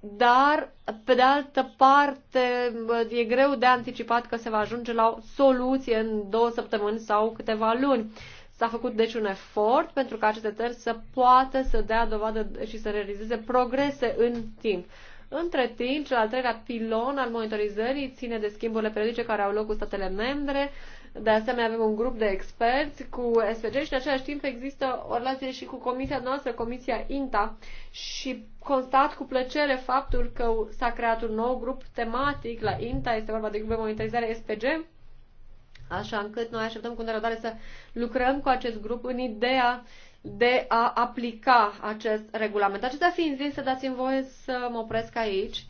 dar, pe de altă parte, e greu de anticipat că se va ajunge la o soluție în două săptămâni sau câteva luni. S-a făcut deci un efort pentru ca aceste țări să poată să dea dovadă și să realizeze progrese în timp. Între timp, cel al treilea pilon al monitorizării ține de schimburile periodice care au loc cu statele membre. De asemenea, avem un grup de experți cu SPG și în același timp există o relație și cu comisia noastră, comisia INTA și constat cu plăcere faptul că s-a creat un nou grup tematic la INTA, este vorba de grup de monitorizare SPG, Așa încât noi așteptăm cu nerăbdare să lucrăm cu acest grup în ideea de a aplica acest regulament. Acestea fiind zise, dați-mi voie să mă opresc aici,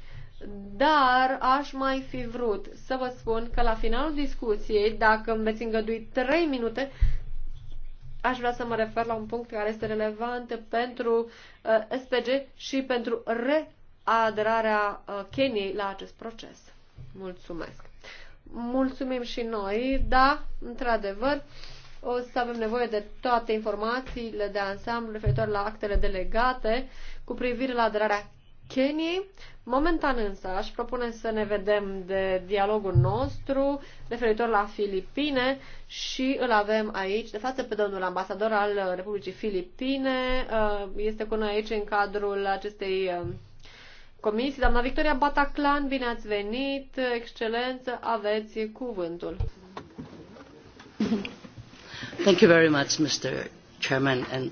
dar aș mai fi vrut să vă spun că la finalul discuției, dacă îmi veți îngădui 3 minute, aș vrea să mă refer la un punct care este relevant pentru uh, SPG și pentru readerarea uh, Keniei la acest proces. Mulțumesc! Mulțumim și noi, da, într-adevăr, o să avem nevoie de toate informațiile de ansamblu referitor la actele delegate cu privire la aderarea Keniei. Momentan însă aș propune să ne vedem de dialogul nostru referitor la Filipine și îl avem aici de față pe domnul ambasador al Republicii Filipine. Uh, este cu noi aici în cadrul acestei uh, comisii. Doamna Victoria Bataclan, bine ați venit, excelență, aveți cuvântul. Thank you very much, Mr. Chairman, and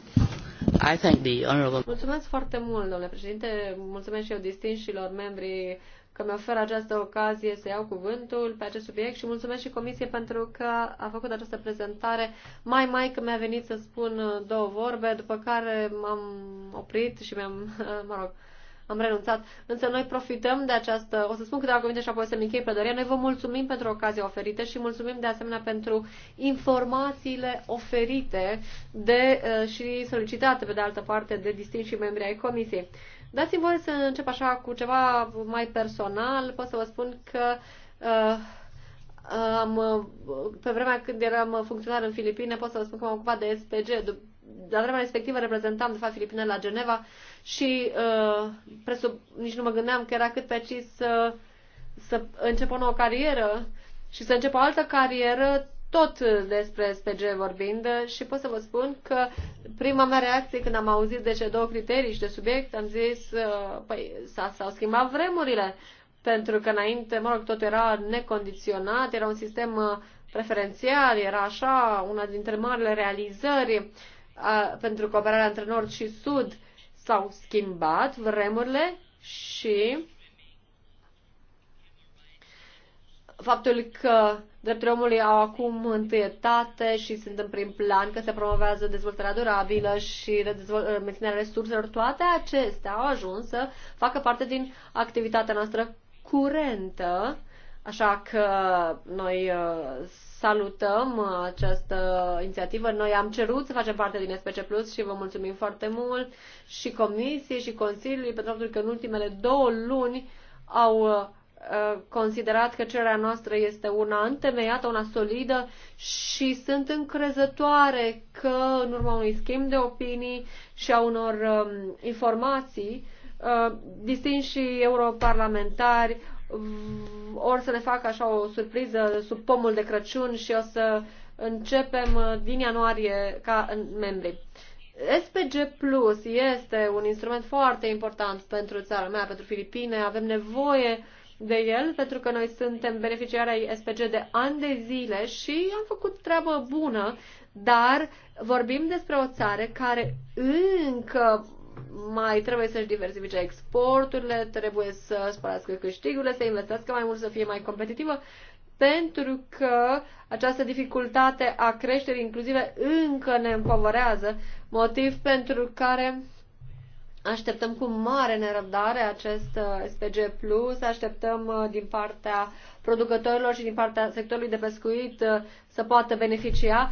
I thank the honorable... Mulțumesc foarte mult, domnule președinte, mulțumesc și eu distinșilor membrii că mi oferă această ocazie să iau cuvântul pe acest subiect și mulțumesc și Comisie pentru că a făcut această prezentare. Mai mai că mi-a venit să spun două vorbe, după care m-am oprit și mi-am, *laughs* mă rog, am renunțat. Însă noi profităm de această, o să spun câteva cuvinte și apoi să-mi închei plădoria. Noi vă mulțumim pentru ocazia oferită și mulțumim de asemenea pentru informațiile oferite de, uh, și solicitate, pe de altă parte, de distinși membri ai Comisiei. Dați-mi voie să încep așa cu ceva mai personal. Pot să vă spun că uh, am, uh, pe vremea când eram funcționar în Filipine, pot să vă spun că m-am ocupat de SPG. La vremea respectivă reprezentam, de fapt, Filipine la Geneva și uh, presup, nici nu mă gândeam că era cât pe aici să, să încep o nouă carieră și să încep o altă carieră tot despre SPG vorbind și pot să vă spun că prima mea reacție când am auzit de ce două criterii și de subiect, am zis, uh, păi s-au schimbat vremurile, pentru că înainte, mă rog, tot era necondiționat, era un sistem uh, preferențial, era așa una dintre marile realizări a, uh, pentru cooperarea între Nord și Sud s-au schimbat vremurile și faptul că drepturile omului au acum întâietate și sunt în prim plan, că se promovează dezvoltarea durabilă și menținerea resurselor, toate acestea au ajuns să facă parte din activitatea noastră curentă, așa că noi uh, salutăm uh, această inițiativă. Noi am cerut să facem parte din SPC Plus și vă mulțumim foarte mult și Comisiei și Consiliului pentru faptul că în ultimele două luni au uh, considerat că cererea noastră este una întemeiată, una solidă și sunt încrezătoare că în urma unui schimb de opinii și a unor um, informații uh, distinși europarlamentari ori să le fac așa o surpriză sub pomul de Crăciun și o să începem uh, din ianuarie ca membri. SPG Plus este un instrument foarte important pentru țara mea, pentru Filipine. Avem nevoie de el pentru că noi suntem beneficiari ai SPG de ani de zile și am făcut treabă bună, dar vorbim despre o țară care încă mai trebuie să-și diversifice exporturile, trebuie să spălească câștigurile, să investească mai mult, să fie mai competitivă, pentru că această dificultate a creșterii inclusive încă ne împovorează, motiv pentru care Așteptăm cu mare nerăbdare acest uh, SPG+, Plus, așteptăm uh, din partea producătorilor și din partea sectorului de pescuit uh, să poată beneficia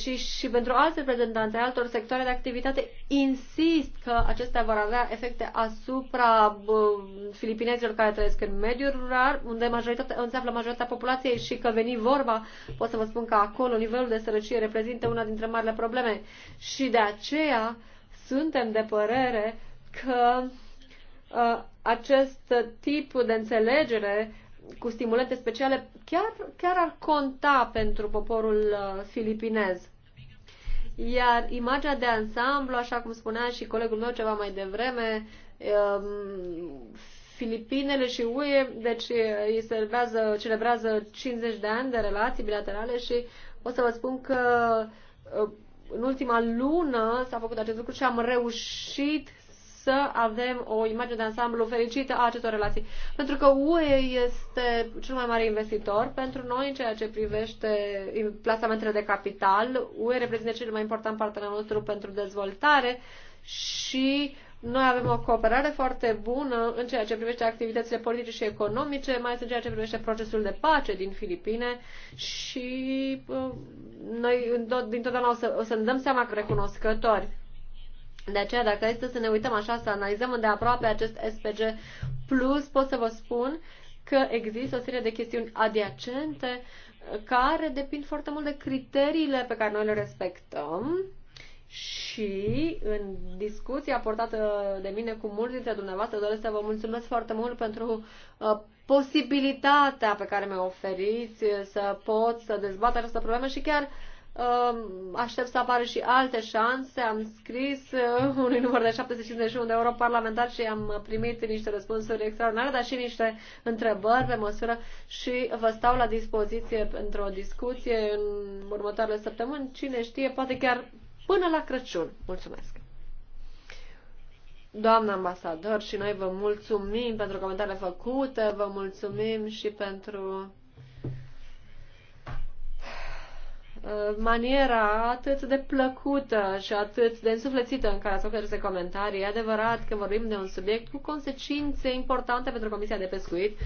și, și pentru alți reprezentanți ai altor sectoare de activitate insist că acestea vor avea efecte asupra filipinezilor care trăiesc în mediul rural, unde majoritatea, înseamnă majoritatea populației și că veni vorba, pot să vă spun că acolo nivelul de sărăcie reprezintă una dintre marile probleme și de aceea suntem de părere că uh, acest tip de înțelegere cu stimulente speciale chiar, chiar ar conta pentru poporul uh, filipinez. Iar imaginea de ansamblu, așa cum spunea și colegul meu ceva mai devreme, uh, Filipinele și UE, deci ei uh, celebrează, celebrează 50 de ani de relații bilaterale și o să vă spun că uh, în ultima lună s-a făcut acest lucru și am reușit să avem o imagine de ansamblu fericită a acestor relații. Pentru că UE este cel mai mare investitor pentru noi în ceea ce privește plasamentele de capital. UE reprezintă cel mai important partener nostru pentru dezvoltare și noi avem o cooperare foarte bună în ceea ce privește activitățile politice și economice, mai ales în ceea ce privește procesul de pace din Filipine și uh, noi noi totdeauna o să, o să ne dăm seama că recunoscători. De aceea, dacă este să ne uităm așa, să analizăm îndeaproape acest SPG+, plus, pot să vă spun că există o serie de chestiuni adiacente uh, care depind foarte mult de criteriile pe care noi le respectăm și în discuția portată de mine cu mulți dintre dumneavoastră doresc să vă mulțumesc foarte mult pentru uh, posibilitatea pe care mi-o oferiți să pot să dezbat această problemă și chiar uh, Aștept să apară și alte șanse. Am scris uh, unui număr de 751 de parlamentar și am primit niște răspunsuri extraordinare, dar și niște întrebări pe măsură și vă stau la dispoziție pentru o discuție în următoarele săptămâni. Cine știe, poate chiar până la Crăciun. Mulțumesc! Doamna ambasador, și noi vă mulțumim pentru comentariile făcute, vă mulțumim și pentru Uh, maniera atât de plăcută și atât de însuflețită în care ați oferit comentarii. E adevărat că vorbim de un subiect cu consecințe importante pentru Comisia de Pescuit.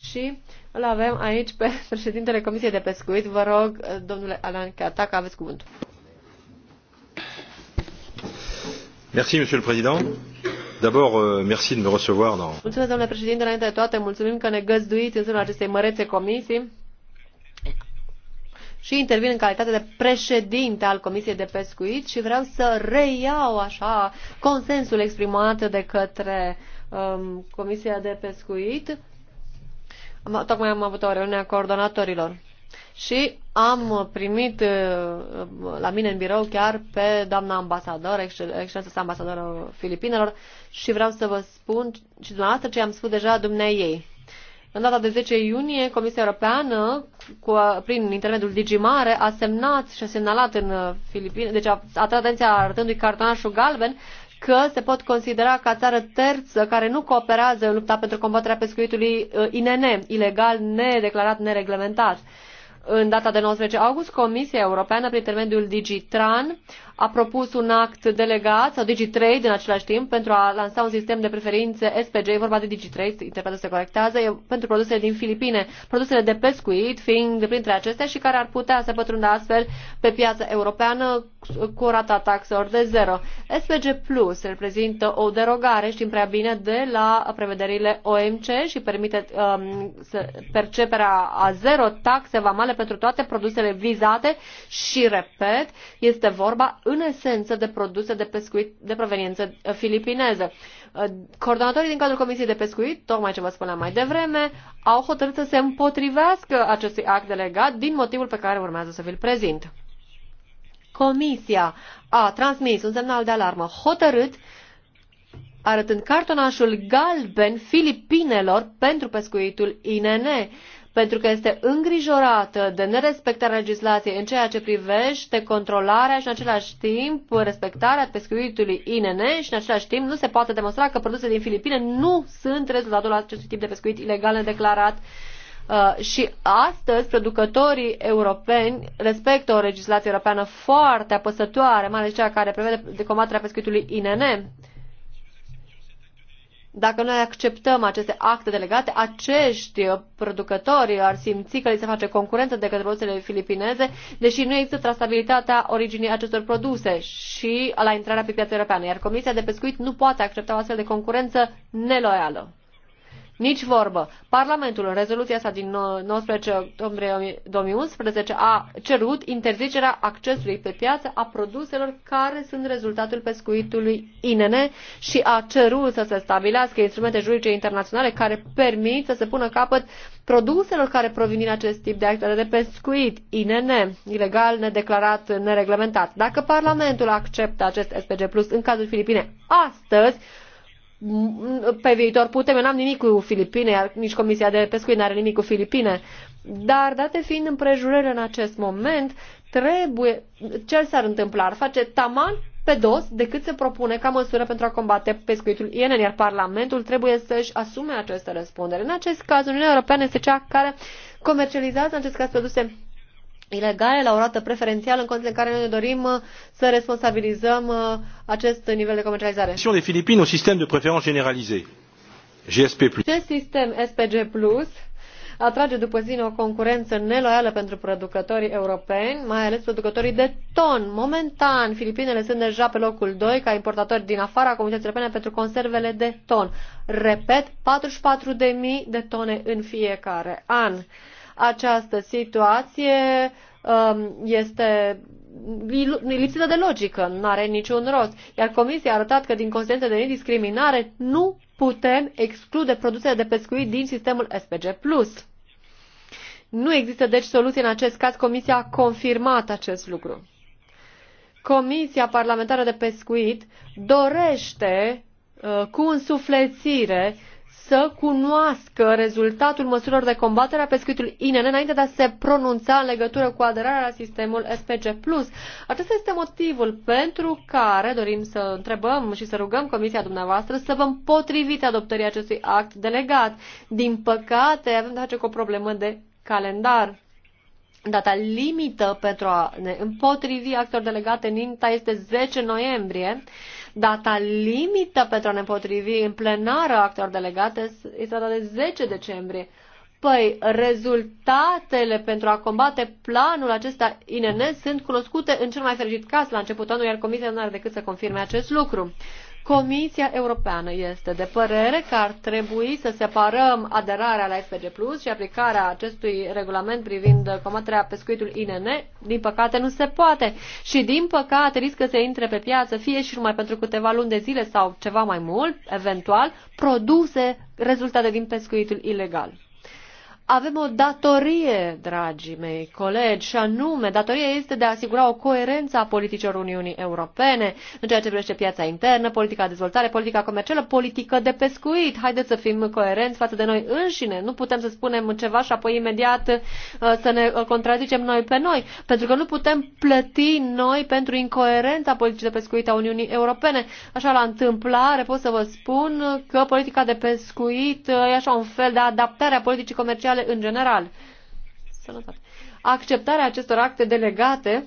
Și îl avem aici pe *laughs* președintele Comisiei de Pescuit. Vă rog, uh, domnule Alan Cataca, aveți cuvântul. Merci, monsieur le président. D'abord, euh, merci de me recevoir dans... Mulțumesc, domnule președinte, înainte de toate, mulțumim că ne găzduiți în zona acestei mărețe comisii și intervin în calitate de președinte al Comisiei de Pescuit și vreau să reiau așa consensul exprimat de către um, Comisia de Pescuit. Am, tocmai am avut o reuniune a coordonatorilor și am primit uh, la mine în birou chiar pe doamna ambasador, excelența sa ambasadoră filipinelor și vreau să vă spun și dumneavoastră ce am spus deja dumneai ei. În data de 10 iunie, Comisia Europeană, cu, prin intermediul Digimare, a semnat și a semnalat în uh, Filipine, deci a atras atenția arătându-i cartonașul galben, că se pot considera ca țară terță care nu cooperează în lupta pentru combaterea pescuitului uh, INN, ilegal, nedeclarat, nereglementat. În data de 19 august, Comisia Europeană, prin intermediul DigiTran, a propus un act delegat sau DigiTrade în același timp pentru a lansa un sistem de preferințe SPG, e vorba de DigiTrade, interpretul se corectează, e pentru produsele din Filipine, produsele de pescuit fiind printre acestea și care ar putea să pătrundă astfel pe piața europeană cu rata taxelor de zero. SPG Plus reprezintă o derogare, știm prea bine, de la prevederile OMC și permite um, perceperea a zero taxe vamale pentru toate produsele vizate și, repet, este vorba în esență de produse de pescuit de proveniență uh, filipineză. Uh, coordonatorii din cadrul Comisiei de Pescuit, tocmai ce vă spuneam mai devreme, au hotărât să se împotrivească acestui act delegat din motivul pe care urmează să vi-l prezint. Comisia a transmis un semnal de alarmă hotărât arătând cartonașul galben Filipinelor pentru pescuitul INN pentru că este îngrijorată de nerespectarea legislației în ceea ce privește controlarea și în același timp respectarea pescuitului INN și în același timp nu se poate demonstra că produse din Filipine nu sunt rezultatul acestui tip de pescuit ilegal nedeclarat. Uh, și astăzi producătorii europeni respectă o legislație europeană foarte apăsătoare, mai ales cea care prevede combaterea pescuitului INN, dacă noi acceptăm aceste acte delegate, acești producători ar simți că li se face concurență de către produsele filipineze, deși nu există trasabilitatea originii acestor produse și la intrarea pe piața europeană, iar Comisia de Pescuit nu poate accepta o astfel de concurență neloială. Nici vorbă. Parlamentul, în rezoluția sa din 19 octombrie 2011, a cerut interzicerea accesului pe piață a produselor care sunt rezultatul pescuitului INN și a cerut să se stabilească instrumente juridice internaționale care permit să se pună capăt produselor care provin din acest tip de acte de pescuit, INN, ilegal, nedeclarat, nereglementat. Dacă Parlamentul acceptă acest SPG Plus în cazul Filipine astăzi, pe viitor putem. Eu n-am nimic cu Filipine, iar nici Comisia de Pescuit n-are nimic cu Filipine. Dar, date fiind împrejurările în acest moment, trebuie... Ce s-ar întâmpla? Ar face taman pe dos decât se propune ca măsură pentru a combate pescuitul INN, iar Parlamentul trebuie să-și asume această răspundere. În acest caz, Uniunea Europeană este cea care comercializează, în acest caz, produse ilegale la o rată preferențială în condițiile în care noi dorim uh, să responsabilizăm uh, acest nivel de comercializare. Sur les Philippines au sistem de preferență generalizat. GSP+. Acest sistem SPG+, atrage după sine o concurență neloială pentru producătorii europeni, mai ales producătorii de ton. Momentan, Filipinele sunt deja pe locul 2 ca importatori din afara Comunității Europene pentru conservele de ton. Repet, 44.000 de tone în fiecare an. Această situație um, este lipsită de logică, nu are niciun rost. Iar comisia a arătat că din considerente de nediscriminare nu putem exclude produsele de pescuit din sistemul SPG+. Nu există deci soluție în acest caz, comisia a confirmat acest lucru. Comisia Parlamentară de Pescuit dorește uh, cu însuflețire să cunoască rezultatul măsurilor de combatere a pescuitului INN înainte de a se pronunța în legătură cu aderarea la sistemul SPG+. Acesta este motivul pentru care dorim să întrebăm și să rugăm Comisia dumneavoastră să vă împotriviți adoptării acestui act delegat. Din păcate, avem de face cu o problemă de calendar. Data limită pentru a ne împotrivi actor delegate în INTA este 10 noiembrie Data limită pentru a ne potrivi în plenară actor delegate este data de 10 decembrie. Păi, rezultatele pentru a combate planul acesta INN sunt cunoscute în cel mai fericit caz la începutul anului, iar Comisia nu are decât să confirme acest lucru. Comisia Europeană este de părere că ar trebui să separăm aderarea la SPG Plus și aplicarea acestui regulament privind comaterea pescuitului INN. Din păcate nu se poate și din păcate riscă să intre pe piață fie și numai pentru câteva luni de zile sau ceva mai mult, eventual, produse rezultate din pescuitul ilegal avem o datorie, dragii mei colegi, și anume, datoria este de a asigura o coerență a politicilor Uniunii Europene în ceea ce privește piața internă, politica de dezvoltare, politica comercială, politică de pescuit. Haideți să fim coerenți față de noi înșine. Nu putem să spunem ceva și apoi imediat uh, să ne uh, contrazicem noi pe noi, pentru că nu putem plăti noi pentru incoerența politicii de pescuit a Uniunii Europene. Așa la întâmplare pot să vă spun că politica de pescuit uh, e așa un fel de adaptare a politicii comerciale produse în general. Sănătate. Acceptarea acestor acte delegate,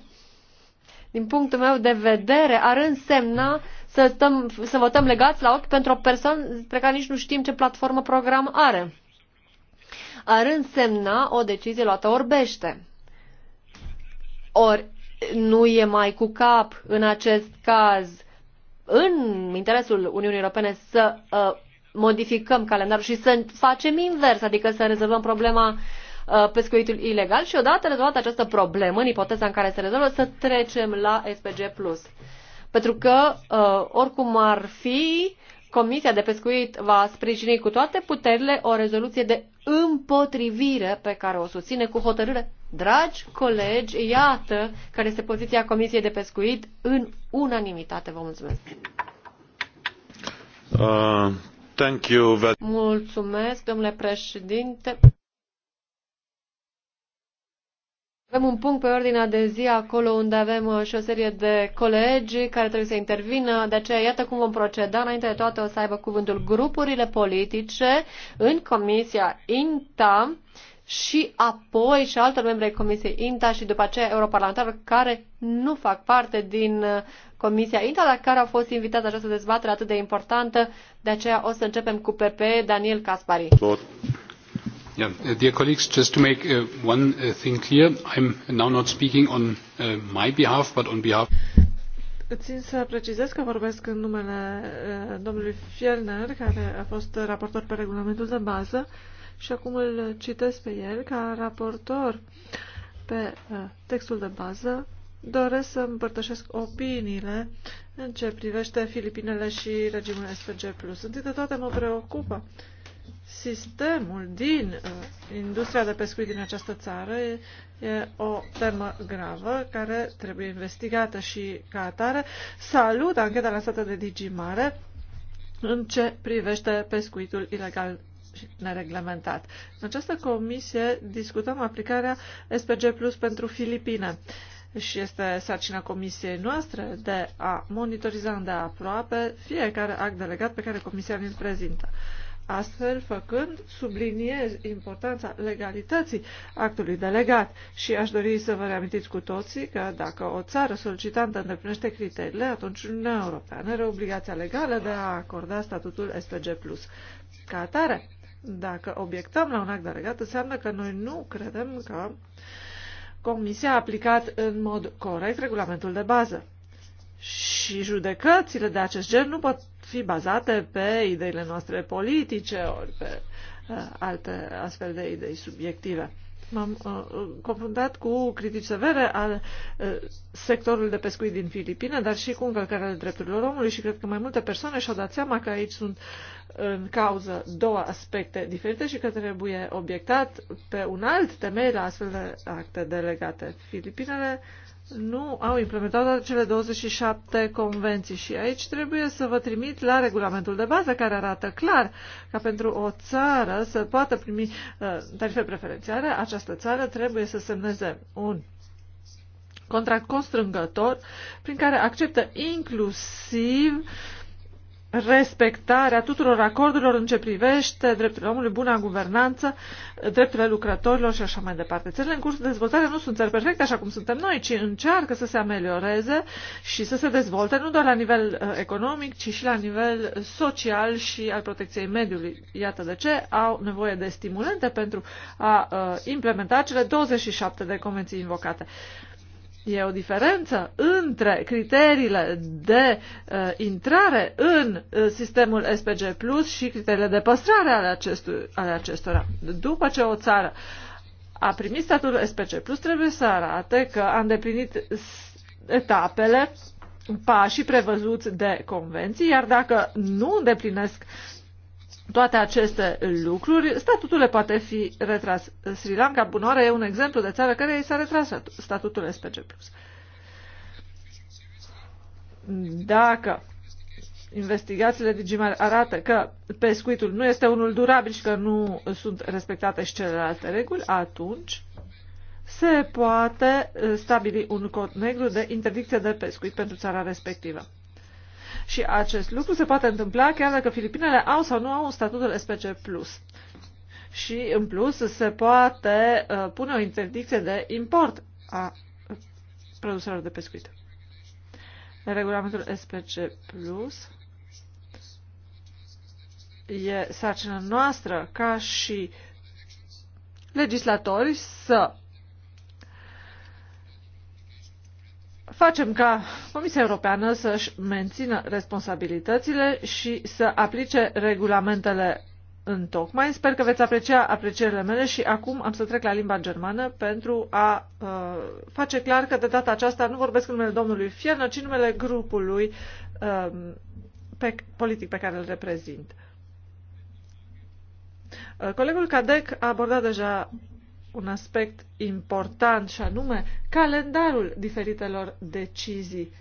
din punctul meu de vedere, ar însemna să, stăm, să votăm legați la ochi pentru o persoană pe care nici nu știm ce platformă program are. Ar însemna o decizie luată orbește. Ori nu e mai cu cap în acest caz în interesul Uniunii Europene să uh, modificăm calendarul și să facem invers, adică să rezolvăm problema uh, pescuitul ilegal și odată rezolvată această problemă, în ipoteza în care se rezolvă, să trecem la SPG+. Pentru că, uh, oricum ar fi, Comisia de Pescuit va sprijini cu toate puterile o rezoluție de împotrivire pe care o susține cu hotărâre. Dragi colegi, iată care este poziția Comisiei de Pescuit în unanimitate. Vă mulțumesc! Uh, Thank you. Mulțumesc, domnule președinte. Avem un punct pe ordinea de zi acolo unde avem uh, și o serie de colegi care trebuie să intervină, de aceea iată cum vom proceda. Înainte de toate o să aibă cuvântul grupurile politice în Comisia INTA și apoi și altor membri ai Comisiei INTA și după aceea europarlamentari care nu fac parte din uh, Comisia INTA, dar care au fost invitați această dezbatere atât de importantă. De aceea o să începem cu PP Daniel Caspari. Yeah, uh, dear colleagues, just to make uh, one uh, thing clear, I'm now not speaking on uh, my behalf, but on behalf. Țin să precizez că vorbesc în numele uh, domnului Fielner, care a fost raportor pe regulamentul de bază. Uh, și acum îl citesc pe el ca raportor pe uh, textul de bază. Doresc să împărtășesc opiniile în ce privește Filipinele și regimul SPG+. Întâi de toate mă preocupă sistemul din uh, industria de pescuit din această țară e o temă gravă care trebuie investigată și ca atare. Salut ancheta lansată de Digimare în ce privește pescuitul ilegal și nereglementat. În această comisie discutăm aplicarea SPG Plus pentru Filipine și este sarcina comisiei noastre de a monitoriza de aproape fiecare act delegat pe care comisia îl prezintă. Astfel făcând, subliniez importanța legalității actului delegat și aș dori să vă reamintiți cu toții că dacă o țară solicitantă îndeplinește criteriile, atunci Uniunea Europeană are obligația legală de a acorda statutul SPG+. Ca atare, dacă obiectăm la un act delegat, înseamnă că noi nu credem că Comisia a aplicat în mod corect regulamentul de bază. Și judecățile de acest gen nu pot fi bazate pe ideile noastre politice ori pe uh, alte astfel de idei subiective. M-am uh, confruntat cu critici severe al uh, sectorului de pescuit din Filipine, dar și cu încălcarea drepturilor omului și cred că mai multe persoane și-au dat seama că aici sunt în cauză două aspecte diferite și că trebuie obiectat pe un alt temei la astfel de acte delegate. Filipinele uh, nu au implementat cele 27 convenții și aici trebuie să vă trimit la regulamentul de bază care arată clar că pentru o țară să poată primi uh, tarife preferențiale, această țară trebuie să semneze un contract constrângător prin care acceptă inclusiv uh, respectarea tuturor acordurilor în ce privește drepturile omului, buna guvernanță, drepturile lucrătorilor și așa mai departe. Țările în curs de dezvoltare nu sunt țări perfecte așa cum suntem noi, ci încearcă să se amelioreze și să se dezvolte nu doar la nivel uh, economic, ci și la nivel social și al protecției mediului. Iată de ce au nevoie de stimulente pentru a uh, implementa cele 27 de convenții invocate. E o diferență între criteriile de uh, intrare în uh, sistemul SPG Plus și criteriile de păstrare ale, acestui, ale acestora. După ce o țară a primit statul SPG Plus, trebuie să arate că a îndeplinit etapele, pașii prevăzuți de convenții, iar dacă nu îndeplinesc toate aceste lucruri, statutul le poate fi retras. Sri Lanka, bunoare, e un exemplu de țară care i s-a retras statutul SPG+. Dacă investigațiile Digimar arată că pescuitul nu este unul durabil și că nu sunt respectate și celelalte reguli, atunci se poate stabili un cod negru de interdicție de pescuit pentru țara respectivă. Și acest lucru se poate întâmpla chiar dacă Filipinele au sau nu au un statutul SPC+. Și, în plus, se poate uh, pune o interdicție de import a produselor de pescuit. Regulamentul SPC Plus e sarcina noastră ca și legislatori să facem ca Comisia Europeană să-și mențină responsabilitățile și să aplice regulamentele în tocmai. Sper că veți aprecia aprecierile mele și acum am să trec la limba germană pentru a uh, face clar că de data aceasta nu vorbesc în numele domnului Fierna, ci în numele grupului uh, pe, politic pe care îl reprezint. Uh, colegul Cadec a abordat deja un aspect important și anume calendarul diferitelor decizii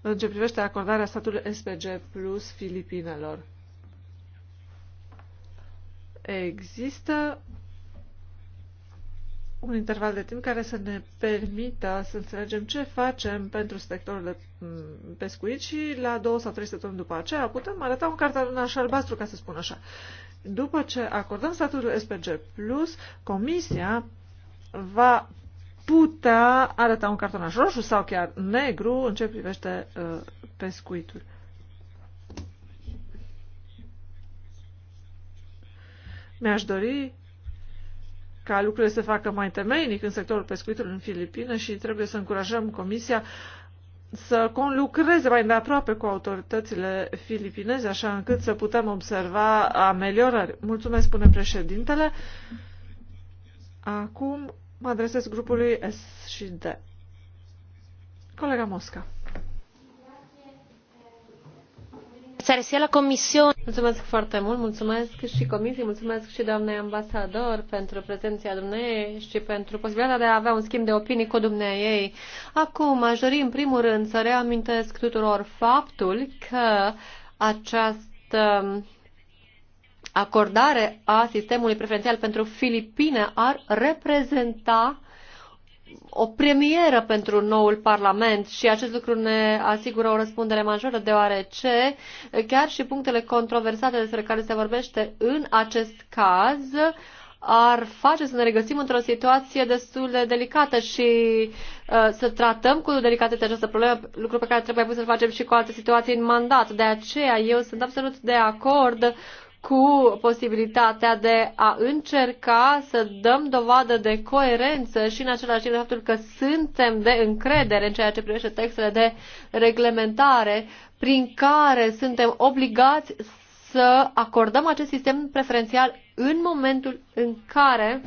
în ce privește acordarea statului SPG plus Filipinelor. Există un interval de timp care să ne permită să înțelegem ce facem pentru sectorul de mm, pescuit și la două sau trei săptămâni după aceea putem arăta un așa albastru, ca să spun așa. După ce acordăm statutul SPG+, Comisia va putea arăta un cartonaș roșu sau chiar negru în ce privește uh, pescuitul. Mi-aș dori ca lucrurile să facă mai temeinic în sectorul pescuitului în Filipine și trebuie să încurajăm Comisia uh, să conlucreze mai îndeaproape cu autoritățile filipineze, așa încât să putem observa ameliorări. Mulțumesc, spune președintele. Acum mă adresez grupului S și D. Colega Mosca. finanțare, la Comisiune. Mulțumesc foarte mult, mulțumesc și Comisiei, mulțumesc și doamnei ambasador pentru prezenția dumneei și pentru posibilitatea de a avea un schimb de opinii cu dumneei ei. Acum, aș dori în primul rând să reamintesc tuturor faptul că această acordare a sistemului preferențial pentru Filipine ar reprezenta o premieră pentru noul Parlament și acest lucru ne asigură o răspundere majoră, deoarece chiar și punctele controversate despre care se vorbește în acest caz ar face să ne regăsim într-o situație destul de delicată și uh, să tratăm cu delicatețe această problemă, lucru pe care trebuie să-l facem și cu alte situații în mandat. De aceea eu sunt absolut de acord cu posibilitatea de a încerca să dăm dovadă de coerență și în același timp de faptul că suntem de încredere în ceea ce privește textele de reglementare prin care suntem obligați să acordăm acest sistem preferențial în momentul în care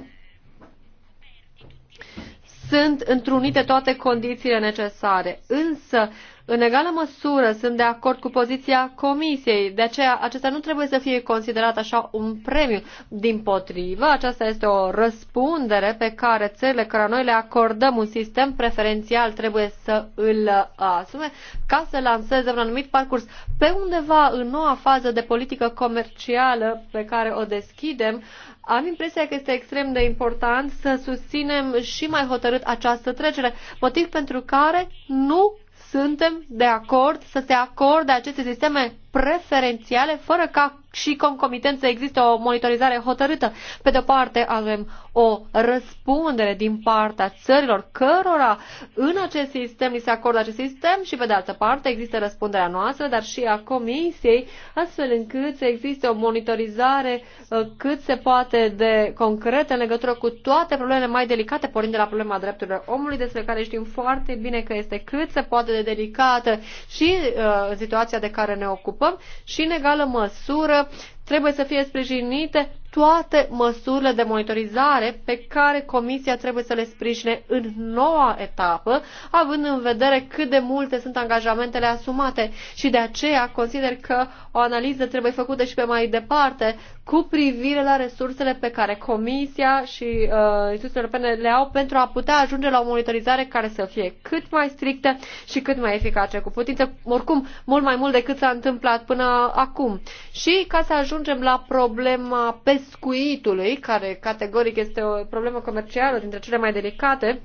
sunt întrunite toate condițiile necesare. Însă, în egală măsură sunt de acord cu poziția Comisiei, de aceea acesta nu trebuie să fie considerat așa un premiu. Din potrivă, aceasta este o răspundere pe care țările care noi le acordăm un sistem preferențial trebuie să îl uh, asume ca să lanseze un anumit parcurs pe undeva în noua fază de politică comercială pe care o deschidem. Am impresia că este extrem de important să susținem și mai hotărât această trecere, motiv pentru care nu suntem de acord să se acorde aceste sisteme preferențiale, fără ca și concomitent să existe o monitorizare hotărâtă. Pe de-o parte avem o răspundere din partea țărilor cărora în acest sistem li se acordă acest sistem și pe de altă parte există răspunderea noastră, dar și a Comisiei, astfel încât să existe o monitorizare uh, cât se poate de concretă în legătură cu toate problemele mai delicate, pornind de la problema drepturilor omului, despre care știm foarte bine că este cât se poate de delicată și uh, situația de care ne ocupăm ocupăm și în egală măsură trebuie să fie sprijinite toate măsurile de monitorizare pe care Comisia trebuie să le sprijine în noua etapă, având în vedere cât de multe sunt angajamentele asumate și de aceea consider că o analiză trebuie făcută și pe mai departe cu privire la resursele pe care Comisia și uh, instituțiile europene le au pentru a putea ajunge la o monitorizare care să fie cât mai strictă și cât mai eficace, cu putință, oricum, mult mai mult decât s-a întâmplat până acum. Și ca să ajungem ajungem la problema pescuitului, care categoric este o problemă comercială dintre cele mai delicate,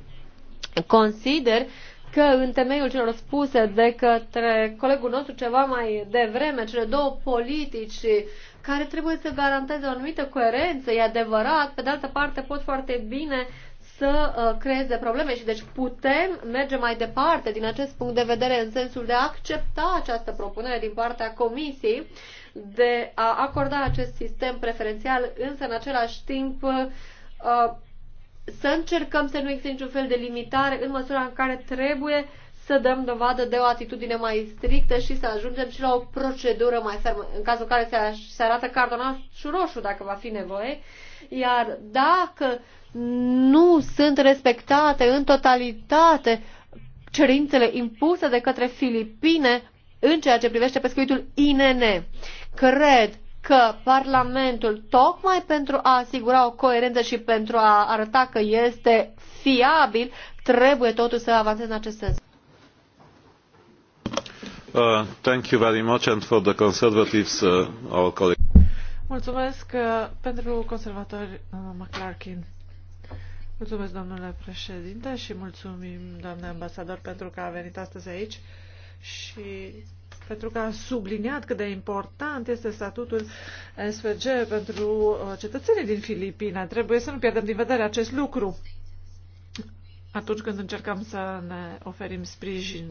consider că în temeiul celor spuse de către colegul nostru ceva mai devreme, cele două politici care trebuie să garanteze o anumită coerență, e adevărat, pe de altă parte pot foarte bine să uh, creeze probleme și deci putem merge mai departe din acest punct de vedere în sensul de a accepta această propunere din partea Comisiei de a acorda acest sistem preferențial, însă în același timp uh, să încercăm să nu existe niciun fel de limitare în măsura în care trebuie să dăm dovadă de o atitudine mai strictă și să ajungem și la o procedură mai fermă, în cazul în care se, se arată cartonașul roșu, dacă va fi nevoie. Iar dacă nu sunt respectate în totalitate cerințele impuse de către Filipine în ceea ce privește pescuitul INN. Cred că Parlamentul, tocmai pentru a asigura o coerență și pentru a arăta că este fiabil, trebuie totuși să avanseze în acest sens. Uh, thank you very much and for the conservatives, uh, our colleague. Mulțumesc uh, pentru conservatori, doamna McClarkin. Mulțumesc, domnule președinte, și mulțumim, doamne ambasador, pentru că a venit astăzi aici și pentru că a subliniat cât de important este statutul SVG pentru uh, cetățenii din Filipine. Trebuie să nu pierdem din vedere acest lucru atunci când încercăm să ne oferim sprijin.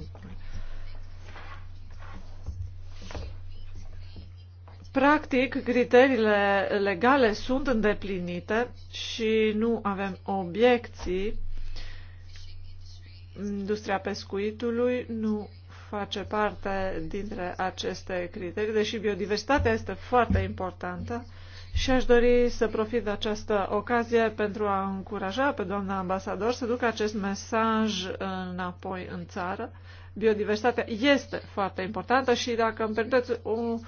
Practic, criteriile legale sunt îndeplinite și nu avem obiecții. Industria pescuitului nu face parte dintre aceste criterii, deși biodiversitatea este foarte importantă și aș dori să profit de această ocazie pentru a încuraja pe doamna ambasador să ducă acest mesaj înapoi în țară. Biodiversitatea este foarte importantă și dacă îmi permiteți un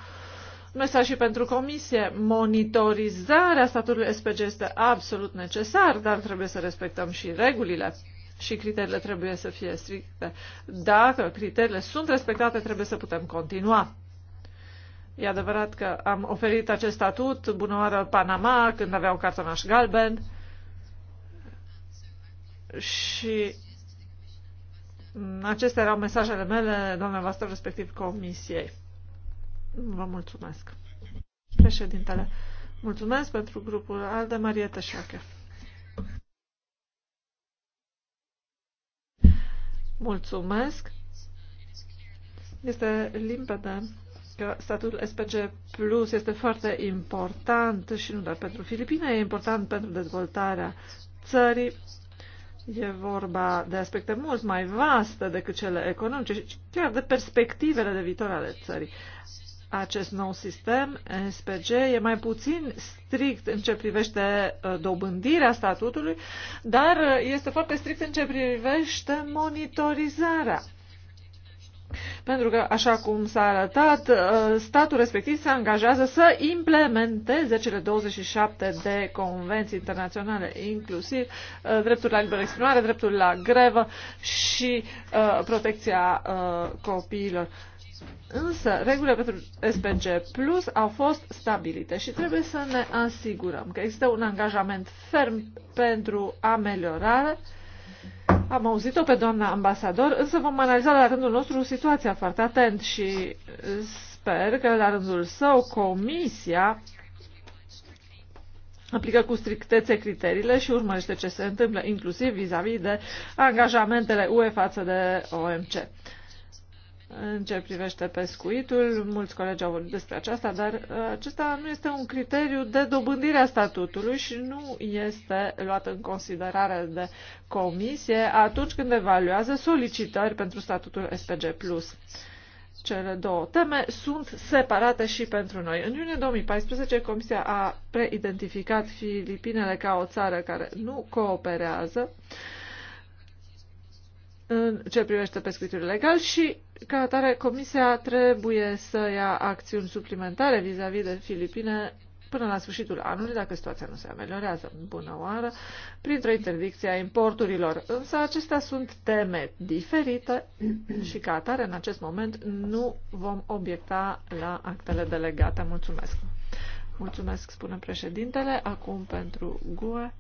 mesaj și pentru comisie, monitorizarea statului SPG este absolut necesar, dar trebuie să respectăm și regulile și criteriile trebuie să fie stricte. Dacă criteriile sunt respectate, trebuie să putem continua. E adevărat că am oferit acest statut bună oară Panama, când aveau cartonaș galben. Și acestea erau mesajele mele, doamne voastră, respectiv comisiei. Vă mulțumesc. Președintele, mulțumesc pentru grupul al de Marie Mulțumesc. Este limpede că statutul SPG Plus este foarte important și nu doar pentru Filipine, e important pentru dezvoltarea țării. E vorba de aspecte mult mai vaste decât cele economice și chiar de perspectivele de viitor ale țării acest nou sistem, SPG, e mai puțin strict în ce privește uh, dobândirea statutului, dar uh, este foarte strict în ce privește monitorizarea. Pentru că, așa cum s-a arătat, uh, statul respectiv se angajează să implementeze cele 27 de convenții internaționale, inclusiv dreptul la liberă exprimare, dreptul la grevă și protecția copiilor. Însă, regulile pentru SPG Plus au fost stabilite și trebuie să ne asigurăm că există un angajament ferm pentru ameliorare. Am auzit-o pe doamna ambasador, însă vom analiza la rândul nostru situația foarte atent și sper că la rândul său comisia aplică cu strictețe criteriile și urmărește ce se întâmplă, inclusiv vis-a-vis -vis de angajamentele UE față de OMC. În ce privește pescuitul, mulți colegi au vorbit despre aceasta, dar uh, acesta nu este un criteriu de dobândire a statutului și nu este luat în considerare de comisie atunci când evaluează solicitări pentru statutul SPG+. Cele două teme sunt separate și pentru noi. În iunie 2014, Comisia a preidentificat Filipinele ca o țară care nu cooperează uh, în ce privește pescuitul legal și, ca atare, Comisia trebuie să ia acțiuni suplimentare vis-a-vis -vis de Filipine până la sfârșitul anului, dacă situația nu se ameliorează în bună oară, printr-o interdicție a importurilor. Însă acestea sunt teme diferite și, ca atare, în acest moment nu vom obiecta la actele delegate. Mulțumesc! Mulțumesc, spune președintele. Acum pentru GUE,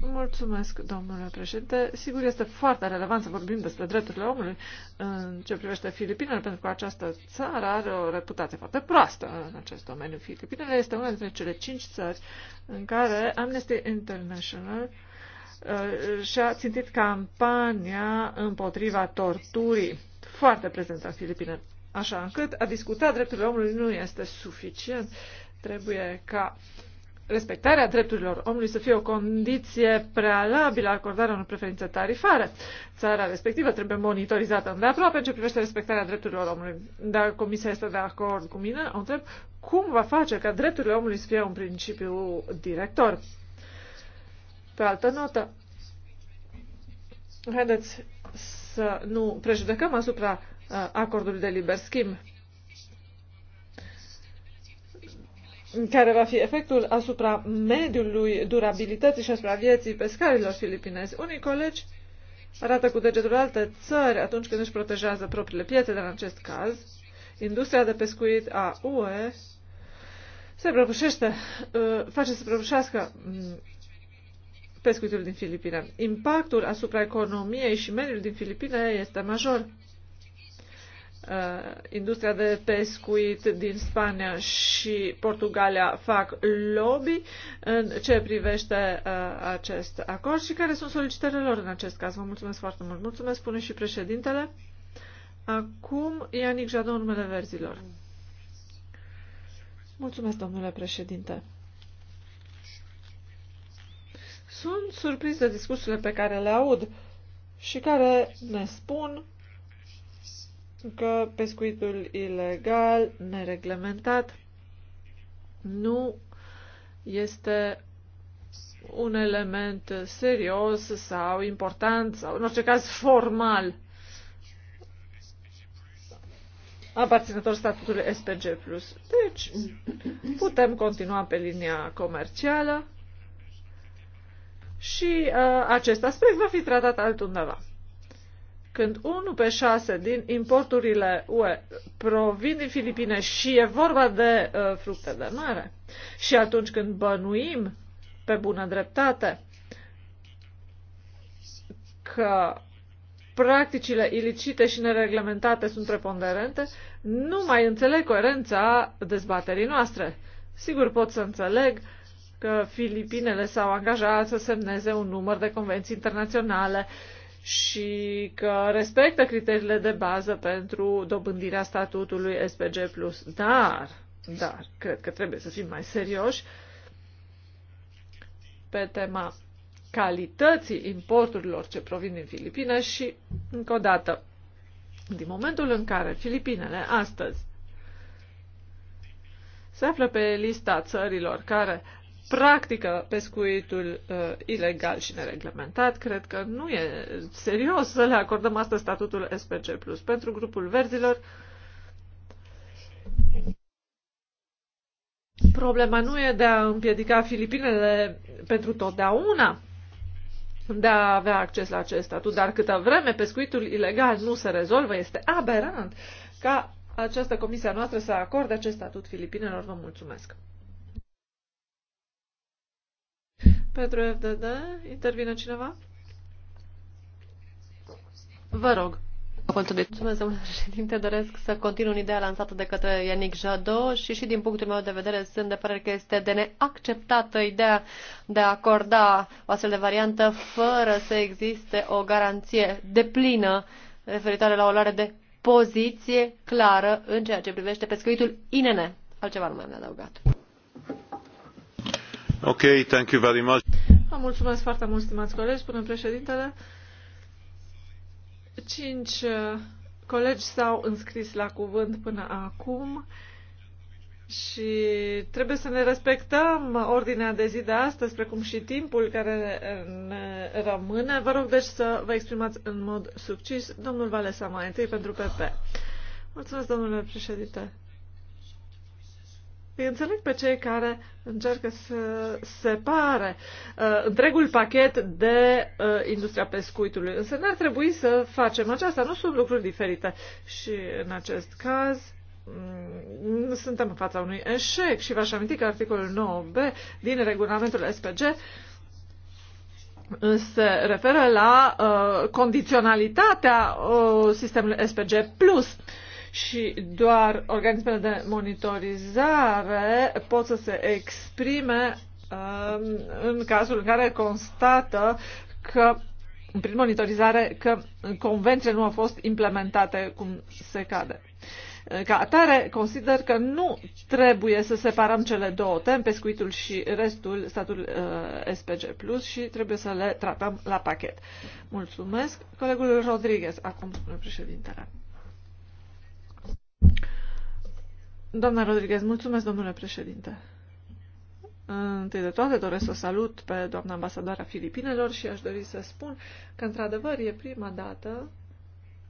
Mulțumesc, domnule președinte. Sigur, este foarte relevant să vorbim despre drepturile omului în ce privește Filipinele, pentru că această țară are o reputație foarte proastă în acest domeniu. Filipinele este una dintre cele cinci țări în care Amnesty International uh, și-a țintit campania împotriva torturii foarte prezentă în Filipine. Așa încât a discuta drepturile omului nu este suficient. Trebuie ca uh, respectarea drepturilor omului să fie o condiție prealabilă a acordarea unor preferințe tarifare. Țara respectivă trebuie monitorizată îndeaproape ce privește respectarea drepturilor omului. Dacă Comisia este de acord cu mine, o întreb cum va face ca drepturile omului să fie un principiu director. Pe altă notă, haideți să nu prejudecăm asupra uh, acordului de liber schimb care va fi efectul asupra mediului, durabilității și asupra vieții pescarilor filipinezi. Unii colegi arată cu degetul alte țări atunci când își protejează propriile piețe, dar în acest caz, industria de pescuit a UE se prăbușește, ă, face să prăbușească mm, pescuitul din Filipine. Impactul asupra economiei și mediului din Filipine este major uh, industria de pescuit din Spania și Portugalia fac lobby în ce privește uh, acest acord și care sunt solicitările lor în acest caz. Vă mulțumesc foarte mult. Mulțumesc, spune și președintele. Acum, Ianic Jadon, numele verzilor. Mulțumesc, domnule președinte. Sunt surprins de discursurile pe care le aud și care ne spun că pescuitul ilegal, nereglementat, nu este un element serios sau important sau, în orice caz, formal aparținător statutului SPG+. Deci, putem continua pe linia comercială și uh, acest aspect va fi tratat altundeva când 1 pe 6 din importurile UE provin din Filipine și e vorba de uh, fructe de mare, și atunci când bănuim pe bună dreptate că practicile ilicite și nereglementate sunt preponderente, nu mai înțeleg coerența dezbaterii noastre. Sigur pot să înțeleg că Filipinele s-au angajat să semneze un număr de convenții internaționale uh, și că respectă criteriile de bază pentru dobândirea statutului SPG+. Dar, dar, cred că trebuie să fim mai serioși pe tema calității importurilor ce provin din Filipine și, încă o dată, din momentul în care Filipinele astăzi se află pe lista țărilor care practică pescuitul uh, ilegal și nereglementat. Cred că nu e serios să le acordăm astăzi statutul SPC+. Pentru grupul verzilor, problema nu e de a împiedica Filipinele pentru totdeauna de a avea acces la acest statut, dar câtă vreme pescuitul ilegal nu se rezolvă, este aberant ca această comisia noastră să acorde acest statut Filipinelor. Vă mulțumesc! Pentru FDD, intervine cineva? Vă rog. Mulțumesc, domnule președinte. Doresc să continu în ideea lansată de către Yannick Jadot și și din punctul meu de vedere sunt de părere că este de neacceptată ideea de a acorda o astfel de variantă fără să existe o garanție deplină referitoare la o luare de poziție clară în ceea ce privește pescuitul INN. Altceva nu mai am adăugat. Ok, thank you very much. mulțumesc foarte mult, stimați colegi, până președintele. Cinci uh, colegi s-au înscris la cuvânt până acum și trebuie să ne respectăm ordinea de zi de astăzi, precum și timpul care uh, ne rămâne. Vă rog deci să vă exprimați în mod succes. Domnul Valesa mai întâi pentru PP. Mulțumesc, domnule președinte. Îi înțeleg pe cei care încearcă să separe uh, întregul pachet de uh, industria pescuitului. Însă n-ar trebui să facem aceasta. Nu sunt lucruri diferite. Și în acest caz mm, suntem în fața unui eșec și v-aș aminti că articolul 9b din regulamentul SPG se referă la uh, condiționalitatea uh, sistemului SPG+. Plus. Uh, și doar organismele de monitorizare pot să se exprime um, în cazul în care constată că prin monitorizare că convențiile nu au fost implementate cum se cade. Ca atare, consider că nu trebuie să separăm cele două teme, pescuitul și restul statul uh, SPG+, și trebuie să le tratăm la pachet. Mulțumesc. Colegul Rodriguez, acum spune președintele. Doamna Rodriguez, mulțumesc, domnule președinte. Întâi de toate doresc să salut pe doamna ambasadoarea Filipinelor și aș dori să spun că, într-adevăr, e prima dată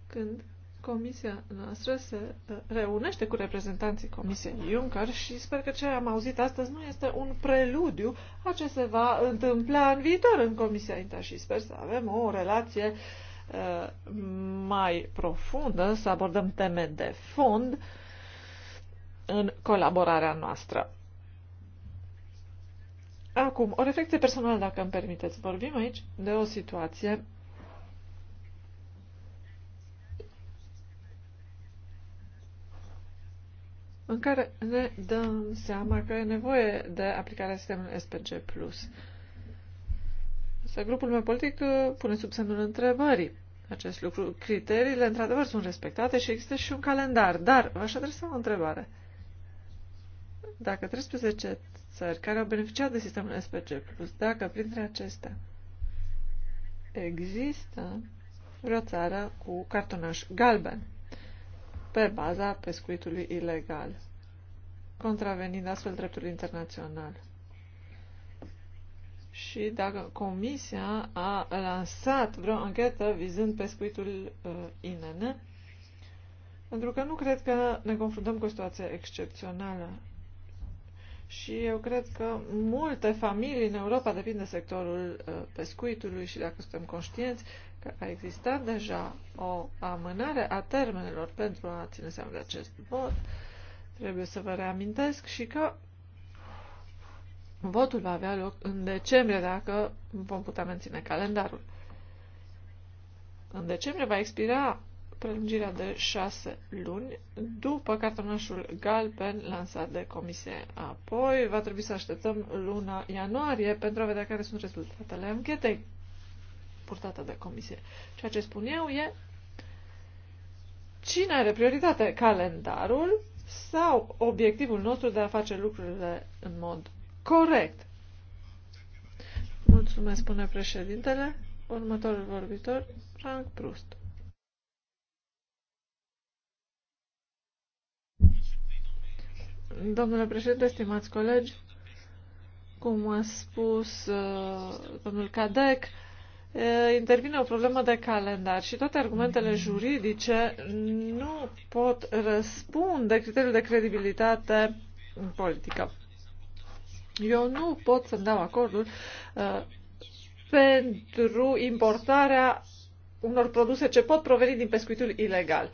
când comisia noastră se uh, reunește cu reprezentanții Comisiei Juncker și sper că ce am auzit astăzi nu este un preludiu a ce se va întâmpla în viitor în Comisia Inter și sper să avem o relație uh, Uh, mai profundă, să abordăm teme de fond în colaborarea noastră. Acum, o reflecție personală, dacă îmi permiteți. Vorbim aici de o situație în care ne dăm seama că e nevoie de aplicarea sistemului SPG+. Însă grupul meu politic uh, pune sub semnul întrebării acest lucru. Criteriile, într-adevăr, sunt respectate și există și un calendar. Dar v-aș adresa o întrebare. Dacă 13 țări care au beneficiat de sistemul SPC+, dacă printre acestea există vreo țară cu cartonaș galben pe baza pescuitului ilegal, contravenind astfel dreptul internațional și dacă Comisia a lansat vreo anchetă vizând pescuitul uh, INN, pentru că nu cred că ne confruntăm cu o situație excepțională. Și eu cred că multe familii în Europa depind de sectorul uh, pescuitului și dacă suntem conștienți că a existat deja o amânare a termenelor pentru a ține seama de acest vot, trebuie să vă reamintesc și că Votul va avea loc în decembrie, dacă vom putea menține calendarul. În decembrie va expira prelungirea de șase luni după cartonașul galben lansat de comisie. Apoi va trebui să așteptăm luna ianuarie pentru a vedea care sunt rezultatele anchetei purtată de comisie. Ceea ce spun eu e cine are prioritate, calendarul sau obiectivul nostru de a face lucrurile în mod corect. Mulțumesc, spune președintele. Următorul vorbitor, Frank Prust. Domnule președinte, stimați colegi, cum a spus uh, domnul Cadec, uh, intervine o problemă de calendar și toate argumentele juridice nu pot răspunde criteriul de credibilitate politică. Eu nu pot să-mi dau acordul uh, pentru importarea unor produse ce pot proveni din pescuitul ilegal.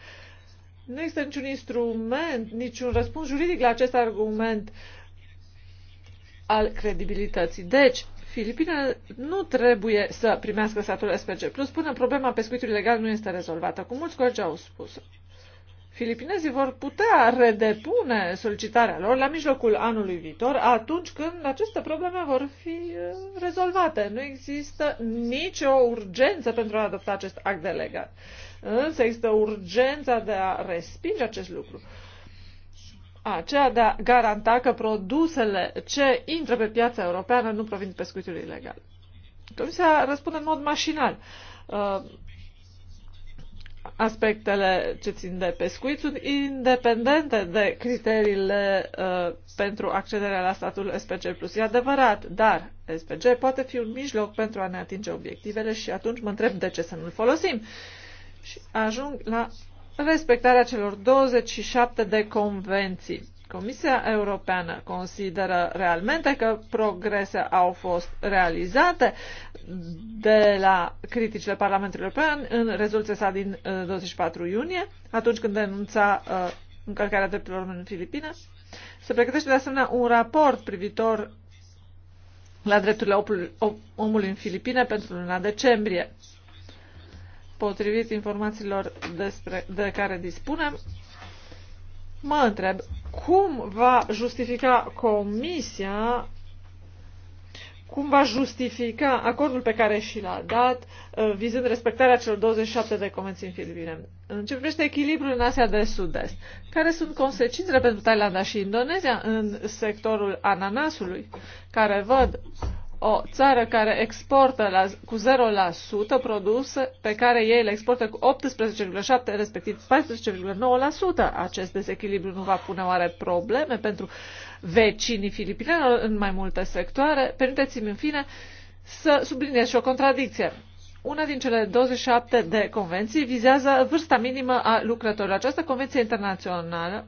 Nu există niciun instrument, niciun răspuns juridic la acest argument al credibilității. Deci, Filipinele nu trebuie să primească statul SPG+, până problema pescuitului ilegal nu este rezolvată, cum mulți colegi au spus filipinezii vor putea redepune solicitarea lor la mijlocul anului viitor, atunci când aceste probleme vor fi uh, rezolvate. Nu există nicio urgență pentru a adopta acest act delegat. Însă există urgența de a respinge acest lucru. Aceea de a garanta că produsele ce intră pe piața europeană nu provin de pescuitul ilegal. Comisia răspunde în mod mașinal. Uh, aspectele ce țin de pescuit sunt independente de criteriile uh, pentru accederea la statul SPG+. E adevărat, dar SPG poate fi un mijloc pentru a ne atinge obiectivele și atunci mă întreb de ce să nu-l folosim. Și ajung la respectarea celor 27 de convenții. Comisia Europeană consideră realmente că progrese au fost realizate de la criticile Parlamentului European în rezoluția sa din 24 uh, iunie, atunci când denunța uh, încălcarea drepturilor în Filipine. Se pregătește de asemenea un raport privitor la drepturile omului în Filipine pentru luna decembrie. Potrivit informațiilor despre, de care dispunem, Mă întreb, cum va justifica Comisia, cum va justifica acordul pe care și l-a dat, uh, vizând respectarea celor 27 de convenții în Filipine? În ce privește echilibrul în Asia de Sud-Est, care sunt consecințele pentru Thailanda și Indonezia în sectorul ananasului, care văd o țară care exportă la, cu 0% produse pe care ei le exportă cu 18,7% respectiv 14,9%. Acest dezechilibru nu va pune oare probleme pentru vecinii filipinelor în mai multe sectoare? Permiteți-mi în fine să subliniez și o contradicție. Una din cele 27 de convenții vizează vârsta minimă a lucrătorilor. Această convenție internațională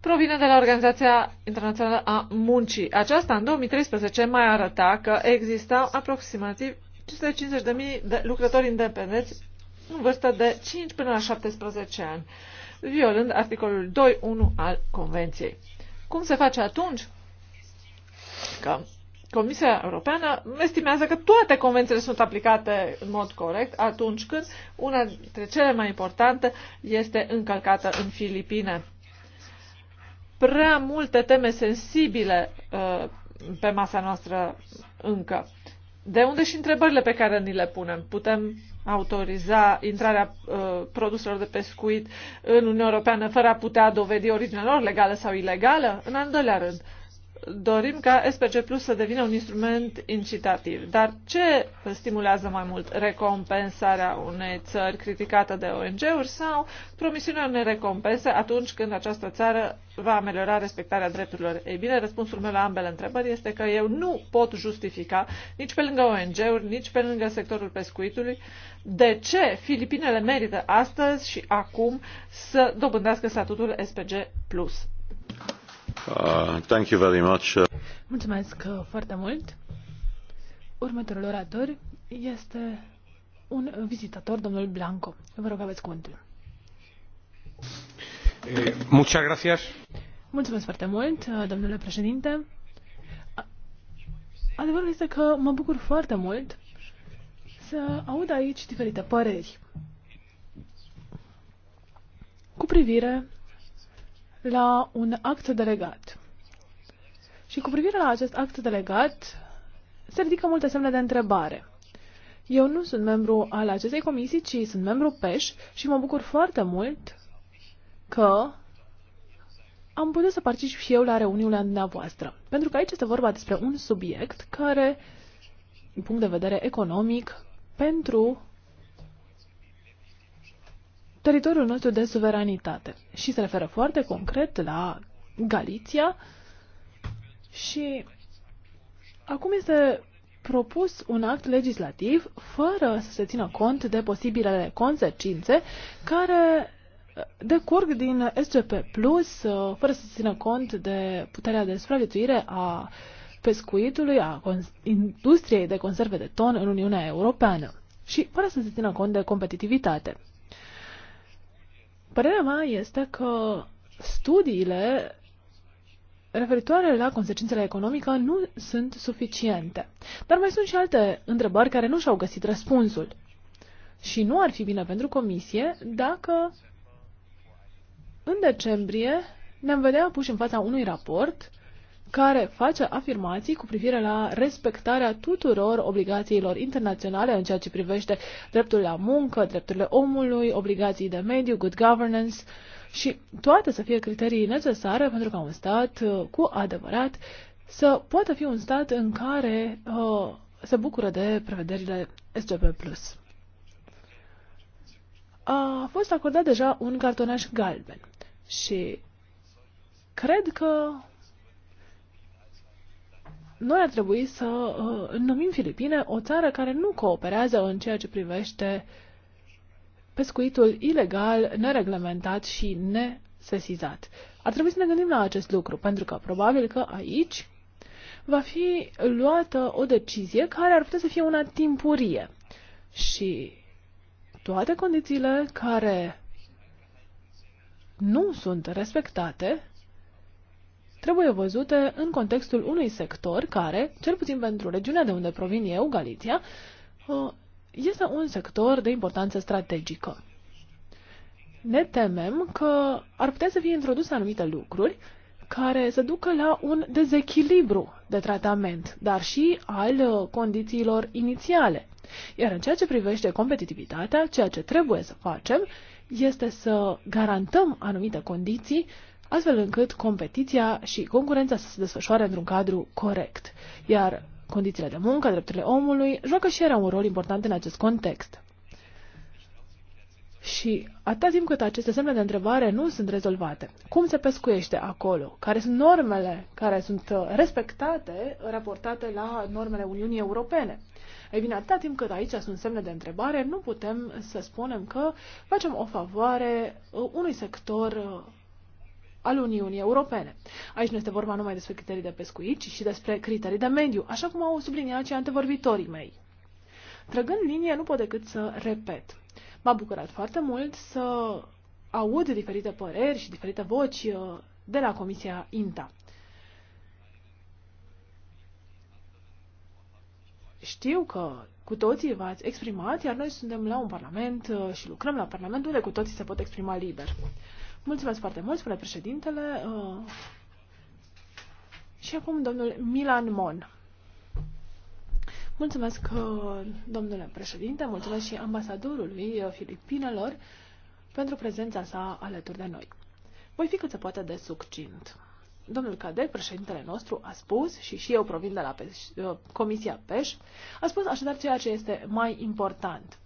provine de la Organizația Internațională a Muncii. Aceasta în 2013 mai arăta că existau aproximativ 550.000 de lucrători independenți în vârstă de 5 până la 17 ani, violând articolul 2.1 al Convenției. Cum se face atunci? Că Comisia Europeană estimează că toate convențiile sunt aplicate în mod corect atunci când una dintre cele mai importante este încălcată în Filipine prea multe teme sensibile uh, pe masa noastră încă. De unde și întrebările pe care ni le punem? Putem autoriza intrarea uh, produselor de pescuit în Uniunea Europeană fără a putea dovedi originea lor, legală sau ilegală? În al doilea rând, dorim ca SPC Plus să devină un instrument incitativ. Dar ce stimulează mai mult? Recompensarea unei țări criticată de ONG-uri sau promisiunea unei recompense atunci când această țară va ameliora respectarea drepturilor? Ei bine, răspunsul meu la ambele întrebări este că eu nu pot justifica nici pe lângă ONG-uri, nici pe lângă sectorul pescuitului de ce Filipinele merită astăzi și acum să dobândească statutul SPG Plus. Uh, thank you very much. Uh, Mulțumesc uh, foarte mult. Următorul orator este un vizitator, domnul Blanco. Vă rog, aveți cuvântul. Eh, muchas gracias. Mulțumesc foarte mult, domnule președinte. Adevărul este că mă bucur foarte mult să aud aici diferite păreri cu privire la un act delegat. Și cu privire la acest act delegat, se ridică multe semne de întrebare. Eu nu sunt membru al acestei comisii, ci sunt membru PEș și mă bucur foarte mult că am putut să particip și eu la reuniunea dumneavoastră. Pentru că aici este vorba despre un subiect care, din punct de vedere economic, pentru teritoriul nostru de suveranitate și se referă foarte concret la Galiția și acum este propus un act legislativ fără să se țină cont de posibilele consecințe care decurg din SCP Plus, fără să se țină cont de puterea de supraviețuire a pescuitului, a industriei de conserve de ton în Uniunea Europeană și fără să se țină cont de competitivitate. Părerea mea este că studiile referitoare la consecințele economice nu sunt suficiente. Dar mai sunt și alte întrebări care nu și-au găsit răspunsul. Și nu ar fi bine pentru comisie dacă în decembrie ne-am vedea puși în fața unui raport care face afirmații cu privire la respectarea tuturor obligațiilor internaționale în ceea ce privește dreptul la muncă, drepturile omului, obligații de mediu, good governance și toate să fie criterii necesare pentru ca un stat uh, cu adevărat să poată fi un stat în care uh, se bucură de prevederile SGP+. A fost acordat deja un cartonaș galben și cred că noi ar trebui să uh, numim Filipine o țară care nu cooperează în ceea ce privește pescuitul ilegal, nereglementat și nesesizat. Ar trebui să ne gândim la acest lucru, pentru că probabil că aici va fi luată o decizie care ar putea să fie una timpurie. Și toate condițiile care nu sunt respectate trebuie văzute în contextul unui sector care, cel puțin pentru regiunea de unde provin eu, Galiția, ă, este un sector de importanță strategică. Ne temem că ar putea să fie introduse anumite lucruri care să ducă la un dezechilibru de tratament, dar și al ă, condițiilor inițiale. Iar în ceea ce privește competitivitatea, ceea ce trebuie să facem este să garantăm anumite condiții astfel încât competiția și concurența să se desfășoare într-un cadru corect. Iar condițiile de muncă, drepturile omului, joacă și ele un rol important în acest context. Și atâta timp cât aceste semne de întrebare nu sunt rezolvate, cum se pescuiește acolo, care sunt normele care sunt uh, respectate, raportate la normele Uniunii Europene. Ei bine, atâta timp cât aici sunt semne de întrebare, nu putem să spunem că facem o favoare uh, unui sector uh, al Uniunii Europene. Aici nu este vorba numai despre criterii de pescuit, ci și despre criterii de mediu, așa cum au subliniat și antevorbitorii mei. Trăgând linie, nu pot decât să repet. M-a bucurat foarte mult să aud diferite păreri și diferite voci uh, de la Comisia INTA. Știu că cu toții v-ați exprimat, iar noi suntem la un parlament uh, și lucrăm la parlament unde cu toții se pot exprima liber. Mulțumesc foarte mult, spune președintele. Uh, și acum domnul Milan Mon. Mulțumesc, uh, domnule președinte, mulțumesc și ambasadorului uh, Filipinelor pentru prezența sa alături de noi. Voi fi cât se poate de succint. Domnul Cadec, președintele nostru, a spus, și și eu provin de la PEș, Comisia PEș, a spus așadar ceea ce este mai important.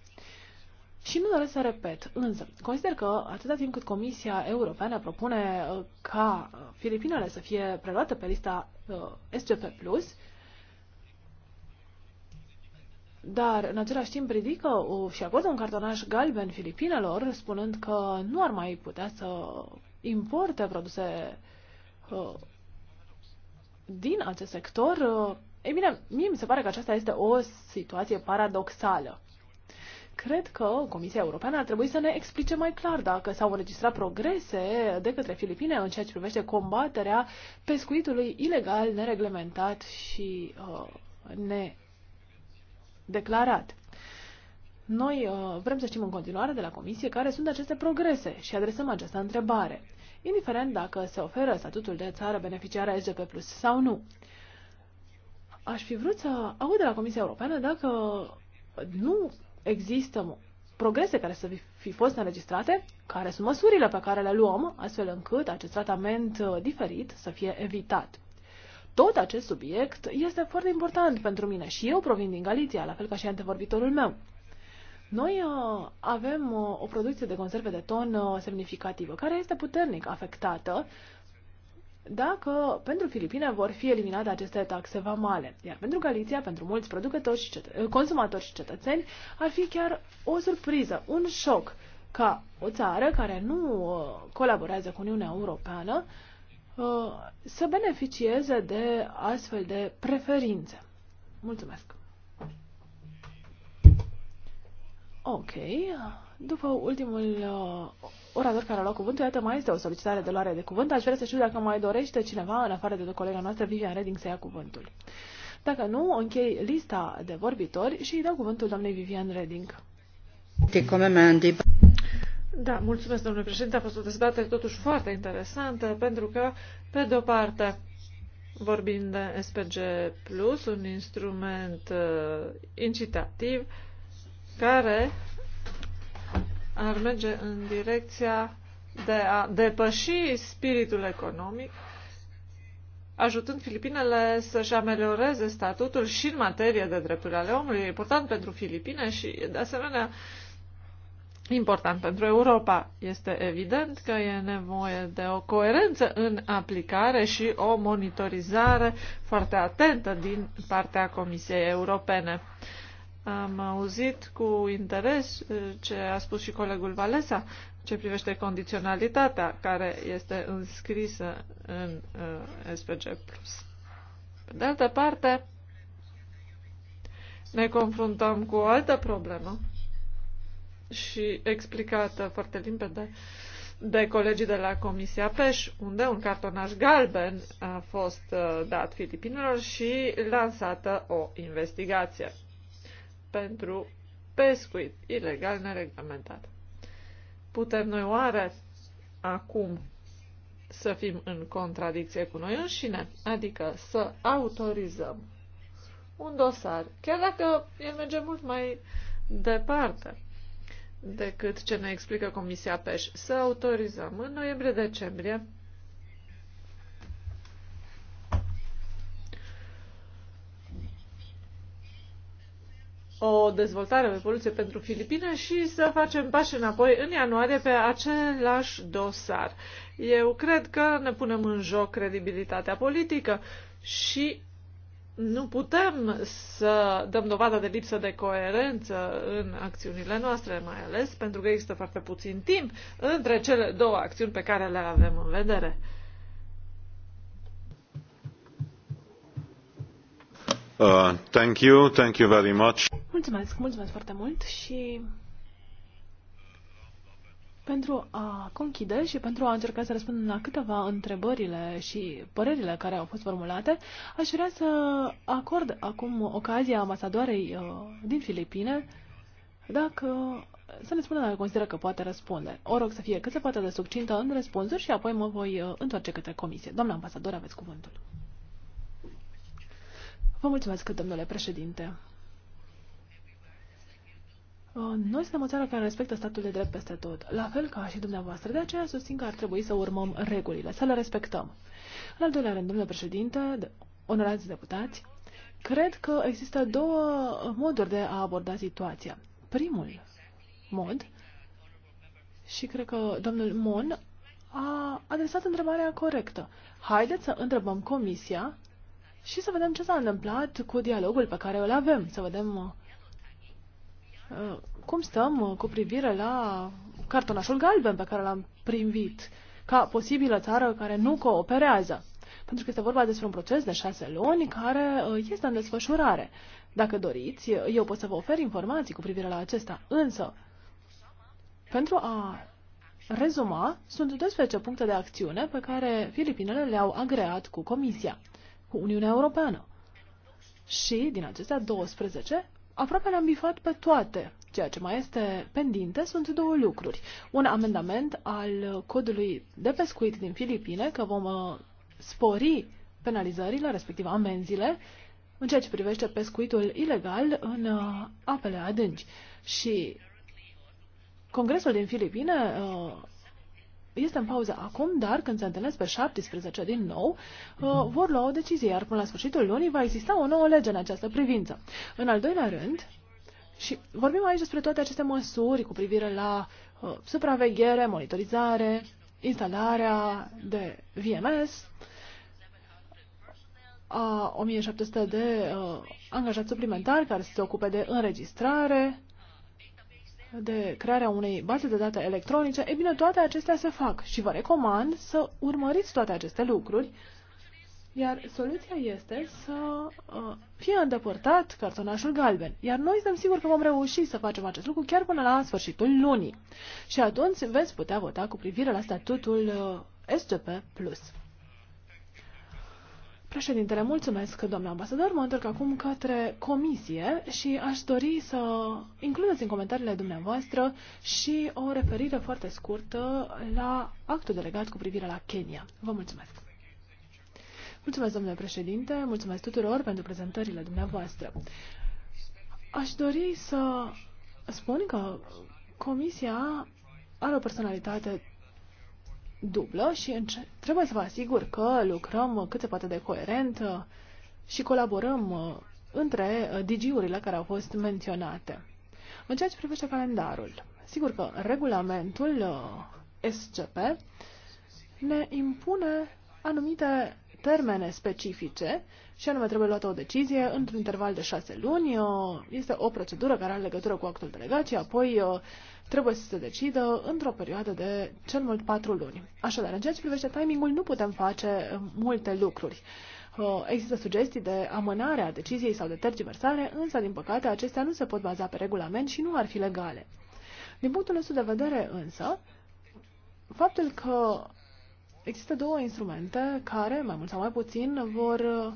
Și nu doresc să repet, însă consider că atâta timp cât Comisia Europeană propune uh, ca uh, Filipinele să fie preluate pe lista uh, SCP+, dar în același timp ridică o, și acolo un cartonaș galben Filipinelor, spunând că nu ar mai putea să importe produse uh, din acest sector, uh, ei bine, mie mi se pare că aceasta este o situație paradoxală. Cred că Comisia Europeană ar trebui să ne explice mai clar dacă s-au înregistrat progrese de către Filipine în ceea ce privește combaterea pescuitului ilegal, nereglementat și uh, nedeclarat. Noi uh, vrem să știm în continuare de la Comisie care sunt aceste progrese și adresăm această întrebare, indiferent dacă se oferă statutul de țară beneficiară SGP Plus sau nu. Aș fi vrut să aud de la Comisia Europeană dacă nu există progrese care să fi fost înregistrate, care sunt măsurile pe care le luăm, astfel încât acest tratament uh, diferit să fie evitat. Tot acest subiect este foarte important pentru mine și eu provin din Galiția, la fel ca și antevorbitorul meu. Noi uh, avem uh, o producție de conserve de ton semnificativă, care este puternic afectată dacă pentru Filipine vor fi eliminate aceste taxe vamale. Iar pentru Galiția, pentru mulți producători și eh, consumatori și cetățeni, ar fi chiar o surpriză, un șoc ca o țară care nu eh, colaborează cu Uniunea Europeană eh, să beneficieze de astfel de preferințe. Mulțumesc! Ok, după ultimul orator care a luat cuvântul, iată, mai este o solicitare de luare de cuvânt. Aș vrea să știu dacă mai dorește cineva, în afară de colega noastră, Vivian Reding, să ia cuvântul. Dacă nu, închei lista de vorbitori și îi dau cuvântul doamnei Vivian Reding. Da, mulțumesc, domnule președinte. A fost o dezbatere totuși foarte interesantă, pentru că, pe de o parte, vorbim de SPG+, un instrument uh, incitativ, care ar merge în direcția de a depăși spiritul economic, ajutând Filipinele să-și amelioreze statutul și în materie de drepturi ale omului. E important pentru Filipine și, de asemenea, important pentru Europa. Este evident că e nevoie de o coerență în aplicare și o monitorizare foarte atentă din partea Comisiei Europene. Am auzit cu interes eh, ce a spus și colegul Valesa ce privește condiționalitatea care este înscrisă în eh, SPG+. Pe de altă parte, ne confruntăm cu o altă problemă și explicată foarte limpede de colegii de la Comisia PEș, unde un cartonaș galben a fost eh, dat Filipinilor și lansată o investigație pentru pescuit ilegal, nereglementat. Putem noi oare acum să fim în contradicție cu noi înșine, adică să autorizăm un dosar, chiar dacă el merge mult mai departe decât ce ne explică Comisia PEș, să autorizăm în noiembrie-decembrie o dezvoltare, o evoluție pentru Filipine și să facem pași înapoi în ianuarie pe același dosar. Eu cred că ne punem în joc credibilitatea politică și nu putem să dăm dovadă de lipsă de coerență în acțiunile noastre, mai ales pentru că există foarte puțin timp între cele două acțiuni pe care le avem în vedere. Uh, thank you, thank you very much. Mulțumesc, mulțumesc foarte mult și pentru a conchide și pentru a încerca să răspund la câteva întrebările și părerile care au fost formulate, aș vrea să acord acum ocazia ambasadoarei uh, din Filipine dacă să ne spună dacă consideră că poate răspunde. O rog să fie cât se poate de succintă în răspunsuri și apoi mă voi uh, întoarce către comisie. Doamna ambasador, aveți cuvântul. Vă mulțumesc, domnule președinte. Uh, noi suntem o țară care respectă statul de drept peste tot, la fel ca și dumneavoastră. De aceea susțin că ar trebui să urmăm regulile, să le respectăm. În al doilea rând, domnule președinte, onorați deputați, cred că există două moduri de a aborda situația. Primul mod, și cred că domnul Mon a adresat întrebarea corectă. Haideți să întrebăm Comisia și să vedem ce s-a întâmplat cu dialogul pe care îl avem, să vedem uh, uh, cum stăm uh, cu privire la cartonașul galben pe care l-am primit ca posibilă țară care nu cooperează. Pentru că este vorba despre un proces de șase luni care este în desfășurare. Dacă doriți, eu pot să vă ofer informații cu privire la acesta, însă pentru a rezuma, sunt 12 puncte de acțiune pe care Filipinele le-au agreat cu Comisia cu Uniunea Europeană. Și din acestea 12, aproape le-am bifat pe toate. Ceea ce mai este pendinte sunt două lucruri. Un amendament al codului de pescuit din Filipine, că vom uh, spori penalizările, respectiv amenzile, în ceea ce privește pescuitul ilegal în uh, apele adânci. Și Congresul din Filipine uh, este în pauză acum, dar când se întâlnesc pe 17 din nou, uh, vor lua o decizie, iar până la sfârșitul lunii va exista o nouă lege în această privință. În al doilea rând, și vorbim aici despre toate aceste măsuri cu privire la uh, supraveghere, monitorizare, instalarea de VMS, a 1700 de uh, angajați suplimentari care se ocupe de înregistrare, de crearea unei baze de date electronice, e bine, toate acestea se fac și vă recomand să urmăriți toate aceste lucruri, iar soluția este să uh, fie îndepărtat cartonașul galben. Iar noi suntem siguri că vom reuși să facem acest lucru chiar până la sfârșitul lunii. Și atunci veți putea vota cu privire la statutul uh, SGP+. Președintele, mulțumesc, domnule ambasador. Mă întorc acum către comisie și aș dori să includeți în comentariile dumneavoastră și o referire foarte scurtă la actul delegat cu privire la Kenya. Vă mulțumesc. Mulțumesc, domnule președinte, mulțumesc tuturor pentru prezentările dumneavoastră. Aș dori să spun că comisia are o personalitate dublă și trebuie să vă asigur că lucrăm cât se poate de coerent uh, și colaborăm uh, între uh, digiurile care au fost menționate. În ceea ce privește calendarul, sigur că regulamentul SCP ne impune anumite termene specifice și anume trebuie luată o decizie într-un interval de șase luni. Este o procedură care are legătură cu actul delegat și apoi trebuie să se decidă într-o perioadă de cel mult patru luni. Așadar, în ceea ce privește timingul, nu putem face uh, multe lucruri. Uh, există sugestii de amânare a deciziei sau de tergiversare, însă, din păcate, acestea nu se pot baza pe regulament și nu ar fi legale. Din punctul nostru de vedere, însă, faptul că există două instrumente care, mai mult sau mai puțin, vor uh,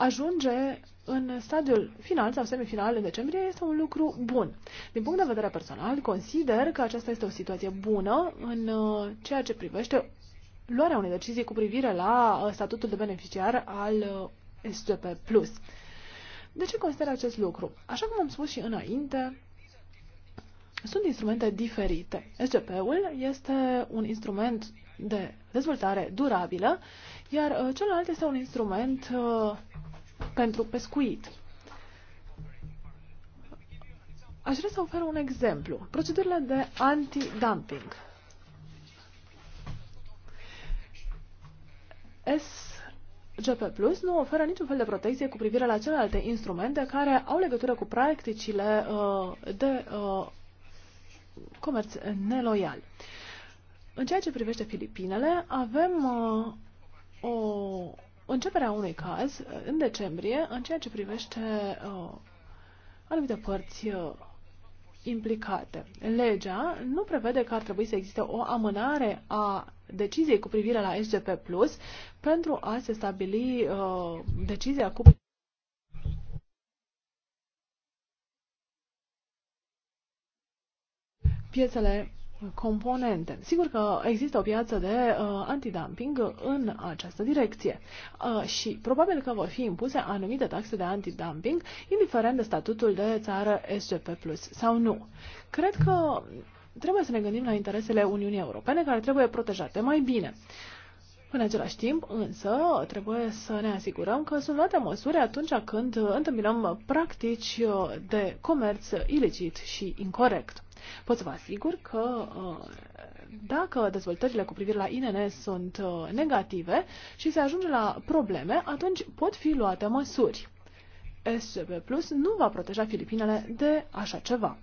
ajunge în stadiul final sau semifinal în decembrie este un lucru bun. Din punct de vedere personal, consider că aceasta este o situație bună în uh, ceea ce privește luarea unei decizii cu privire la uh, statutul de beneficiar al uh, SGP+. De ce consider acest lucru? Așa cum am spus și înainte, sunt instrumente diferite. SGP-ul este un instrument de dezvoltare durabilă, iar celălalt este un instrument pentru pescuit. Aș vrea să ofer un exemplu. Procedurile de anti-dumping. SGP Plus nu oferă niciun fel de protecție cu privire la celelalte instrumente care au legătură cu practicile uh, de uh, comerț neloial. În ceea ce privește Filipinele, avem uh, o începerea unui caz uh, în decembrie în ceea ce privește uh, anumite părți uh, implicate. Legea nu prevede că ar trebui să existe o amânare a deciziei cu privire la SGP Plus pentru a se stabili uh, decizia cu piețele componente. Sigur că există o piață de uh, antidumping în această direcție uh, și probabil că vor fi impuse anumite taxe de antidumping, indiferent de statutul de țară SGP Plus sau nu. Cred că trebuie să ne gândim la interesele Uniunii Europene care trebuie protejate mai bine. În același timp, însă, trebuie să ne asigurăm că sunt luate măsuri atunci când întâmpinăm practici uh, de comerț ilicit și incorrect. Pot să vă asigur că uh, dacă dezvoltările cu privire la INN sunt uh, negative și se ajunge la probleme, atunci pot fi luate măsuri. SCP Plus nu va proteja Filipinele de așa ceva.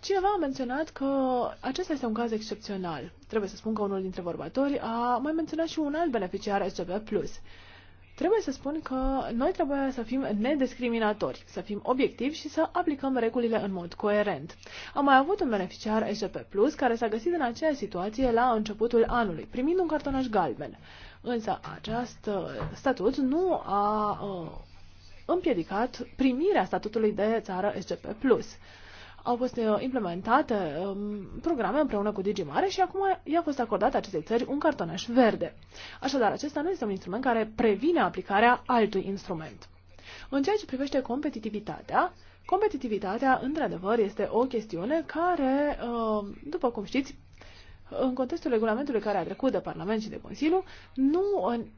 Cineva a menționat că acesta este un caz excepțional. Trebuie să spun că unul dintre vorbatori a mai menționat și un alt beneficiar SCP Plus. Trebuie să spun că noi trebuie să fim nediscriminatori, să fim obiectivi și să aplicăm regulile în mod coerent. Am mai avut un beneficiar SGP Plus care s-a găsit în aceeași situație la începutul anului, primind un cartonaș galben. Însă acest uh, statut nu a uh, împiedicat primirea statutului de țară SGP Plus au fost uh, implementate um, programe împreună cu Digimare și acum i-a fost acordat acestei țări un cartonaș verde. Așadar, acesta nu este un instrument care previne aplicarea altui instrument. În ceea ce privește competitivitatea, competitivitatea, într-adevăr, este o chestiune care, uh, după cum știți, în contextul regulamentului care a trecut de Parlament și de Consiliu, nu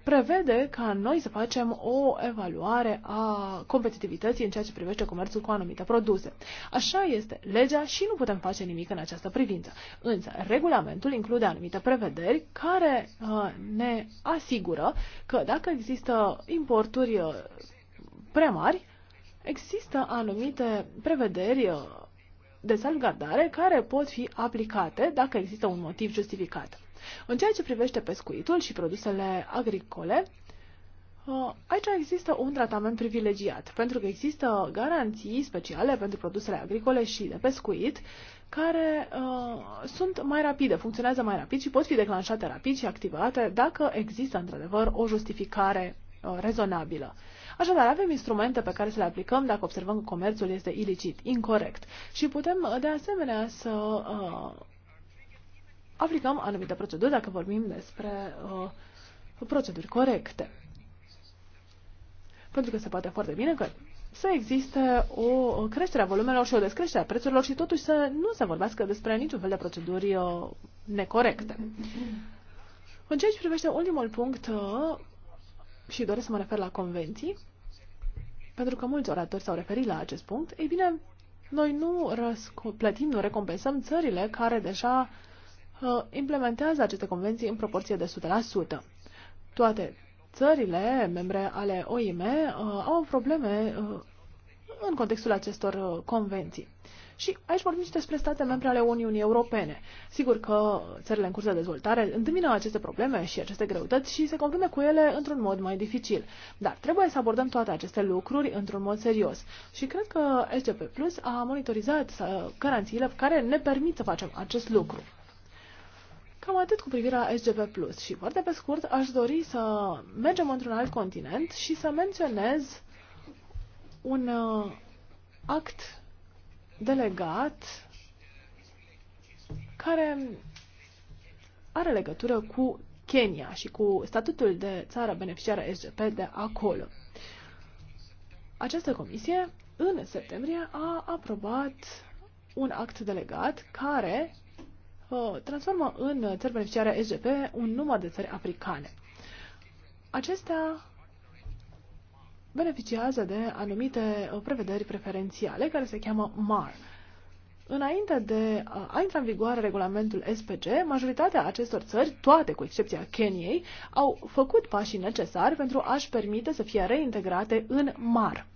prevede ca noi să facem o evaluare a competitivității în ceea ce privește comerțul cu anumite produse. Așa este legea și nu putem face nimic în această privință. Însă, regulamentul include anumite prevederi care uh, ne asigură că dacă există importuri uh, prea mari, există anumite prevederi uh, de salvgardare care pot fi aplicate dacă există un motiv justificat. În ceea ce privește pescuitul și produsele agricole, uh, aici există un tratament privilegiat, pentru că există garanții speciale pentru produsele agricole și de pescuit, care uh, sunt mai rapide, funcționează mai rapid și pot fi declanșate rapid și activate dacă există într-adevăr o justificare uh, rezonabilă. Așadar, avem instrumente pe care să le aplicăm dacă observăm că comerțul este ilicit, incorrect. Și putem, uh, de asemenea, să uh, aplicăm anumite proceduri dacă vorbim despre uh, proceduri corecte. Pentru că se poate foarte bine că să existe o creștere a volumelor și o descreștere a prețurilor și totuși să nu se vorbească despre niciun fel de proceduri uh, necorecte. În ceea ce privește ultimul punct, uh, și doresc să mă refer la convenții, pentru că mulți oratori s-au referit la acest punct, ei bine, noi nu plătim, nu recompensăm țările care deja uh, implementează aceste convenții în proporție de 100%. Toate țările membre ale OIM uh, au probleme uh, în contextul acestor uh, convenții. Uh, și aici vorbim și despre state membre ale Uniunii Europene. Sigur că țările în curs de dezvoltare întâmpină aceste probleme și aceste greutăți și se confruntă cu ele într-un mod mai dificil. Dar trebuie să abordăm toate aceste lucruri într-un mod serios. Și cred că SGP Plus a monitorizat uh, garanțiile care ne permit să facem acest lucru. Cam atât cu privirea SGP Plus și foarte pe scurt aș dori să mergem într-un alt continent și să menționez un uh, act delegat care are legătură cu Kenya și cu statutul de țară beneficiară SGP de acolo. Această comisie în septembrie a aprobat un act delegat care uh, transformă în țări beneficiare SGP un număr de țări africane. Acestea beneficiază de anumite uh, prevederi preferențiale care se cheamă MAR. Înainte de a intra în vigoare regulamentul SPG, majoritatea acestor țări, toate cu excepția Keniei, au făcut pașii necesari pentru a-și permite să fie reintegrate în MAR.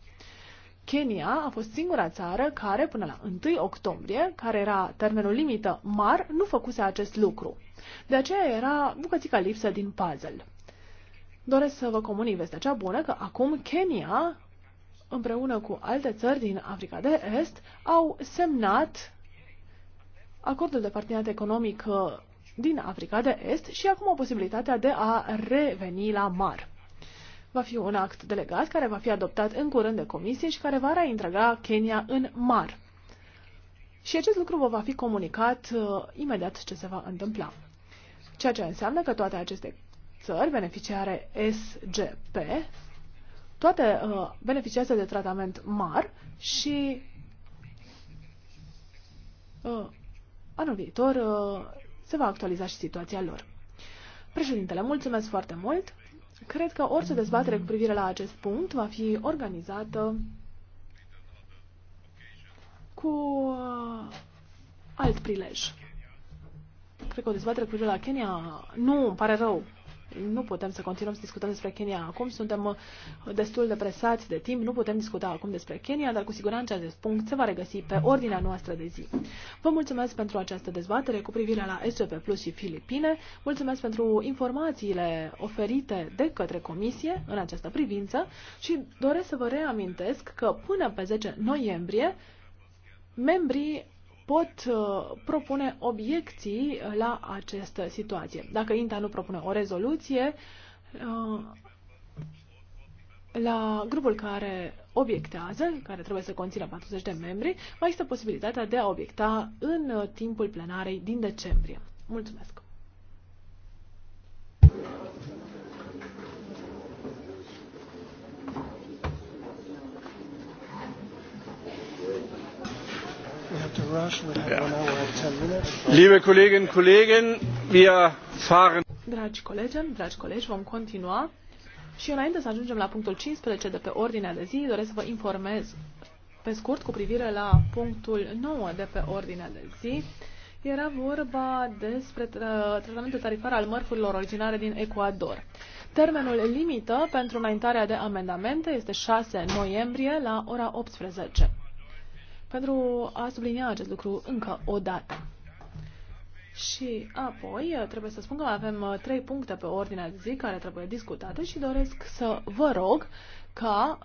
Kenya a fost singura țară care, până la 1 octombrie, care era termenul limită MAR, nu făcuse acest lucru. De aceea era bucățica lipsă din puzzle. Doresc să vă comunic vestea cea bună că acum Kenya, împreună cu alte țări din Africa de Est, au semnat acordul de parteneriat economic uh, din Africa de Est și acum o posibilitatea de a reveni la mar. Va fi un act delegat care va fi adoptat în curând de comisie și care va reintrega Kenya în mar. Și acest lucru vă va fi comunicat uh, imediat ce se va întâmpla. Ceea ce înseamnă că toate aceste țări beneficiare SGP, toate uh, beneficiază de tratament MAR și uh, anul viitor uh, se va actualiza și situația lor. Președintele, mulțumesc foarte mult! Cred că orice dezbatere cu privire la acest punct va fi organizată cu uh, alt prilej. Cred că o dezbatere cu privire la Kenya, nu, îmi pare rău, nu putem să continuăm să discutăm despre Kenya acum. Suntem uh, destul de presați de timp, nu putem discuta acum despre Kenya, dar cu siguranță acest punct se va regăsi pe ordinea noastră de zi. Vă mulțumesc pentru această dezbatere cu privire la SGP Plus și Filipine. Mulțumesc pentru informațiile oferite de către Comisie în această privință și doresc să vă reamintesc că până pe 10 noiembrie membrii pot uh, propune obiecții uh, la această situație. Dacă INTA nu propune o rezoluție, uh, la grupul care obiectează, care trebuie să conțină 40 de membri, mai este posibilitatea de a obiecta în timpul plenarei din decembrie. Mulțumesc! Liebe Kolleginnen und Kollegen, wir fahren. Dragi colegi, dragi colegi, vom continua. Și înainte să ajungem la punctul 15 de pe ordinea de zi, doresc să vă informez pe scurt cu privire la punctul 9 de pe ordinea de zi. Era vorba despre tratamentul tarifar al mărfurilor originare din Ecuador. Termenul limită pentru înaintarea de amendamente este 6 noiembrie la ora 18 pentru a sublinia acest lucru încă o dată. Și apoi trebuie să spun că avem uh, trei puncte pe ordinea de zi care trebuie discutate și doresc să vă rog ca,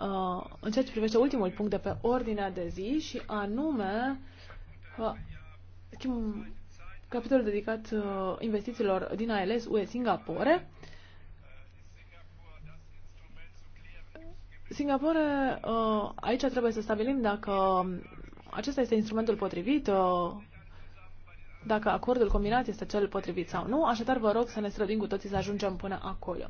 uh, în ceea ce privește ultimul punct de pe ordinea de zi și anume uh, capitolul dedicat investițiilor din ALS UE Singapore, Singapore, aici trebuie să stabilim dacă acesta este instrumentul potrivit, uh, dacă acordul combinat este cel potrivit sau nu, așadar vă rog să ne străduim cu toții să ajungem până acolo.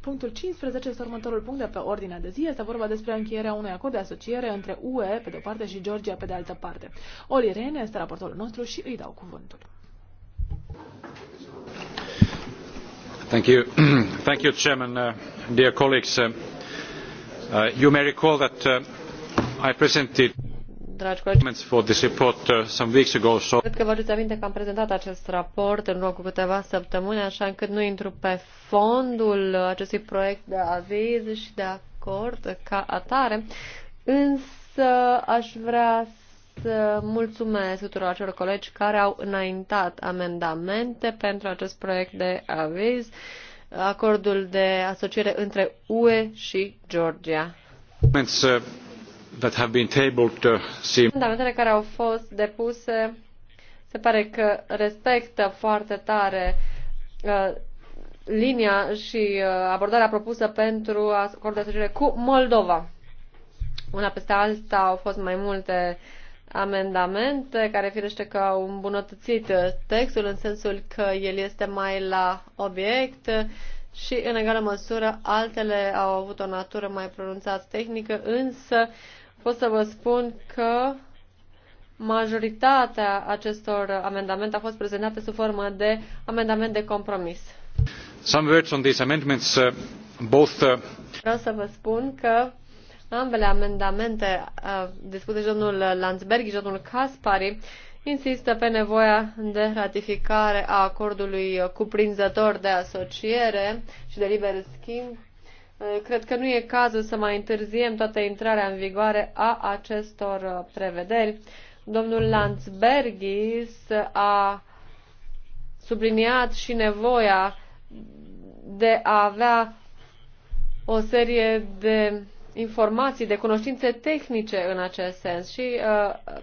Punctul 15 este următorul punct de pe ordinea de zi. Este vorba despre încheierea unui acord de asociere între UE pe de-o parte și Georgia pe de altă parte. Oli Rene este raportorul nostru și îi dau cuvântul. Thank you. *clears throat* Thank you, Chairman. Uh, dear colleagues, uh, uh, you may recall that uh, I presented Dragi colegi, uh, cred că vă aduceți aminte că am prezentat acest raport în urmă cu câteva săptămâni, așa încât nu intru pe fondul acestui proiect de aviz și de acord ca atare, însă aș vrea să mulțumesc tuturor acelor colegi care au înaintat amendamente pentru acest proiect de aviz, acordul de asociere între UE și Georgia. uh that have been tabled seem... Amendamentele care au fost depuse se pare că respectă foarte tare uh, linia și uh, abordarea propusă pentru acordul de asociere cu Moldova. Una peste alta au fost mai multe amendamente care firește că au îmbunătățit textul în sensul că el este mai la obiect și în egală măsură altele au avut o natură mai pronunțat tehnică, însă uh, pot să vă spun că majoritatea acestor amendamente a fost prezentate sub formă de amendament de compromis. Some words on these amendments, uh, both, uh... Vreau să vă spun că ambele amendamente uh, discute și domnul Landsberg și domnul Caspari insistă pe nevoia de ratificare a acordului cuprinzător de asociere și de liber schimb Uh, cred că nu e cazul să mai întârziem toată intrarea în vigoare a acestor uh, prevederi. Domnul Landsbergis a subliniat și nevoia de a avea o serie de informații, de cunoștințe tehnice în acest sens. Și, uh,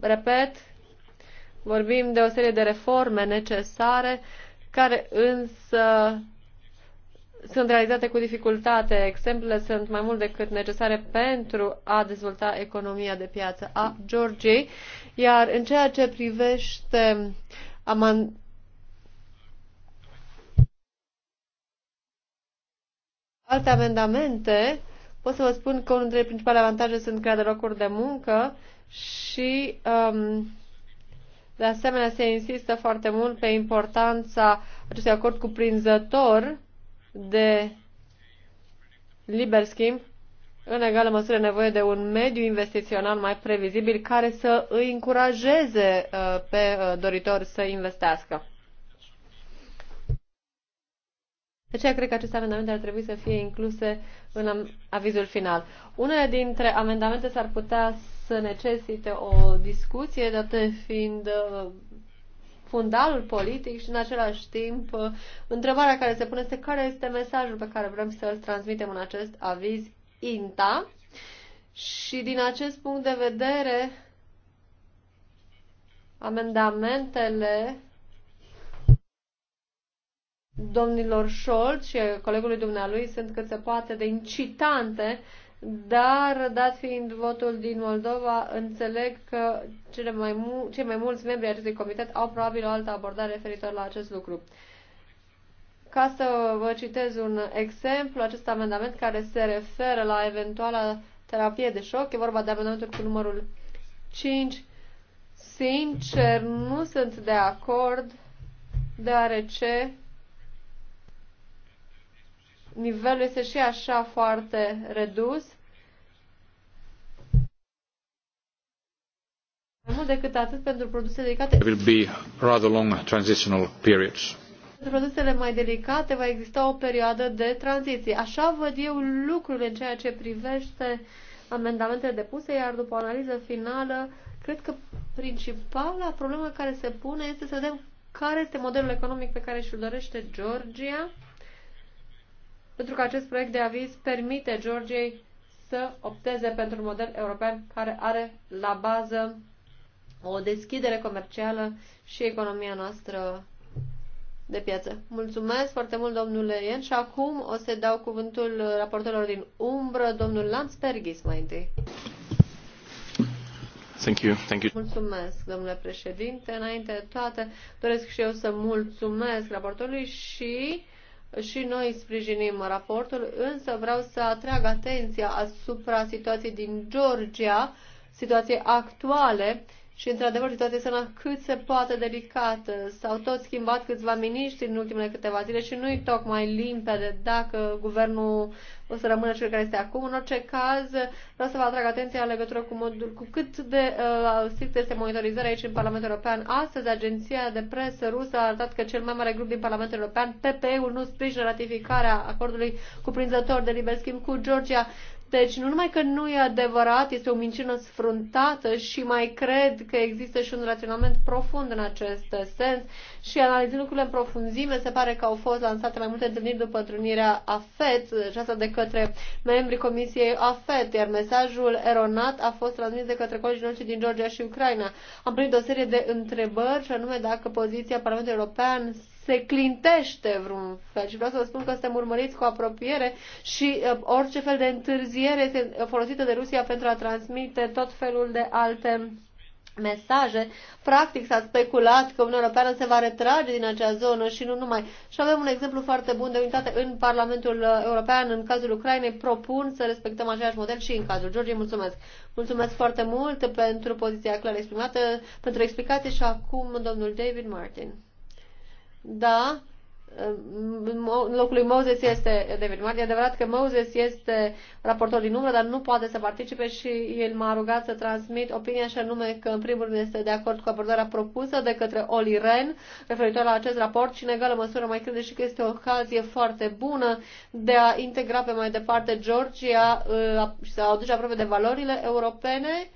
repet, vorbim de o serie de reforme necesare care însă sunt realizate cu dificultate. Exemplele sunt mai mult decât necesare pentru a dezvolta economia de piață a Georgiei. Iar în ceea ce privește aman alte amendamente, pot să vă spun că unul dintre principalele avantaje sunt crearea de locuri de muncă și um, de asemenea se insistă foarte mult pe importanța acestui acord cuprinzător de liber schimb, în egală măsură nevoie de un mediu investițional mai previzibil care să îi încurajeze uh, pe uh, doritori să investească. De aceea cred că aceste amendamente ar trebui să fie incluse în avizul final. Unele dintre amendamente s-ar putea să necesite o discuție, date fiind uh, fundalul politic și în același timp uh, întrebarea care se pune este care este mesajul pe care vrem să-l transmitem în acest aviz INTA și din acest punct de vedere amendamentele domnilor Scholz și colegului dumnealui sunt cât se poate de incitante dar dat fiind votul din Moldova, înțeleg că cele mai mu- cei mai mulți membri ai acestui comitet au probabil o altă abordare referitor la acest lucru. Ca să vă citez un exemplu, acest amendament care se referă la eventuala terapie de șoc, e vorba de amendamentul cu numărul 5. Sincer, nu sunt de acord, deoarece nivelul este și așa foarte redus. Mai mult decât atât pentru produse delicate. There will be rather long transitional periods. Pentru produsele mai delicate va exista o perioadă de tranziție. Așa văd eu lucrurile în ceea ce privește amendamentele depuse, iar după o analiză finală, cred că principala problemă care se pune este să vedem care este modelul economic pe care și-l dorește Georgia pentru că acest proiect de aviz permite Georgiei să opteze pentru un model european care are la bază o deschidere comercială și economia noastră de piață. Mulțumesc foarte mult, domnule Ien, și acum o să dau cuvântul raportelor din umbră, domnul Lansperghis mai întâi. Thank you. Thank you. Mulțumesc, domnule președinte. Înainte de toate, doresc și eu să mulțumesc raportorului și și noi sprijinim raportul, însă vreau să atrag atenția asupra situației din Georgia, situației actuale și, într-adevăr, situația este cât se poate delicată. S-au tot schimbat câțiva miniștri în ultimele câteva zile și nu-i tocmai limpede dacă guvernul o să rămână cel care este acum. În orice caz, vreau să vă atrag atenția în legătură cu, modul, cu cât de uh, strict este monitorizarea aici în Parlamentul European. Astăzi, agenția de presă rusă a arătat că cel mai mare grup din Parlamentul European, PPE-ul, nu sprijină ratificarea acordului cuprinzător de liber schimb cu Georgia. Deci nu numai că nu e adevărat, este o minciună sfruntată și mai cred că există și un raționament profund în acest sens și analizând lucrurile în profunzime, se pare că au fost lansate mai multe întâlniri după întâlnirea AFET, și asta de către membrii Comisiei AFET, iar mesajul eronat a fost transmis de către colegii noștri din Georgia și Ucraina. Am primit o serie de întrebări și anume dacă poziția Parlamentului European se clintește vreun fel. Și vreau să vă spun că suntem urmăriți cu apropiere și uh, orice fel de întârziere este uh, folosită de Rusia pentru a transmite tot felul de alte mesaje. Practic s-a speculat că Uniunea Europeană se va retrage din acea zonă și nu numai. Și avem un exemplu foarte bun de unitate în Parlamentul uh, European, în cazul Ucrainei. Propun să respectăm același model și în cazul Georgiei. Mulțumesc! Mulțumesc foarte mult pentru poziția clar exprimată, pentru explicație și acum domnul David Martin da, în uh, locul lui Moses este David Mart. E adevărat că Moses este raportor din umbră, dar nu poate să participe și el m-a rugat să transmit opinia și anume că în primul rând este de acord cu abordarea propusă de către Oli Ren referitor la acest raport și în egală măsură mai crede și că este o ocazie foarte bună de a integra pe mai departe Georgia uh, și să aduce aproape de valorile europene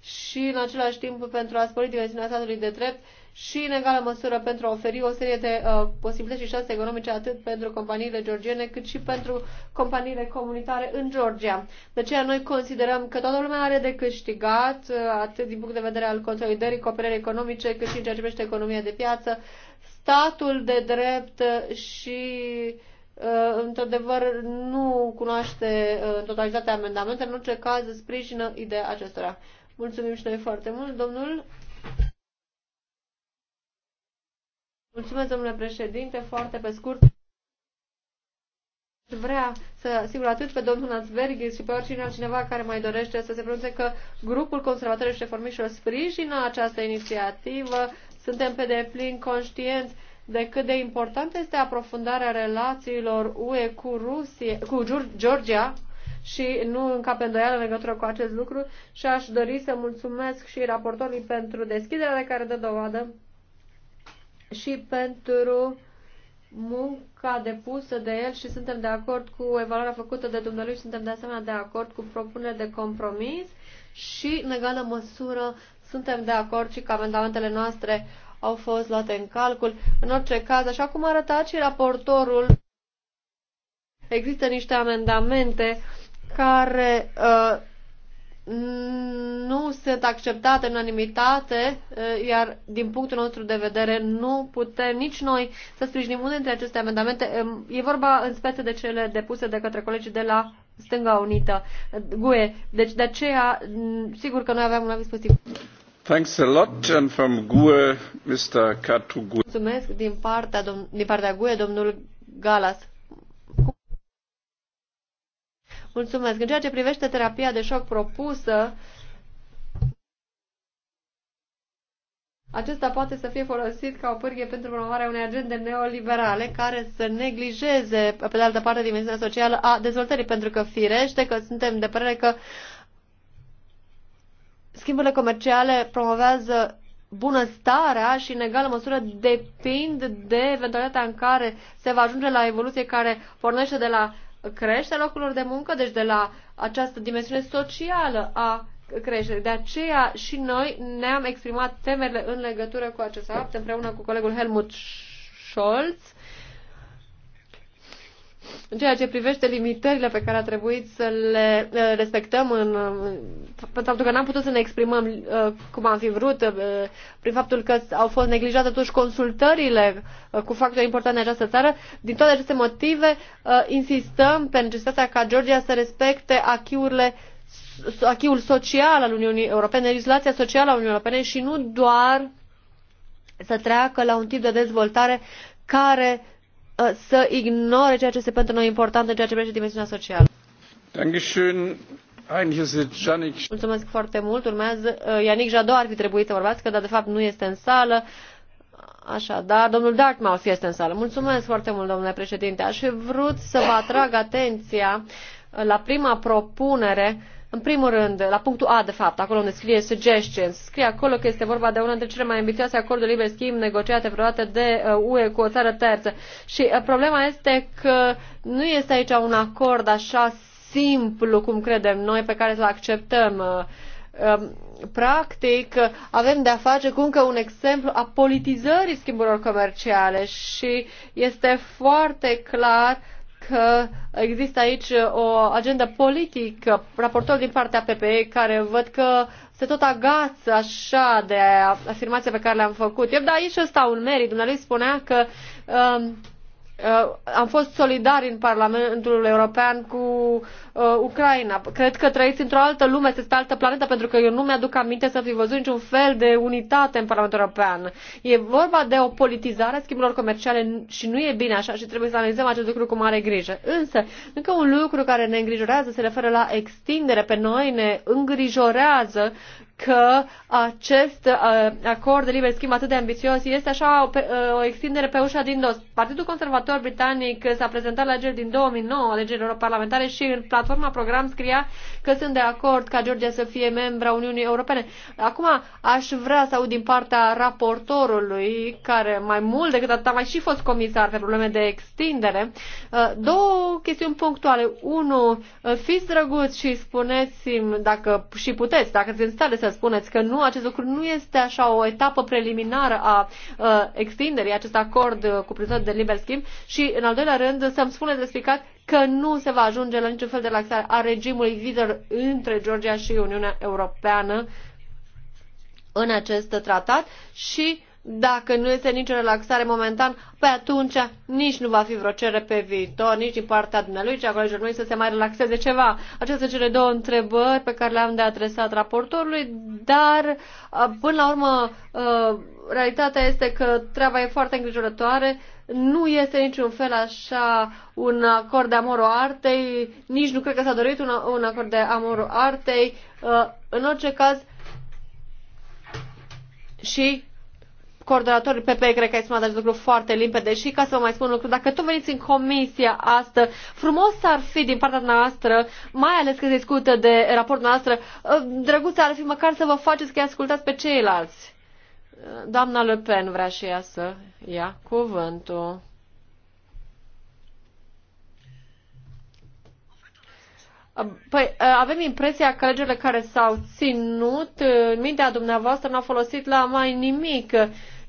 și în același timp pentru a spori dimensiunea statului de drept și, în egală măsură, pentru a oferi o serie de uh, posibilități și șanse economice atât pentru companiile georgiene cât și pentru companiile comunitare în Georgia. De aceea noi considerăm că toată lumea are de câștigat, uh, atât din punct de vedere al consolidării cooperării economice, cât și în ceea ce privește economia de piață, statul de drept uh, și uh, într-adevăr nu cunoaște uh, în uh, totalitatea amendamentele, în orice caz sprijină ideea acestora. Mulțumim și noi foarte mult, domnul Mulțumesc, domnule președinte, foarte pe scurt. Vrea să, sigur, atât pe domnul Hansbergis și pe oricine altcineva care mai dorește să se pronunțe că grupul conservatorilor și reformiștilor sprijină această inițiativă. Suntem pe deplin conștienți de cât de importantă este aprofundarea relațiilor UE cu, Rusie, cu Georgia și nu încap îndoială în legătură cu acest lucru și aș dori să mulțumesc și raportorului pentru deschiderea de care dă dovadă și pentru munca depusă de el și suntem de acord cu evaluarea făcută de Dumnezeu și suntem de asemenea de acord cu propunerea de compromis și, în egală măsură, suntem de acord și că amendamentele noastre au fost luate în calcul. În orice caz, așa cum arăta și raportorul, există niște amendamente care uh, nu sunt acceptate în unanimitate, iar din punctul nostru de vedere nu putem nici noi să sprijinim unul dintre aceste amendamente. E vorba în speță de cele depuse de către colegii de la Stânga Unită, GUE. Deci de aceea, sigur că noi aveam un avis pozitiv. Thanks a lot and from GUE, Mr. Katugu. Mulțumesc din partea, din partea GUE, domnul Galas. Mulțumesc. În ceea ce privește terapia de șoc propusă, Acesta poate să fie folosit ca o pârghie pentru promovarea unei agende neoliberale care să neglijeze, pe de altă parte, dimensiunea socială a dezvoltării, pentru că firește că suntem de părere că schimburile comerciale promovează bunăstarea și în egală măsură depind de eventualitatea în care se va ajunge la evoluție care pornește de la creșterea locurilor de muncă, deci de la această dimensiune socială a creșterii. De aceea și noi ne-am exprimat temerile în legătură cu acest act împreună cu colegul Helmut Scholz în ceea ce privește limitările pe care a trebuit să le uh, respectăm în, uh, pentru faptul că n-am putut să ne exprimăm uh, cum am fi vrut, prin faptul că au fost neglijate totuși consultările cu factori importante în această țară, din toate aceste motive insistăm pe necesitatea ca Georgia să respecte achiurile achiul social al Uniunii Europene, legislația socială a Uniunii Europene și nu doar să treacă la un tip de dezvoltare care Uh, să ignore ceea ce este pentru noi important în ceea ce privește dimensiunea socială. Mulțumesc foarte mult. Urmează Ianic uh, Jado ar fi trebuit să vorbească, dar de fapt nu este în sală. așa. Dar domnul Dartmouth este în sală. Mulțumesc foarte mult, domnule președinte. Aș fi vrut să vă atrag atenția la prima propunere în primul rând, la punctul A, de fapt, acolo unde scrie suggestions, scrie acolo că este vorba de una dintre cele mai ambițioase acorduri liber schimb negociate vreodată de uh, UE cu o țară terță. Și uh, problema este că nu este aici un acord așa simplu, cum credem noi, pe care să-l acceptăm uh, um, practic avem de-a face cu încă un exemplu a politizării schimburilor comerciale și este foarte clar că există aici uh, o agendă politică, raportor din partea PPE, care văd că se tot agață așa de afirmația pe care le-am făcut. Eu, da, aici ăsta un merit. Dumnezeu spunea că um, Uh, am fost solidari în Parlamentul European cu uh, Ucraina. Cred că trăiți într-o altă lume, este altă planetă, pentru că eu nu mi-aduc aminte să fi văzut niciun fel de unitate în Parlamentul European. E vorba de o politizare a schimburilor comerciale și nu e bine așa și trebuie să analizăm acest lucru cu mare grijă. Însă, încă un lucru care ne îngrijorează se referă la extindere. Pe noi ne îngrijorează că acest uh, acord de liber schimb atât de ambițios este așa o, uh, o extindere pe ușa din dos. Partidul Conservator Britanic s-a prezentat la alegeri din 2009, alegerilor europarlamentare, și în platforma program scria că sunt de acord ca Georgia să fie membra Uniunii Europene. Acum aș vrea să aud din partea raportorului, care mai mult decât atât a mai și fost comisar pe probleme de extindere, uh, două chestiuni punctuale. Unu, fiți drăguți și spuneți-mi dacă și puteți, dacă sunt stare să să spuneți că nu, acest lucru nu este așa o etapă preliminară a uh, extinderii acest acord uh, cu prizonieri de liber schimb și, în al doilea rând, să-mi spuneți explicat că nu se va ajunge la niciun fel de relaxare a regimului vizor între Georgia și Uniunea Europeană în acest tratat și dacă nu este nicio relaxare momentan, pe atunci nici nu va fi vreo cerere pe viitor, nici din partea dumnealui, ci a colegilor noi să se mai relaxeze ceva. Acestea sunt cele două întrebări pe care le-am de adresat raportorului, dar uh, până la urmă uh, realitatea este că treaba e foarte îngrijorătoare, nu este niciun fel așa un acord de amor artei, nici nu cred că s-a dorit un, un acord de amor artei. Uh, în orice caz, și coordonatorul PPE cred că ai spus lucru foarte limpede și ca să vă mai spun un lucru, dacă tu veniți în comisia asta, frumos ar fi din partea noastră, mai ales că se discută de raportul noastră, ă, drăguț ar fi măcar să vă faceți că ascultați pe ceilalți. Doamna Le Pen vrea și ea să ia cuvântul. Păi, ă, avem impresia că legile care s-au ținut în mintea dumneavoastră n-au folosit la mai nimic.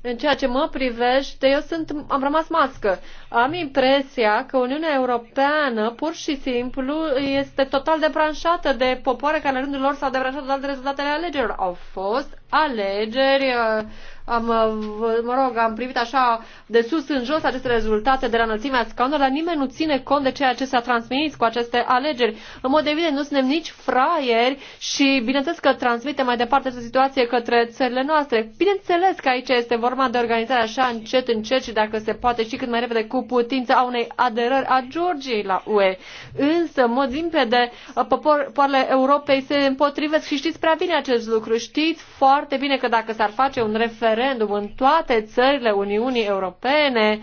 În ceea ce mă privește, eu sunt, am rămas mască. Am impresia că Uniunea Europeană pur și simplu este total debranșată de popoare care în rândul lor s-au debranșat de alte rezultatele alegerilor. Au fost alegeri uh, am, uh, mă rog, am privit așa de sus în jos aceste rezultate de la înălțimea scaunului, dar nimeni nu ține cont de ceea ce s-a transmis cu aceste alegeri. În mod evident, nu suntem nici fraieri și bineînțeles că transmitem mai departe această situație către țările noastre. Bineînțeles că aici este vorba de organizare așa încet, încet și dacă se poate și cât mai repede cu putință a unei aderări a Georgiei la UE. Însă, în mod limpede, uh, poporile Europei se împotrivesc și știți prea bine acest lucru. Știți foarte bine că dacă s-ar face un referendum referendum în toate țările Uniunii Europene,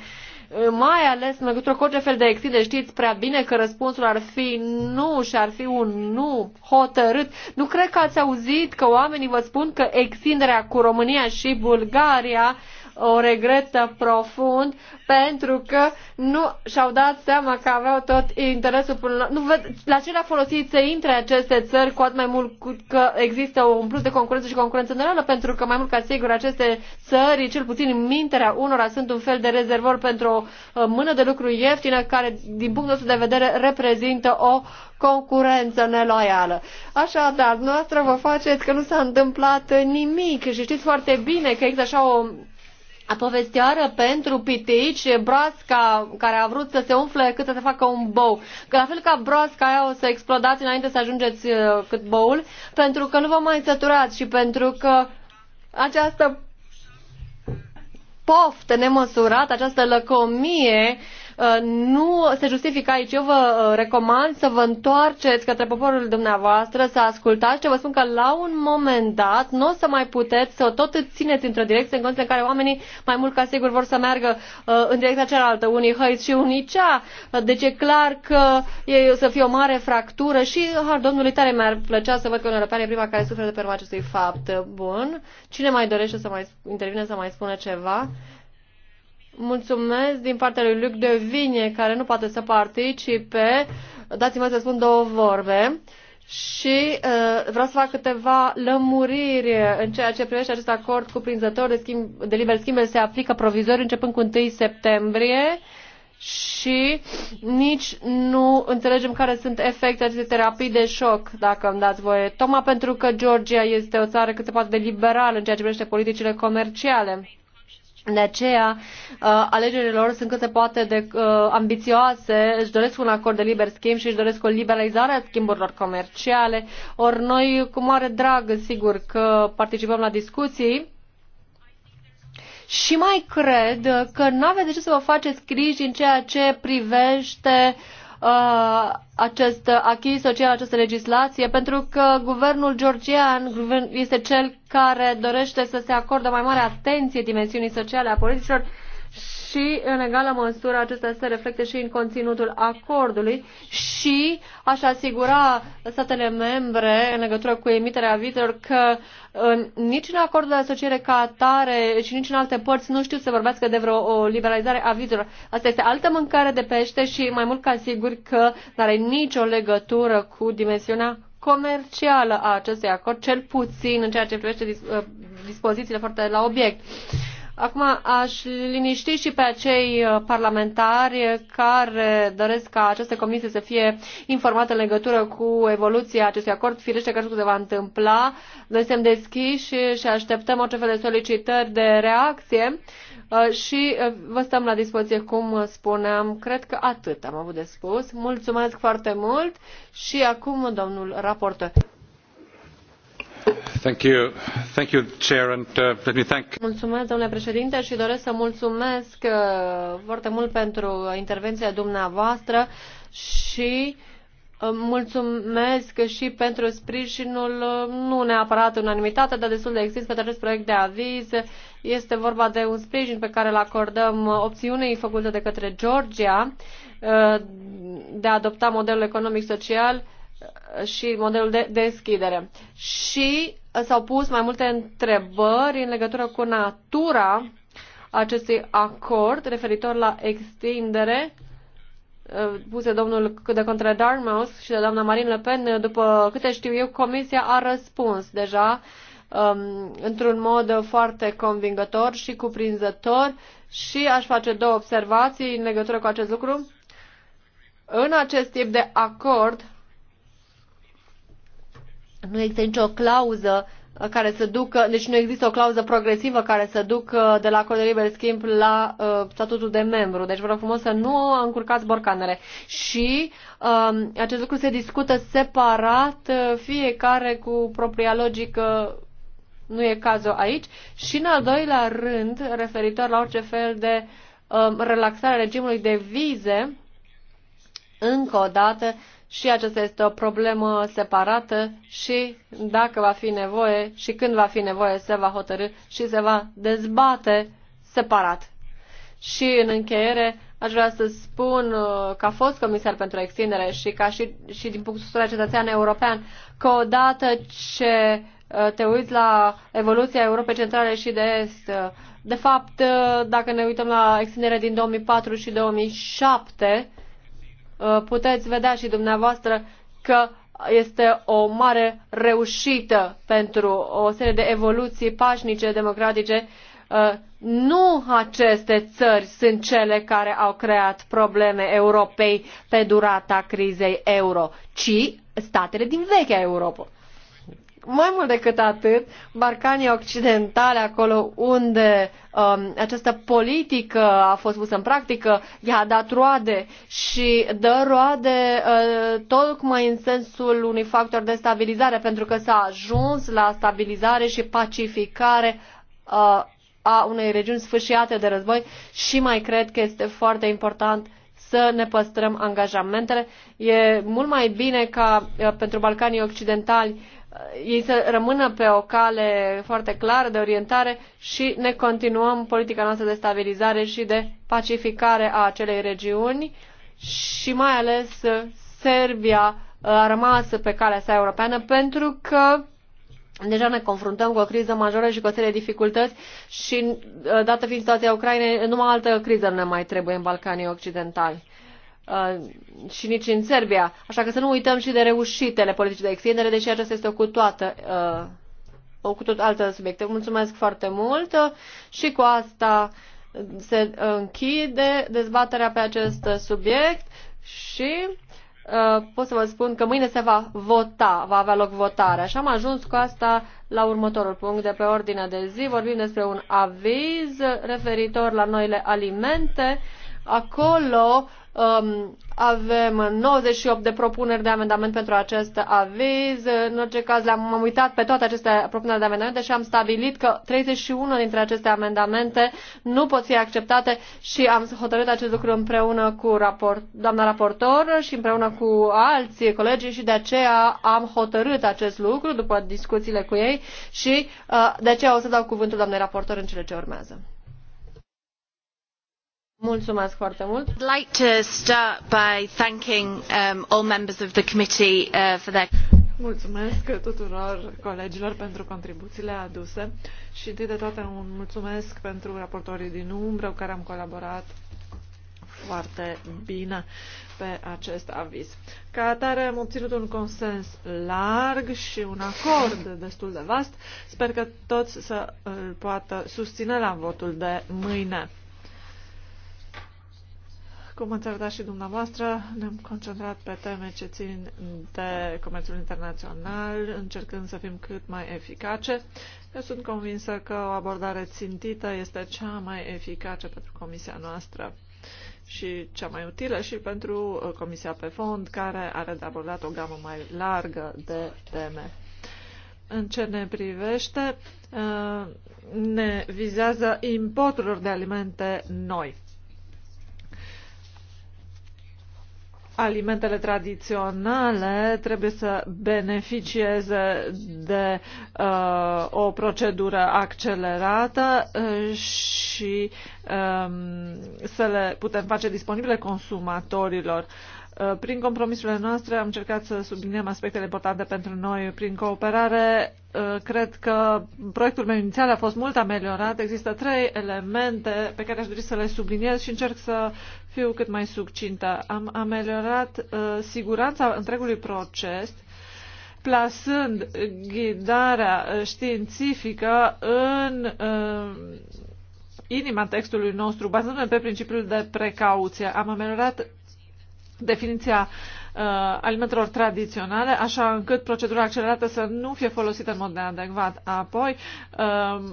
mai ales în legătură cu orice fel de exile, știți prea bine că răspunsul ar fi nu și ar fi un nu hotărât. Nu cred că ați auzit că oamenii vă spun că extinderea cu România și Bulgaria o regretă profund pentru că nu și-au dat seama că aveau tot interesul până la... Nu văd la ce le-a folosit să intre aceste țări cu atât mai mult că există un plus de concurență și concurență generală pentru că mai mult ca sigur aceste țări, cel puțin în minterea unora, sunt un fel de rezervor pentru o uh, mână de lucru ieftină care, din punctul nostru de vedere, reprezintă o concurență neloială. Așadar, noastră vă faceți că nu s-a întâmplat nimic și știți foarte bine că există așa o povestioară pentru pitici, broasca care a vrut să se umfle cât să se facă un bou. Că la fel ca broasca aia o să explodați înainte să ajungeți uh, cât boul, pentru că nu vă mai săturați și pentru că această poftă nemăsurată, această lăcomie Uh, nu se justifică aici. Eu vă uh, recomand să vă întoarceți către poporul dumneavoastră, să ascultați ce vă spun că la un moment dat nu o să mai puteți să tot tot țineți într-o direcție în condiții în care oamenii mai mult ca sigur vor să meargă uh, în direcția cealaltă, unii hăiți și unii cea. Deci e clar că e să fie o mare fractură și, har domnului, tare mi-ar plăcea să văd că un european e prima care suferă de pe acestui fapt. Bun. Cine mai dorește să mai intervine, să mai spună ceva? Mulțumesc din partea lui Luc de Vigne, care nu poate să participe. Dați-mă să spun două vorbe. Și uh, vreau să fac câteva lămuriri în ceea ce privește acest acord cuprinzător de, schimb, de liber schimb. Se aplică provizoriu începând cu 1 septembrie și nici nu înțelegem care sunt efectele acestei terapii de șoc, dacă îmi dați voie. Tocmai pentru că Georgia este o țară cât se poate de liberală în ceea ce privește politicile comerciale de aceea, uh, alegerile lor sunt cât se poate de uh, ambițioase, își doresc un acord de liber schimb și își doresc o liberalizare a schimburilor comerciale. Ori noi, cu mare drag, sigur că participăm la discuții, și mai cred că nu aveți de ce să vă faceți griji în ceea ce privește uh, Uh, acest achis social, această legislație, pentru că guvernul georgian este cel care dorește să se acorde mai mare atenție dimensiunii sociale a politicilor și, în egală măsură, acesta se reflecte și în conținutul acordului și aș asigura statele membre, în legătură cu emiterea vizelor, că în, nici în acordul de asociere ca atare și nici în alte părți nu știu să vorbească de vreo o liberalizare a vizelor. Asta este altă mâncare de pește și mai mult ca sigur că nu are nicio legătură cu dimensiunea comercială a acestui acord, cel puțin în ceea ce privește uh, dispozițiile foarte la obiect. Acum aș liniști și pe acei uh, parlamentari care doresc ca aceste comisii să fie informate în legătură cu evoluția acestui acord. Firește că nu se va întâmpla. Noi suntem deschiși și așteptăm orice fel de solicitări de reacție uh, și uh, vă stăm la dispoziție, cum spuneam. Cred că atât am avut de spus. Mulțumesc foarte mult și acum domnul raportor. Uh, mulțumesc, domnule președinte, și doresc să mulțumesc uh, foarte mult pentru intervenția dumneavoastră și uh, Mulțumesc și pentru sprijinul, nu neapărat unanimitate, dar destul de extins pentru acest proiect de aviz. Este vorba de un sprijin pe care îl acordăm opțiunii făcute de către Georgia de a adopta modelul economic-social și modelul de deschidere. Și s-au pus mai multe întrebări în legătură cu natura acestui acord referitor la extindere uh, puse domnul de contra Darmaus și de doamna Marine Le Pen, uh, după câte știu eu, comisia a răspuns deja um, într-un mod foarte convingător și cuprinzător și aș face două observații în legătură cu acest lucru. În acest tip de acord, nu există nicio clauză uh, care să ducă, deci nu există o clauză progresivă care să ducă uh, de la acordul de liber schimb la uh, statutul de membru. Deci vă rog frumos să nu încurcați borcanele. Și um, acest lucru se discută separat, uh, fiecare cu propria logică, nu e cazul aici. Și în al doilea rând, referitor la orice fel de um, relaxare a regimului de vize, încă o dată, uh, și aceasta este o problemă separată și dacă va fi nevoie și când va fi nevoie se va hotărâ și se va dezbate separat. Și în încheiere aș vrea să spun uh, că a fost comisar pentru extindere și ca și, și din punctul de vedere cetățean european că odată ce uh, te uiți la evoluția Europei Centrale și de Est, uh, de fapt, dacă ne uităm la extinderea din 2004 și 2007, Uh, puteți vedea și dumneavoastră că este o mare reușită pentru o serie de evoluții pașnice democratice. Uh, nu aceste țări sunt cele care au creat probleme Europei pe durata crizei euro, ci statele din vechea Europa mai mult decât atât, Barcanii Occidentale, acolo unde um, această politică a fost pusă în practică, i a dat roade și dă roade uh, tocmai în sensul unui factor de stabilizare, pentru că s-a ajuns la stabilizare și pacificare uh, a unei regiuni sfâșiate de război și mai cred că este foarte important să ne păstrăm angajamentele. E mult mai bine ca uh, pentru Balcanii Occidentali ei să rămână pe o cale foarte clară de orientare și ne continuăm politica noastră de stabilizare și de pacificare a acelei regiuni și mai ales uh, Serbia uh, a rămas pe calea sa europeană pentru că deja ne confruntăm cu o criză majoră și cu o serie de dificultăți și, uh, dată fiind situația Ucrainei, numai altă criză nu ne mai trebuie în Balcanii Occidentali. Uh, și nici în Serbia. Așa că să nu uităm și de reușitele politicii de extindere, deși aceasta este o cu toată uh, o cu tot altă subiecte. Mulțumesc foarte mult și cu asta se închide dezbaterea pe acest subiect și uh, pot să vă spun că mâine se va vota, va avea loc votarea. Așa am ajuns cu asta la următorul punct de pe ordinea de zi. Vorbim despre un aviz referitor la noile alimente. Acolo Um, avem 98 de propuneri de amendament pentru acest aviz. În orice caz, le-am uitat pe toate aceste propuneri de amendamente și am stabilit că 31 dintre aceste amendamente nu pot fi acceptate și am hotărât acest lucru împreună cu raport, doamna raportor și împreună cu alții colegi și de aceea am hotărât acest lucru după discuțiile cu ei și uh, de aceea o să dau cuvântul doamnei raportor în cele ce urmează. Mulțumesc foarte mult. I'd like to start by thanking um, all members of the committee uh, for their Mulțumesc tuturor colegilor pentru contribuțiile aduse și întâi de toate un mulțumesc pentru raportorii din umbră cu care am colaborat foarte bine pe acest aviz. Ca atare am obținut un consens larg și un acord destul de vast. Sper că toți să îl poată susține la votul de mâine. Cum ați arătat și dumneavoastră, ne-am concentrat pe teme ce țin de comerțul internațional, încercând să fim cât mai eficace. Eu sunt convinsă că o abordare țintită este cea mai eficace pentru comisia noastră și cea mai utilă și pentru uh, Comisia pe Fond, care are de abordat o gamă mai largă de teme. În ce ne privește, uh, ne vizează importurilor de alimente noi. alimentele tradiționale trebuie să beneficieze de uh, o procedură accelerată uh, și um, să le putem face disponibile consumatorilor. Uh, Uh, prin compromisurile noastre am încercat să subliniem aspectele importante pentru noi. Prin cooperare, uh, cred că proiectul meu inițial a fost mult ameliorat. Există trei elemente pe care aș dori să le subliniez și încerc să fiu cât mai succintă. Am ameliorat uh, siguranța întregului proces plasând ghidarea științifică în inima textului nostru, bazându-ne pe principiul de precauție. Am ameliorat definiția uh, alimentelor tradiționale, așa încât procedura accelerată să nu fie folosită în mod neadecvat. Apoi, uh,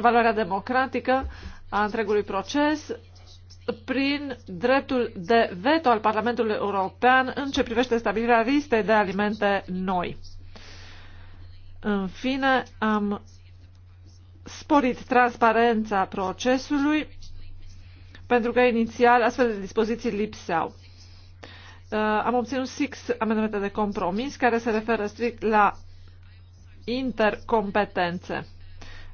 valoarea democratică a întregului proces prin dreptul de veto al Parlamentului European în ce privește stabilirea listei de alimente noi. În fine, am sporit transparența procesului pentru că inițial astfel de dispoziții lipseau. Uh, am obținut six amendamente de compromis care se referă strict la intercompetențe.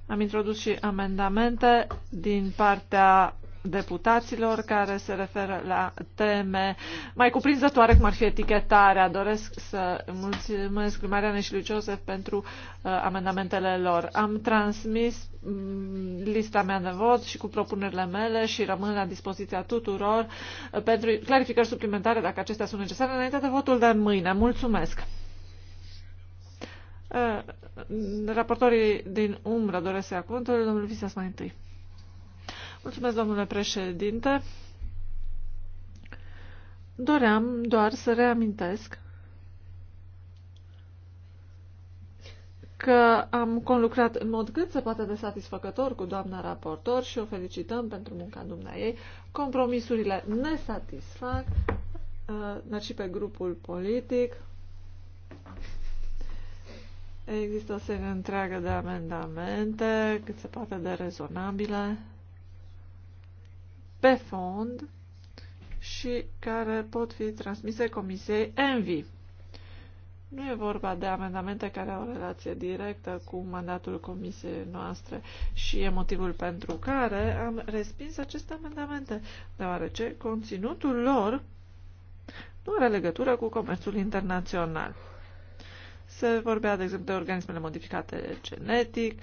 Am introdus și amendamente din partea deputaților care se referă la teme mai cuprinzătoare, cum ar fi etichetarea. Doresc să mulțumesc lui Mariane și lui Joseph pentru uh, amendamentele lor. Am transmis mm, lista mea de vot și cu propunerile mele și rămân la dispoziția tuturor uh, pentru clarificări suplimentare dacă acestea sunt necesare înainte de votul de mâine. Mulțumesc! Uh, raportorii din umbră doresc să ia cuvântul. Domnul Visas mai întâi. Mulțumesc, domnule președinte. Doream doar să reamintesc că am conlucrat în mod cât se poate de satisfăcător cu doamna raportor și o felicităm pentru munca ei. Compromisurile ne satisfac, uh, dar și pe grupul politic. Există o serie întreagă de amendamente, cât se poate de rezonabile pe fond și care pot fi transmise Comisiei ENVI. Nu e vorba de amendamente care au relație directă cu mandatul comisiei noastre și e motivul pentru care am respins aceste amendamente, deoarece conținutul lor nu are legătură cu comerțul internațional. Se vorbea, de exemplu, de organismele modificate genetic,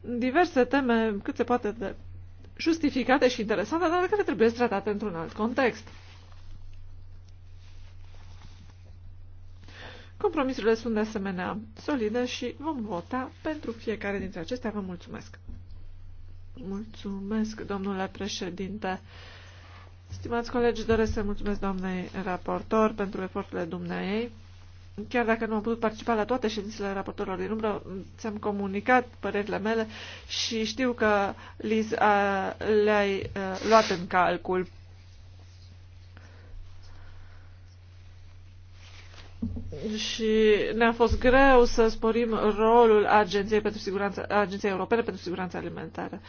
diverse teme cât se poate de justificate și interesante, dar care trebuie tratate într-un alt context. Compromisurile sunt de asemenea solide și vom vota pentru fiecare dintre acestea. Vă mulțumesc! Mulțumesc, domnule președinte! Stimați colegi, doresc să mulțumesc doamnei raportor pentru eforturile dumneai chiar dacă nu am putut participa la toate ședințele raportorilor din umbră, ți-am comunicat părerile mele și știu că, Liz, le-ai luat în calcul. Și ne-a fost greu să sporim rolul Agenției, pentru siguranță, Agenției Europene pentru Siguranța Alimentară.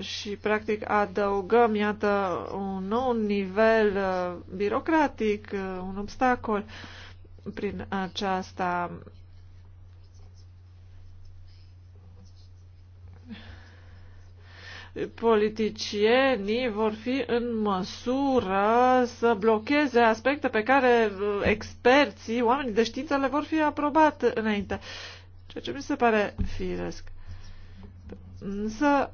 Și, practic, adăugăm, iată, un nou nivel uh, birocratic, uh, un obstacol. Uh, prin aceasta politicienii vor fi în măsură să blocheze aspecte pe care experții, oamenii de știință le vor fi aprobat înainte. Ceea ce mi se pare firesc. Însă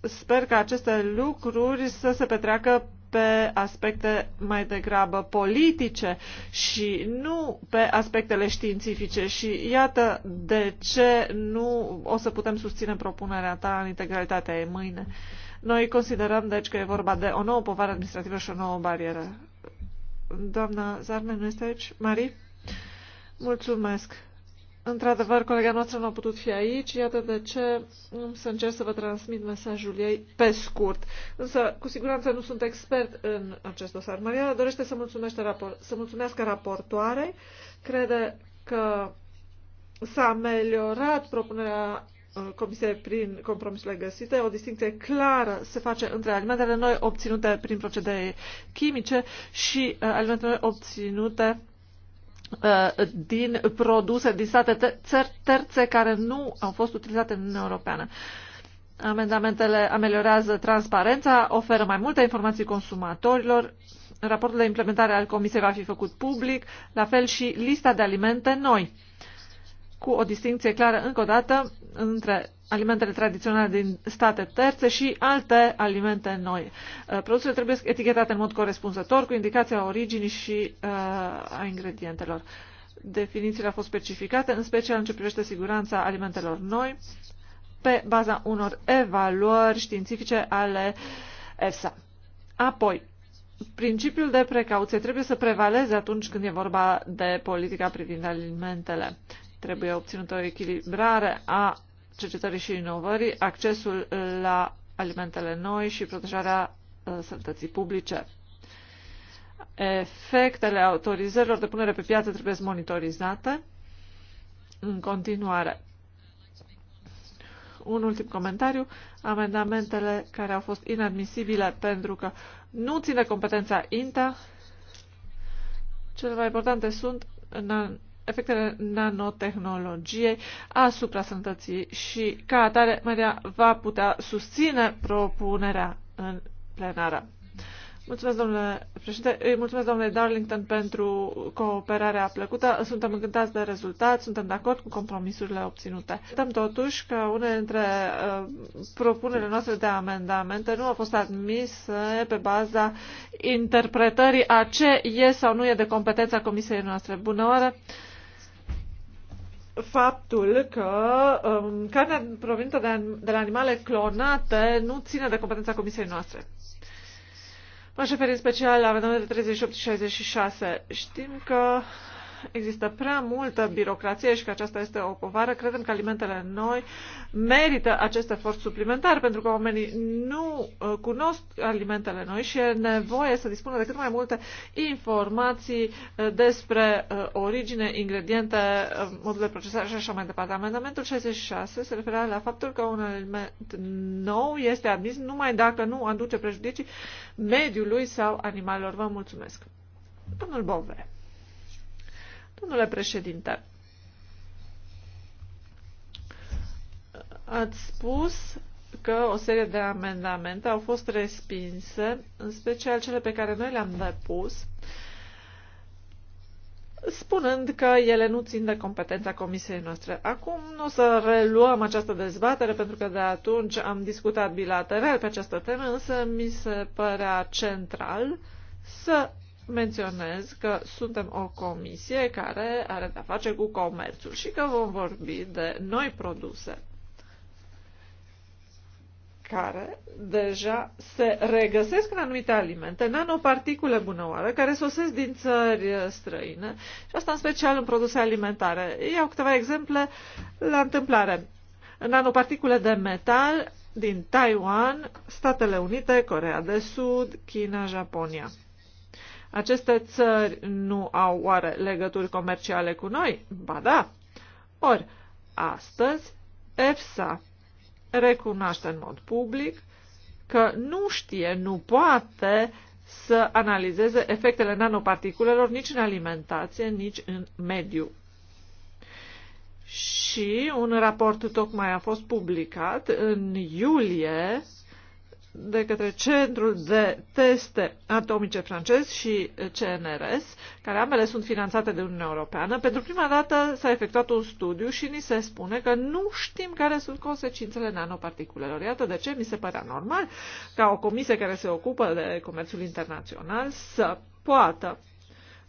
sper că aceste lucruri să se petreacă pe aspecte mai degrabă politice și nu pe aspectele științifice și iată de ce nu o să putem susține propunerea ta în integralitatea ei mâine. Noi considerăm, deci, că e vorba de o nouă povară administrativă și o nouă barieră. Doamna Zarmen, nu este aici? Marie? Mulțumesc. Într-adevăr, colega noastră nu a putut fi aici, iată de ce să încerc să vă transmit mesajul ei pe scurt. Însă, cu siguranță nu sunt expert în acest dosar. Mariana dorește să, rapor- să mulțumească raportoarei, crede că s-a ameliorat propunerea uh, Comisiei prin compromisurile găsite. O distinție clară se face între alimentele noi obținute prin procedee chimice și uh, alimentele noi obținute Uh, din produse din state terțe care nu au fost utilizate în Uniunea Europeană. Amendamentele ameliorează transparența, oferă mai multe informații consumatorilor, raportul de implementare al Comisiei va fi făcut public, la fel și lista de alimente noi, cu o distinție clară încă o dată între alimentele tradiționale din state terțe și alte alimente noi. Uh, produsele trebuie etichetate în mod corespunzător cu indicația originii și uh, a ingredientelor. Definițiile au fost specificate, în special în ce privește siguranța alimentelor noi, pe baza unor evaluări științifice ale EFSA. Apoi, principiul de precauție trebuie să prevaleze atunci când e vorba de politica privind alimentele. Trebuie obținută o echilibrare a cercetării și inovării, accesul uh, la alimentele noi și protejarea uh, sănătății publice. Efectele autorizărilor de punere pe piață trebuie monitorizate în continuare. Un ultim comentariu, amendamentele care au fost inadmisibile pentru că nu ține competența INTA. Cele mai importante sunt în efectele nanotehnologiei asupra sănătății și, ca atare, Maria va putea susține propunerea în plenară. Mulțumesc, domnule președinte. Îi mulțumesc, domnule Darlington, pentru cooperarea plăcută. Suntem încântați de rezultat, suntem de acord cu compromisurile obținute. Suntem totuși că unele dintre uh, propunerile noastre de amendamente nu au fost admise pe baza interpretării a ce e sau nu e de competența comisiei noastre. Bună oară! faptul că um, carnea provenită de, de la animale clonate nu ține de competența comisiei noastre. M-aș referi în special la amendamentele 38 și 66. Știm că există prea multă birocrație și că aceasta este o povară, credem că alimentele noi merită acest efort suplimentar, pentru că oamenii nu uh, cunosc alimentele noi și e nevoie să dispună de cât mai multe informații uh, despre uh, origine, ingrediente, modul de procesare și așa mai departe. Amendamentul 66 se referă la faptul că un aliment nou este admis numai dacă nu aduce prejudicii mediului sau animalelor. Vă mulțumesc. Domnul Bove. Domnule președinte, ați spus că o serie de amendamente au fost respinse, în special cele pe care noi le-am depus, spunând că ele nu țin de competența comisiei noastre. Acum nu o să reluăm această dezbatere, pentru că de atunci am discutat bilateral pe această temă, însă mi se părea central să menționez că suntem o comisie care are de-a face cu comerțul și că vom vorbi de noi produse care deja se regăsesc în anumite alimente, nanoparticule bunăoară, care sosesc din țări străine și asta în special în produse alimentare. Iau câteva exemple la întâmplare. Nanoparticule de metal din Taiwan, Statele Unite, Corea de Sud, China, Japonia. Aceste țări nu au oare legături comerciale cu noi? Ba da! Ori, astăzi, EFSA recunoaște în mod public că nu știe, nu poate să analizeze efectele nanoparticulelor nici în alimentație, nici în mediu. Și un raport tocmai a fost publicat în iulie de către Centrul de Teste Atomice francez și CNRS, care ambele sunt finanțate de Uniunea Europeană, pentru prima dată s-a efectuat un studiu și ni se spune că nu știm care sunt consecințele nanoparticulelor. Iată de ce mi se părea normal ca o comisie care se ocupă de comerțul internațional să poată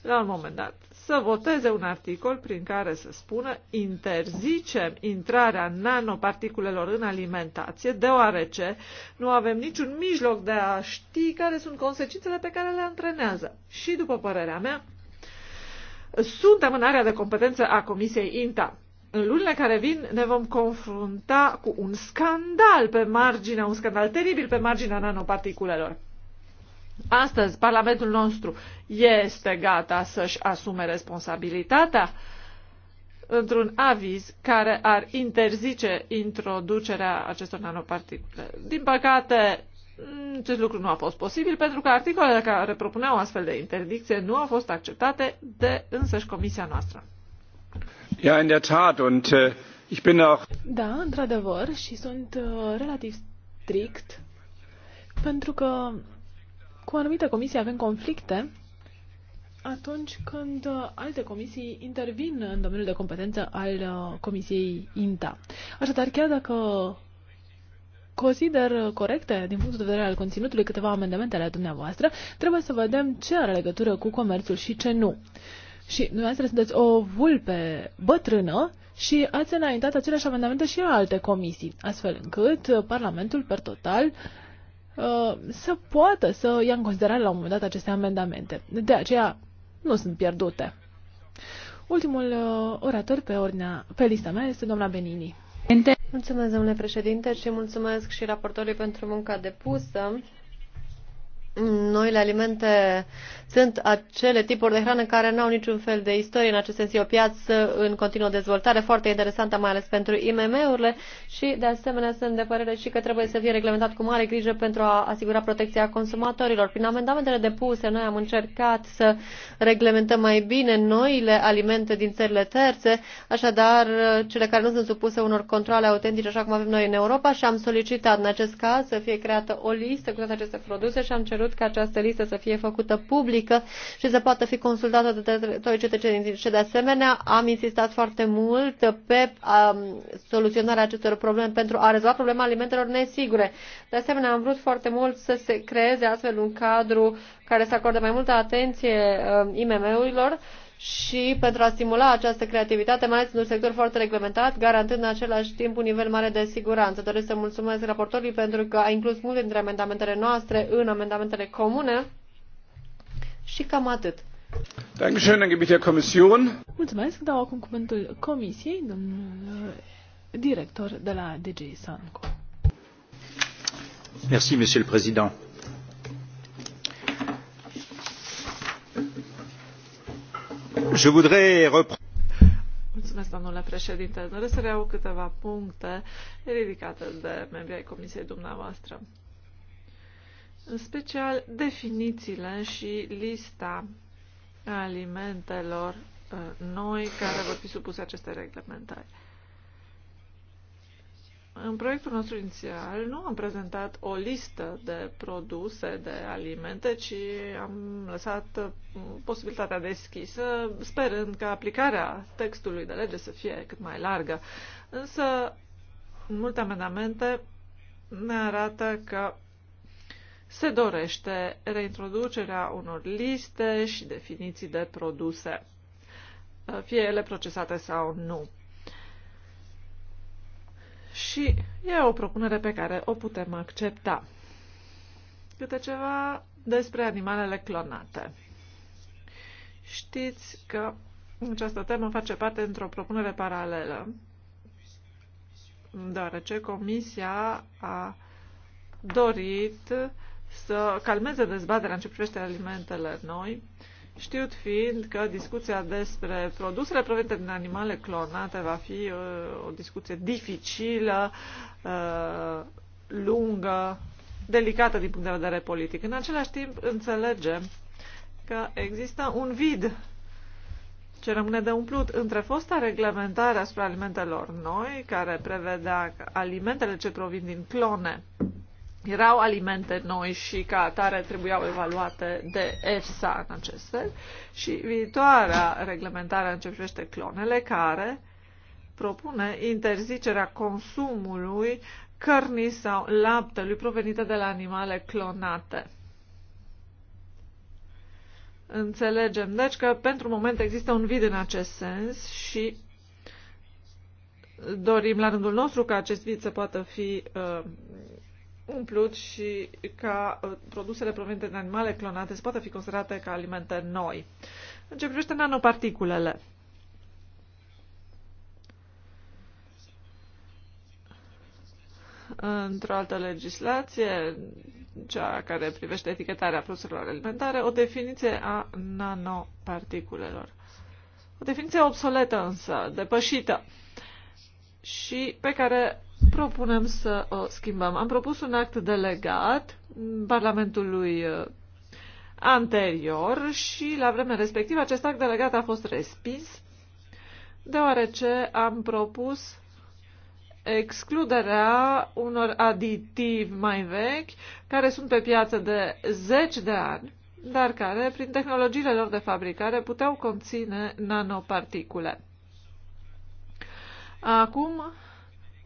la un moment dat, să voteze un articol prin care să spună interzicem intrarea nanoparticulelor în alimentație, deoarece nu avem niciun mijloc de a ști care sunt consecințele pe care le antrenează. Și, după părerea mea, suntem în area de competență a Comisiei INTA. În lunile care vin ne vom confrunta cu un scandal pe marginea, un scandal teribil pe marginea nanoparticulelor. Astăzi, Parlamentul nostru este gata să-și asume responsabilitatea într-un aviz care ar interzice introducerea acestor nanoparticule. Din păcate, acest lucru nu a fost posibil pentru că articolele care propuneau astfel de interdicție nu au fost acceptate de însăși comisia noastră. Ja, in der Tat und uh, ich bin auch Da, într-adevăr, și sunt uh, relativ strict pentru că cu anumite comisii avem conflicte atunci când uh, alte comisii intervin în domeniul de competență al uh, Comisiei INTA. Așadar, chiar dacă consider corecte din punctul de vedere al conținutului câteva amendamente ale dumneavoastră, trebuie să vedem ce are legătură cu comerțul și ce nu. Și dumneavoastră sunteți o vulpe bătrână și ați înaintat aceleași amendamente și la alte comisii, astfel încât uh, Parlamentul, per total, Uh, să poată să ia în considerare la un moment dat aceste amendamente. De aceea nu sunt pierdute. Ultimul uh, orator pe, ordinea, pe lista mea este doamna Benini. Mulțumesc, domnule președinte, și mulțumesc și raportorului pentru munca depusă. Noile alimente sunt acele tipuri de hrană care nu au niciun fel de istorie. În acest sens e o piață în continuă dezvoltare, foarte interesantă, mai ales pentru IMM-urile și, de asemenea, sunt de părere și că trebuie să fie reglementat cu mare grijă pentru a asigura protecția consumatorilor. Prin amendamentele depuse, noi am încercat să reglementăm mai bine noile alimente din țările terțe, așadar cele care nu sunt supuse unor controle autentice, așa cum avem noi în Europa, și am solicitat în acest caz să fie creată o listă cu toate aceste produse și am cerut cerut ca această listă să fie făcută publică și să poată fi consultată de toți cetățenii. Și de asemenea, am insistat foarte mult pe um, soluționarea acestor probleme pentru a rezolva problema alimentelor nesigure. De asemenea, am vrut foarte mult să se creeze astfel un cadru care să acorde mai multă atenție um, IMM-urilor uh, și pentru a stimula această creativitate, mai ales într-un sector foarte reglementat, garantând în același timp un nivel mare de siguranță. Doresc să mulțumesc raportorului pentru că a inclus multe dintre amendamentele noastre în amendamentele comune și cam atât. Mulțumesc, dau acum cuvântul Comisiei, domnul director de la DG Sanco. Merci, Monsieur le Président. Mulțumesc, domnule președinte. Doresc să reiau câteva puncte ridicate de membrii ai comisiei dumneavoastră. În special, definițiile și lista alimentelor uh, noi care vor fi supuse aceste reglementări. În proiectul nostru inițial nu am prezentat o listă de produse, de alimente, ci am lăsat uh, posibilitatea deschisă, sperând că aplicarea textului de lege să fie cât mai largă. Însă, multe amendamente ne arată că se dorește reintroducerea unor liste și definiții de produse, uh, fie ele procesate sau nu și e o propunere pe care o putem accepta. Câte ceva despre animalele clonate. Știți că această temă face parte într-o propunere paralelă, deoarece Comisia a dorit să calmeze dezbaterea în ce privește alimentele noi știut fiind că discuția despre produsele provenite din animale clonate va fi o, uh, o discuție dificilă, uh, lungă, delicată din punct de vedere politic. În același timp, înțelegem că există un vid ce rămâne de umplut între fosta reglementare asupra alimentelor noi, care prevedea că alimentele ce provin din clone erau alimente noi și ca atare trebuiau evaluate de EFSA în acest fel și viitoarea reglementare în ce privește clonele care propune interzicerea consumului cărnii sau laptelui provenite de la animale clonate. Înțelegem, deci, că pentru moment există un vid în acest sens și dorim la rândul nostru ca acest vid să poată fi uh, umplut și ca uh, produsele provenite din animale clonate să poată fi considerate ca alimente noi. În ce privește nanoparticulele, într-o altă legislație, cea care privește etichetarea produselor alimentare, o definiție a nanoparticulelor. O definiție obsoletă însă, depășită și pe care propunem să o schimbăm. Am propus un act delegat Parlamentului uh, anterior și la vremea respectivă acest act delegat a fost respins deoarece am propus excluderea unor aditivi mai vechi care sunt pe piață de zeci de ani, dar care, prin tehnologiile lor de fabricare, puteau conține nanoparticule. Acum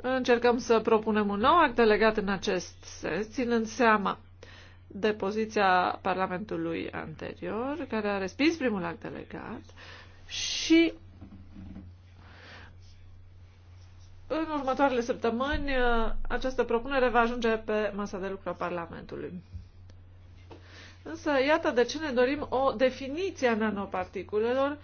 Încercăm să propunem un nou act delegat în acest sens, ținând seama de poziția Parlamentului anterior, care a respins primul act delegat și în următoarele săptămâni această propunere va ajunge pe masa de lucru a Parlamentului. Însă, iată de ce ne dorim o definiție a nanoparticulelor uh,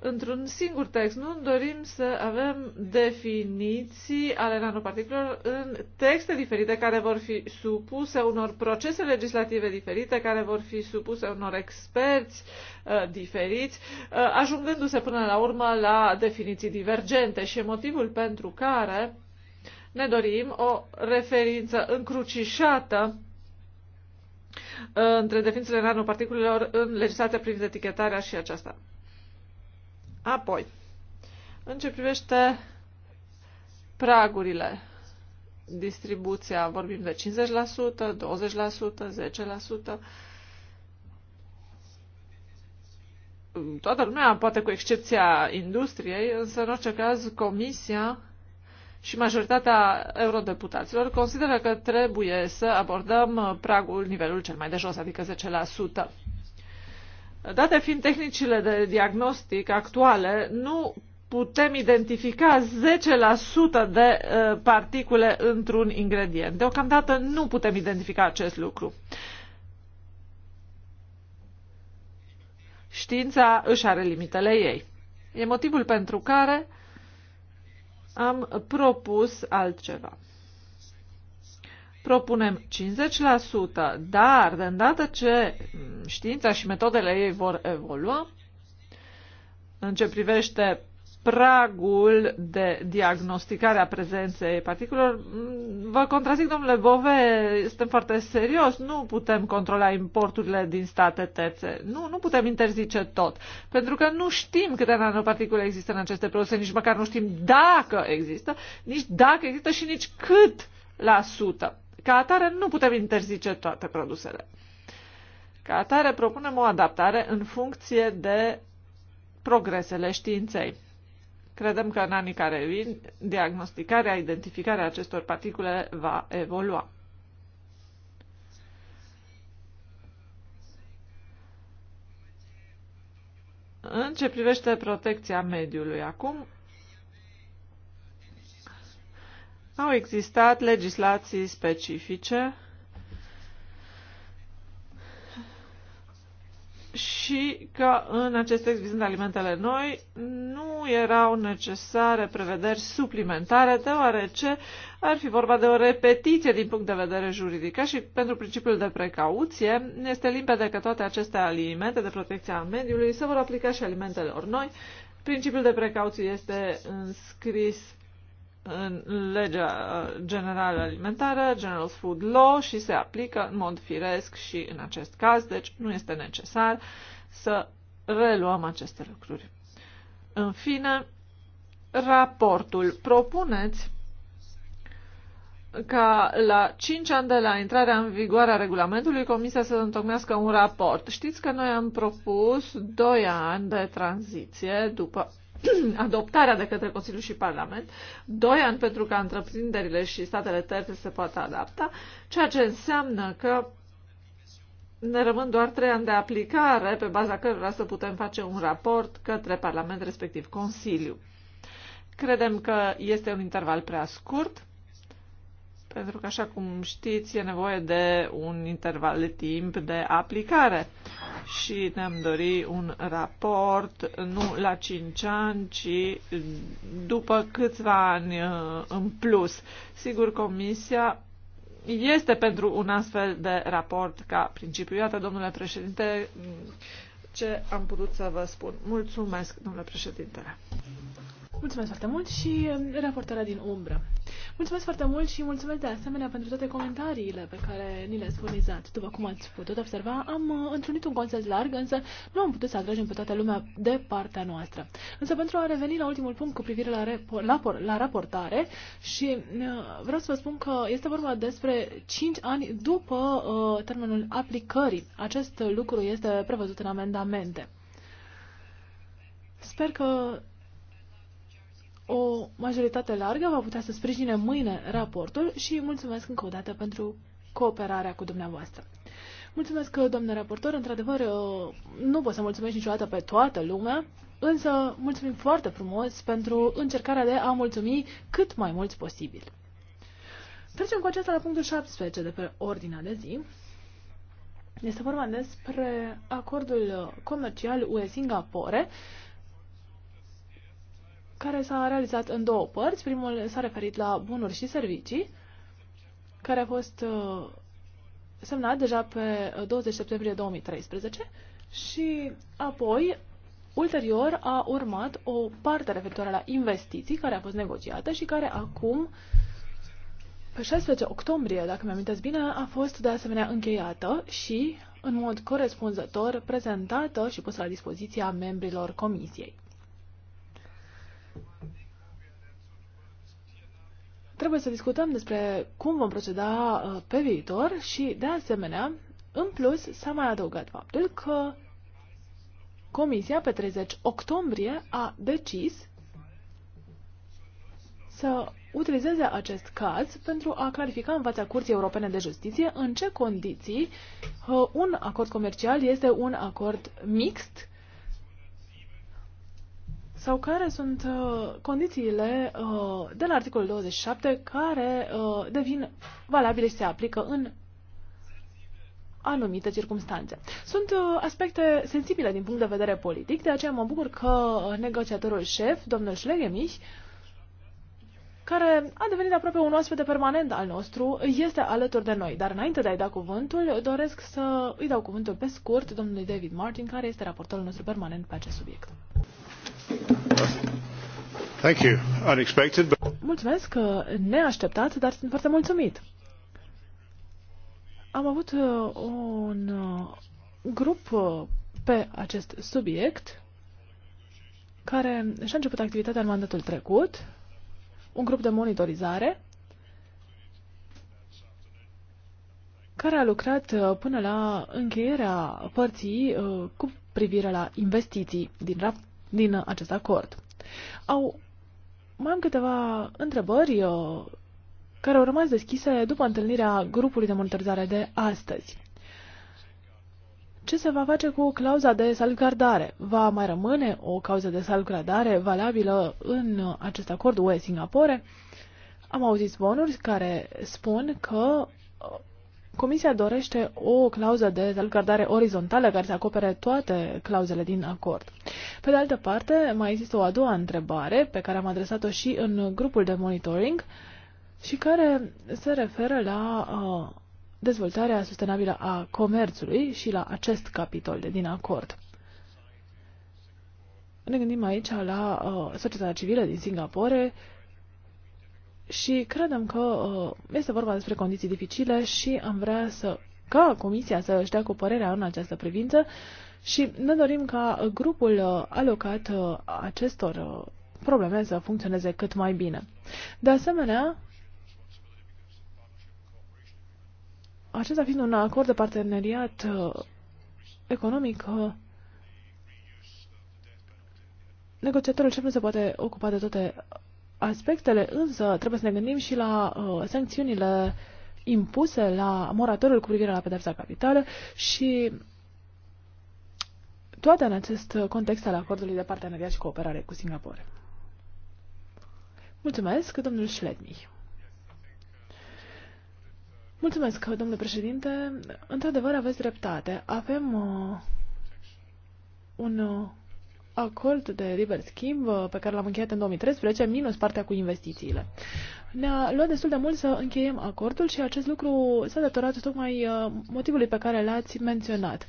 într-un singur text. Nu dorim să avem definiții ale nanoparticulelor în texte diferite care vor fi supuse unor procese legislative diferite, care vor fi supuse unor experți uh, diferiți, uh, ajungându-se până la urmă la definiții divergente și motivul pentru care ne dorim o referință încrucișată uh, între definițiile nanoparticulelor în legislația privind etichetarea și aceasta. Apoi, în ce privește pragurile, distribuția, vorbim de 50%, 20%, 10%, toată lumea, poate cu excepția industriei, însă în orice caz Comisia și majoritatea eurodeputaților consideră că trebuie să abordăm pragul nivelul cel mai de jos, adică 10%. Date fiind tehnicile de diagnostic actuale, nu putem identifica 10% de uh, particule într-un ingredient. Deocamdată nu putem identifica acest lucru. Știința își are limitele ei. E motivul pentru care am propus altceva propunem 50%, dar de îndată ce știința și metodele ei vor evolua, în ce privește pragul de diagnosticare a prezenței particulelor, vă contrazic, domnule Bove, suntem foarte serios, nu putem controla importurile din state terțe, nu, nu putem interzice tot, pentru că nu știm câte nanoparticule există în aceste produse, nici măcar nu știm dacă există, nici dacă există și nici cât la sută. Ca atare, nu putem interzice toate produsele. Ca atare, propunem o adaptare în funcție de progresele științei. Credem că în anii care vin, diagnosticarea, identificarea acestor particule va evolua. În ce privește protecția mediului acum, Au existat legislații specifice și că în acest text vizând alimentele noi nu erau necesare prevederi suplimentare, deoarece ar fi vorba de o repetiție din punct de vedere juridic. și pentru principiul de precauție, este limpede că toate aceste alimente de protecție a mediului se vor aplica și alimentelor noi. Principiul de precauție este înscris în legea uh, generală alimentară, General Food Law, și se aplică în mod firesc și în acest caz, deci nu este necesar să reluăm aceste lucruri. În fine, raportul. Propuneți ca la 5 ani de la intrarea în vigoare a regulamentului Comisia să întocmească un raport. Știți că noi am propus 2 ani de tranziție după *clears throat* adoptarea de către Consiliu și Parlament, doi ani pentru ca întreprinderile și statele terțe se poată adapta, ceea ce înseamnă că ne rămân doar trei ani de aplicare, pe baza cărora să putem face un raport către Parlament, respectiv Consiliu. Credem că este un interval prea scurt pentru că, așa cum știți, e nevoie de un interval de timp de aplicare și ne-am dorit un raport nu la 5 ani, ci după câțiva ani uh, în plus. Sigur, Comisia este pentru un astfel de raport ca principiu. Iată, domnule președinte, ce am putut să vă spun. Mulțumesc, domnule președinte. Mulțumesc foarte mult și um, raportarea din umbră. Mulțumesc foarte mult și mulțumesc de asemenea pentru toate comentariile pe care ni le-ați furnizat. După cum ați putut observa, am uh, întrunit un consens larg, însă nu am putut să atragem pe toată lumea de partea noastră. Însă pentru a reveni la ultimul punct cu privire la, repo, la, la raportare și uh, vreau să vă spun că este vorba despre 5 ani după uh, termenul aplicării. Acest lucru este prevăzut în amendamente. Sper că o majoritate largă va putea să sprijine mâine raportul și mulțumesc încă o dată pentru cooperarea cu dumneavoastră. Mulțumesc, domnule raportor. Într-adevăr, uh, nu pot să mulțumesc niciodată pe toată lumea, însă mulțumim foarte frumos pentru încercarea de a mulțumi cât mai mulți posibil. Trecem cu acesta la punctul 17 de pe ordinea de zi. Este vorba despre acordul comercial UE-Singapore care s-a realizat în două părți. Primul s-a referit la bunuri și servicii, care a fost uh, semnat deja pe 20 uh, septembrie 2013 și apoi, ulterior, a urmat o parte referitoare la investiții care a fost negociată și care acum, pe 16 octombrie, dacă mi-am bine, a fost de asemenea încheiată și, în mod corespunzător, prezentată și pusă la dispoziția membrilor comisiei. Trebuie să discutăm despre cum vom proceda uh, pe viitor și, de asemenea, în plus, s-a mai adăugat faptul că Comisia pe 30 octombrie a decis să utilizeze acest caz pentru a clarifica în fața Curții Europene de Justiție în ce condiții uh, un acord comercial este un acord mixt sau care sunt uh, condițiile uh, de la articolul 27 care uh, devin valabile și se aplică în anumite circunstanțe. Sunt uh, aspecte sensibile din punct de vedere politic, de aceea mă bucur că uh, negociatorul șef, domnul Schlegemich, care a devenit aproape un oaspete permanent al nostru, este alături de noi. Dar înainte de a-i da cuvântul, doresc să îi dau cuvântul pe scurt domnului David Martin, care este raportorul nostru permanent pe acest subiect. Thank you. Unexpected, but... Mulțumesc, uh, neașteptat, dar sunt foarte mulțumit. Am avut uh, un uh, grup pe acest subiect care și-a început activitatea în mandatul trecut, un grup de monitorizare care a lucrat până la încheierea părții cu privire la investiții din, raport din acest acord. Au, mai am câteva întrebări uh, care au rămas deschise după întâlnirea grupului de monitorizare de astăzi. Ce se va face cu clauza de salvgardare? Va mai rămâne o cauză de salvgardare valabilă în acest acord UE-Singapore? Am auzit zvonuri care spun că uh, Comisia dorește o clauză de salvgardare orizontală care să acopere toate clauzele din acord. Pe de altă parte, mai există o a doua întrebare pe care am adresat-o și în grupul de monitoring și care se referă la uh, dezvoltarea sustenabilă a comerțului și la acest capitol de din acord. Ne gândim aici la uh, societatea civilă din Singapore, uh, și credem că uh, este vorba despre condiții dificile și am vrea să ca Comisia să își dea cu părerea în această privință și ne dorim ca grupul uh, alocat uh, acestor probleme să funcționeze cât mai bine. De asemenea, acesta fiind un acord de parteneriat economic, negociatorul ce nu se poate ocupa de toate aspectele, însă trebuie să ne gândim și la uh, sancțiunile impuse la moratoriul cu privire la pedepsa capitală și toate în acest context al acordului de parteneriat și cooperare cu Singapore. Mulțumesc, domnul Șledmi. Mulțumesc, domnule președinte. Într-adevăr, aveți dreptate. Avem uh, un uh, acord de liber schimb uh, pe care l-am încheiat în 2013, minus partea cu investițiile. Ne-a luat destul de mult să încheiem acordul și acest lucru s-a datorat tocmai uh, motivului pe care l-ați menționat.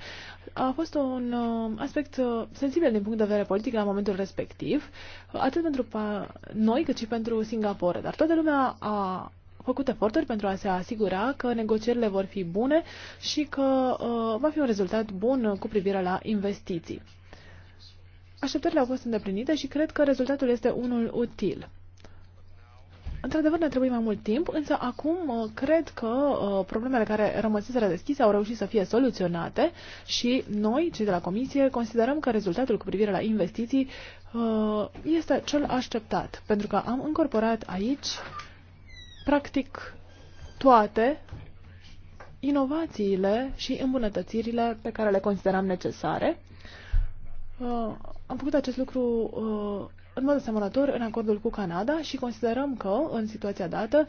A fost un uh, aspect sensibil din punct de vedere politic la momentul respectiv, atât pentru noi cât și pentru Singapore, dar toată lumea a făcut eforturi pentru a se asigura că negocierile vor fi bune și că uh, va fi un rezultat bun cu privire la investiții. Așteptările au fost îndeplinite și cred că rezultatul este unul util. Într-adevăr, ne trebuie mai mult timp, însă acum uh, cred că uh, problemele care rămăseseră deschise au reușit să fie soluționate și noi, cei de la Comisie, considerăm că rezultatul cu privire la investiții uh, este cel așteptat, pentru că am incorporat aici practic toate inovațiile și îmbunătățirile pe care le consideram necesare Uh, am făcut acest lucru uh, în mod asemănător în acordul cu Canada și considerăm că, în situația dată,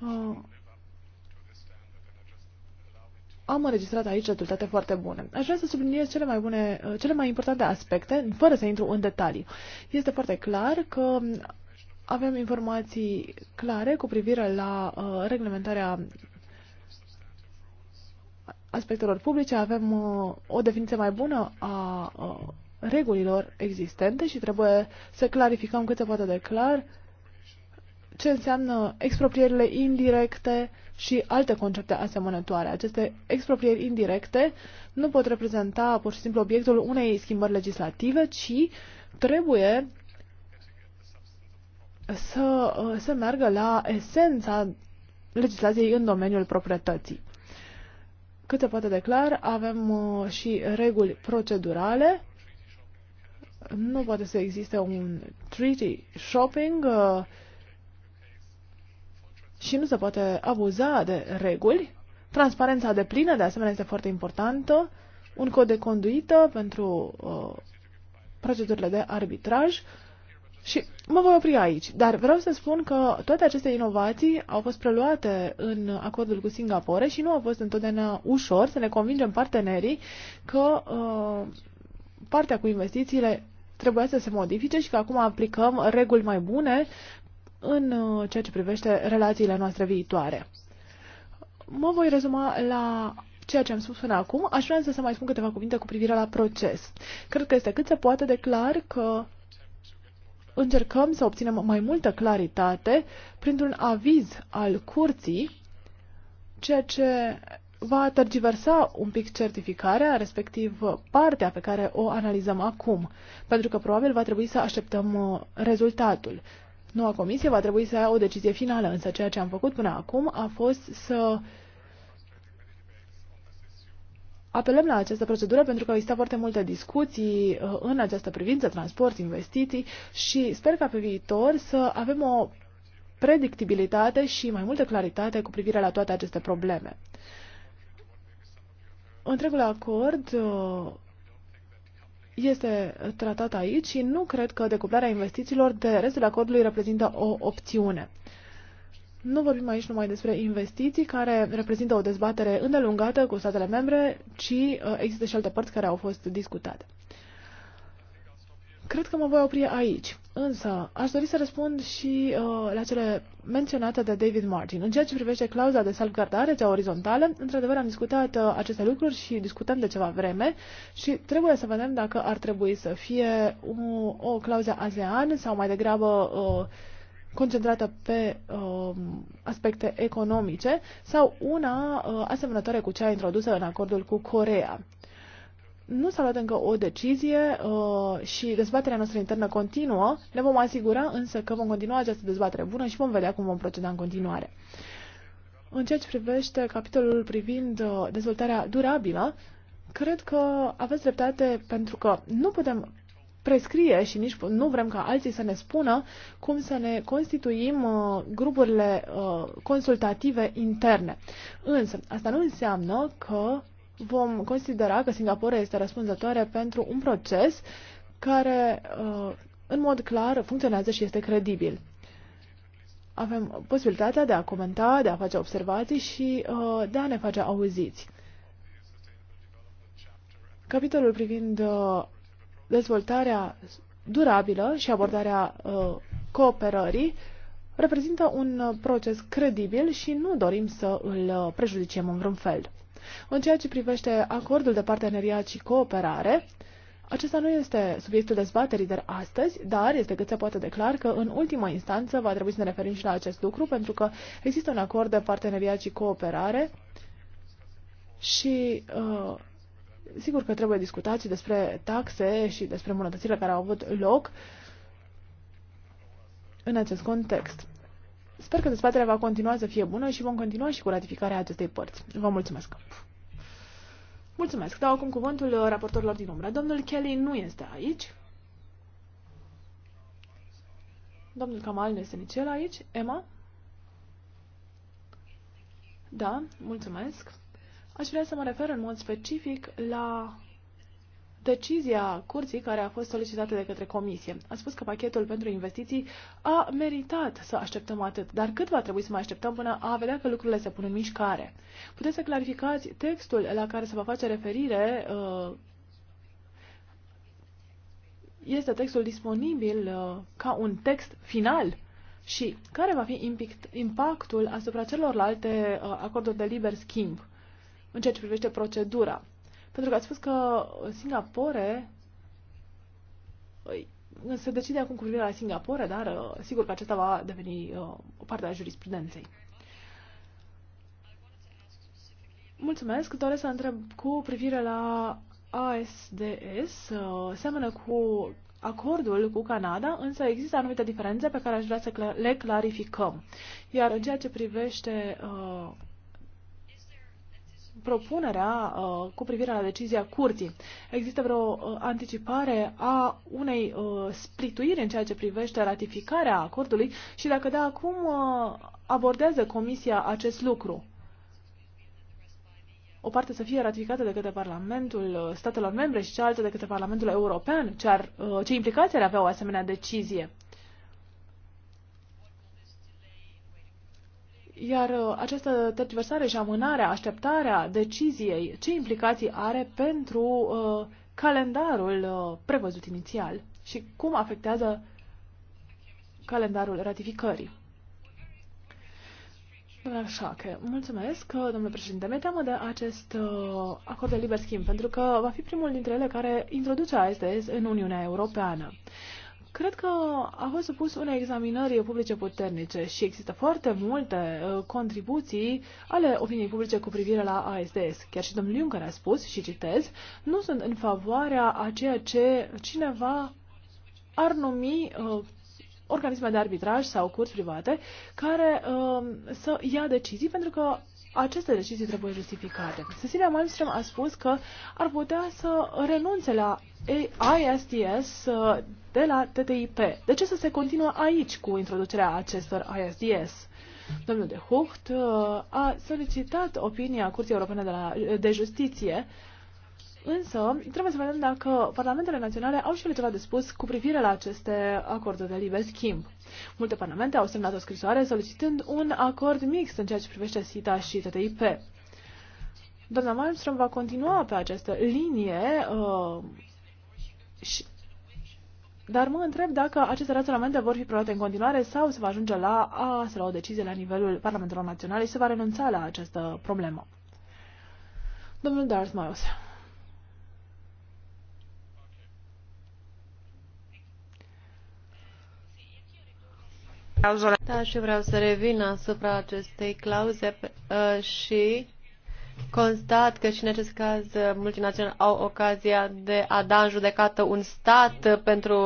uh, am înregistrat aici rezultate foarte bune. Aș vrea să subliniez cele mai, bune, uh, cele mai importante aspecte, fără să intru în detalii. Este foarte clar că avem informații clare cu privire la uh, reglementarea aspectelor publice, avem uh, o definiție mai bună a uh, regulilor existente și trebuie să clarificăm cât se poate de clar ce înseamnă exproprierile indirecte și alte concepte asemănătoare. Aceste exproprieri indirecte nu pot reprezenta pur și simplu obiectul unei schimbări legislative, ci trebuie să să meargă la esența legislației în domeniul proprietății. Cât se poate declar, avem uh, și reguli procedurale nu poate să existe un treaty shopping uh, și nu se poate abuza de reguli. Transparența de plină, de asemenea, este foarte importantă. Un cod de conduită pentru uh, procedurile de arbitraj. Și mă voi opri aici, dar vreau să spun că toate aceste inovații au fost preluate în acordul cu Singapore și nu a fost întotdeauna ușor să ne convingem partenerii că uh, partea cu investițiile trebuia să se modifice și că acum aplicăm reguli mai bune în uh, ceea ce privește relațiile noastre viitoare. Mă voi rezuma la ceea ce am spus până acum. Aș vrea să mai spun câteva cuvinte cu privire la proces. Cred că este cât se poate de clar că încercăm să obținem mai multă claritate printr-un aviz al curții, ceea ce va tergiversa un pic certificarea, respectiv partea pe care o analizăm acum, pentru că probabil va trebui să așteptăm uh, rezultatul. Noua comisie va trebui să ia o decizie finală, însă ceea ce am făcut până acum a fost să apelăm la această procedură pentru că au existat foarte multe discuții uh, în această privință, transport, investiții și sper ca pe viitor să avem o predictibilitate și mai multă claritate cu privire la toate aceste probleme întregul acord uh, este tratat aici și nu cred că decuplarea investițiilor de restul acordului reprezintă o opțiune. Nu vorbim aici numai despre investiții, care reprezintă o dezbatere îndelungată cu statele membre, ci uh, există și alte părți care au fost discutate. Cred că mă voi opri aici. Însă, aș dori să răspund și uh, la cele menționate de David Martin. În ceea ce privește clauza de salvgardare, cea orizontală, într-adevăr am discutat uh, aceste lucruri și discutăm de ceva vreme și trebuie să vedem dacă ar trebui să fie o, o clauză ASEAN sau mai degrabă uh, concentrată pe uh, aspecte economice sau una uh, asemănătoare cu cea introdusă în acordul cu Corea nu s-a luat încă o decizie uh, și dezbaterea noastră internă continuă. Ne vom asigura însă că vom continua această dezbatere bună și vom vedea cum vom proceda în continuare. În ceea ce privește capitolul privind uh, dezvoltarea durabilă, cred că aveți dreptate pentru că nu putem prescrie și nici nu vrem ca alții să ne spună cum să ne constituim uh, grupurile uh, consultative interne. Însă, asta nu înseamnă că vom considera că Singapore este răspunzătoare pentru un proces care, uh, în mod clar, funcționează și este credibil. Avem posibilitatea de a comenta, de a face observații și uh, de a ne face auziți. Capitolul privind uh, dezvoltarea durabilă și abordarea cooperării reprezintă un proces credibil și nu dorim să îl prejudiciem în vreun fel. În ceea ce privește acordul de parteneriat și cooperare, acesta nu este subiectul dezbaterii de astăzi, dar este cât se poate de clar că în ultima instanță va trebui să ne referim și la acest lucru, pentru că există un acord de parteneriat și cooperare și uh, sigur că trebuie discutat și despre taxe și despre îmbunătățirile care au avut loc în acest context. Sper că dezbaterea va continua să fie bună și vom continua și cu ratificarea acestei părți. Vă mulțumesc! Mulțumesc! Dau acum cuvântul raportorilor din umbră. Domnul Kelly nu este aici. Domnul Kamal nu este nici el aici. Emma? Da, mulțumesc. Aș vrea să mă refer în mod specific la decizia curții care a fost solicitată de către comisie. A spus că pachetul pentru investiții a meritat să așteptăm atât, dar cât va trebui să mai așteptăm până a vedea că lucrurile se pun în mișcare? Puteți să clarificați textul la care se va face referire? Uh, este textul disponibil uh, ca un text final? Și care va fi impactul asupra celorlalte uh, acorduri de liber schimb în ceea ce privește procedura? Pentru că ați spus că Singapore se decide acum cu privire la Singapore, dar uh, sigur că acesta va deveni uh, o parte a jurisprudenței. Mulțumesc. Doresc să întreb cu privire la ASDS, uh, seamănă cu acordul cu Canada, însă există anumite diferențe pe care aș vrea să le clarificăm. Iar în ceea ce privește uh, propunerea uh, cu privire la decizia curții. Există vreo uh, anticipare a unei uh, splituiri în ceea ce privește ratificarea acordului și dacă da, acum uh, abordează Comisia acest lucru? O parte să fie ratificată de către Parlamentul uh, statelor membre și cealaltă de către Parlamentul European. Ce, ar, uh, ce implicații ar avea o asemenea decizie? Iar uh, această tergiversare și amânarea, așteptarea deciziei, ce implicații are pentru uh, calendarul uh, prevăzut inițial și cum afectează calendarul ratificării? Domnule Șache, mulțumesc, uh, domnule președinte. Mi-e teamă de acest uh, acord de liber schimb, pentru că va fi primul dintre ele care introduce ASDS în Uniunea Europeană. Cred că a fost supus unei examinări publice puternice și există foarte multe uh, contribuții ale opiniei publice cu privire la ASDS. Chiar și domnul Juncker a spus, și citez, nu sunt în favoarea a ceea ce cineva ar numi uh, organisme de arbitraj sau curți private care uh, să ia decizii pentru că aceste decizii trebuie justificate. Cecilia Malmström a spus că ar putea să renunțe la ISDS de la TTIP. De ce să se continuă aici cu introducerea acestor ISDS? Domnul de Hucht uh, a solicitat opinia Curții Europene de, la, de Justiție, însă trebuie să vedem dacă parlamentele naționale au și ele ceva de spus cu privire la aceste acorduri de liber schimb. Multe parlamente au semnat o scrisoare solicitând un acord mixt în ceea ce privește SITA și TTIP. Doamna Malmström va continua pe această linie uh, și dar mă întreb dacă aceste raționamente vor fi preluate în continuare sau se va ajunge la a se lua o decizie la nivelul Parlamentelor Naționale și se va renunța la această problemă. Domnul Darth Miles. Da, și vreau să revin asupra acestei clauze uh, și Constat că și în acest caz uh, multinaționale au ocazia de a da în judecată un stat uh, pentru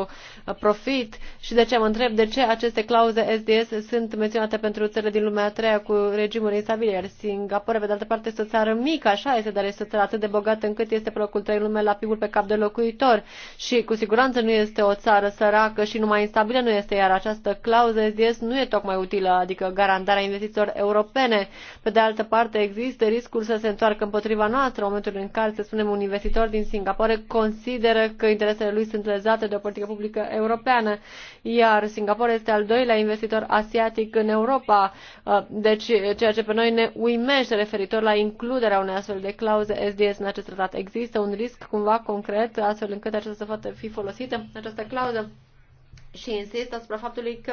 uh, profit și de ce mă întreb de ce aceste clauze SDS sunt menționate pentru țările din lumea a treia cu regimuri instabile, iar Singapore, pe de altă parte, este o țară mică, așa este, dar este o țară atât de bogată încât este pe locul trei lume la pib pe cap de locuitor și cu siguranță nu este o țară săracă și numai instabilă nu este, iar această clauză SDS nu e tocmai utilă, adică garantarea investițiilor europene. Pe de altă parte, există riscul să se întoarcă împotriva noastră în momentul în care, să spunem, un investitor din Singapore consideră că interesele lui sunt lezate de o politică publică europeană, iar Singapore este al doilea investitor asiatic în Europa, uh, deci ceea ce pe noi ne uimește referitor la includerea unei astfel de clauze SDS în acest tratat. Există un risc cumva concret astfel încât acesta să poată fi folosită, această clauză? și insist asupra faptului că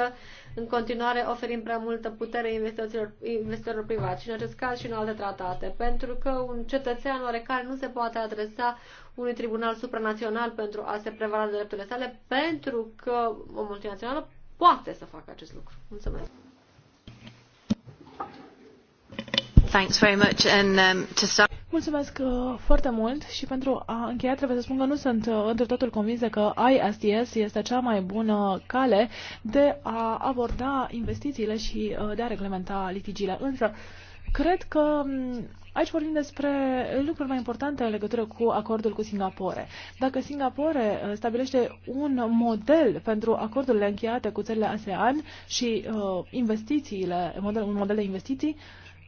în continuare oferim prea multă putere investitorilor, investitorilor privați și în acest caz și în alte tratate, pentru că un cetățean oarecare nu se poate adresa unui tribunal supranațional pentru a se prevala de drepturile sale, pentru că o multinațională poate să facă acest lucru. Mulțumesc! Um, Mulțumesc uh, foarte mult și pentru a încheia trebuie să spun că nu sunt uh, într totul convinsă că ISDS este cea mai bună cale de a aborda investițiile și uh, de a reglementa litigiile. Însă, cred că um, Aici vorbim despre lucruri mai importante în legătură cu acordul cu Singapore. Dacă Singapore stabilește un model pentru acordurile încheiate cu țările ASEAN și investițiile, un model de investiții,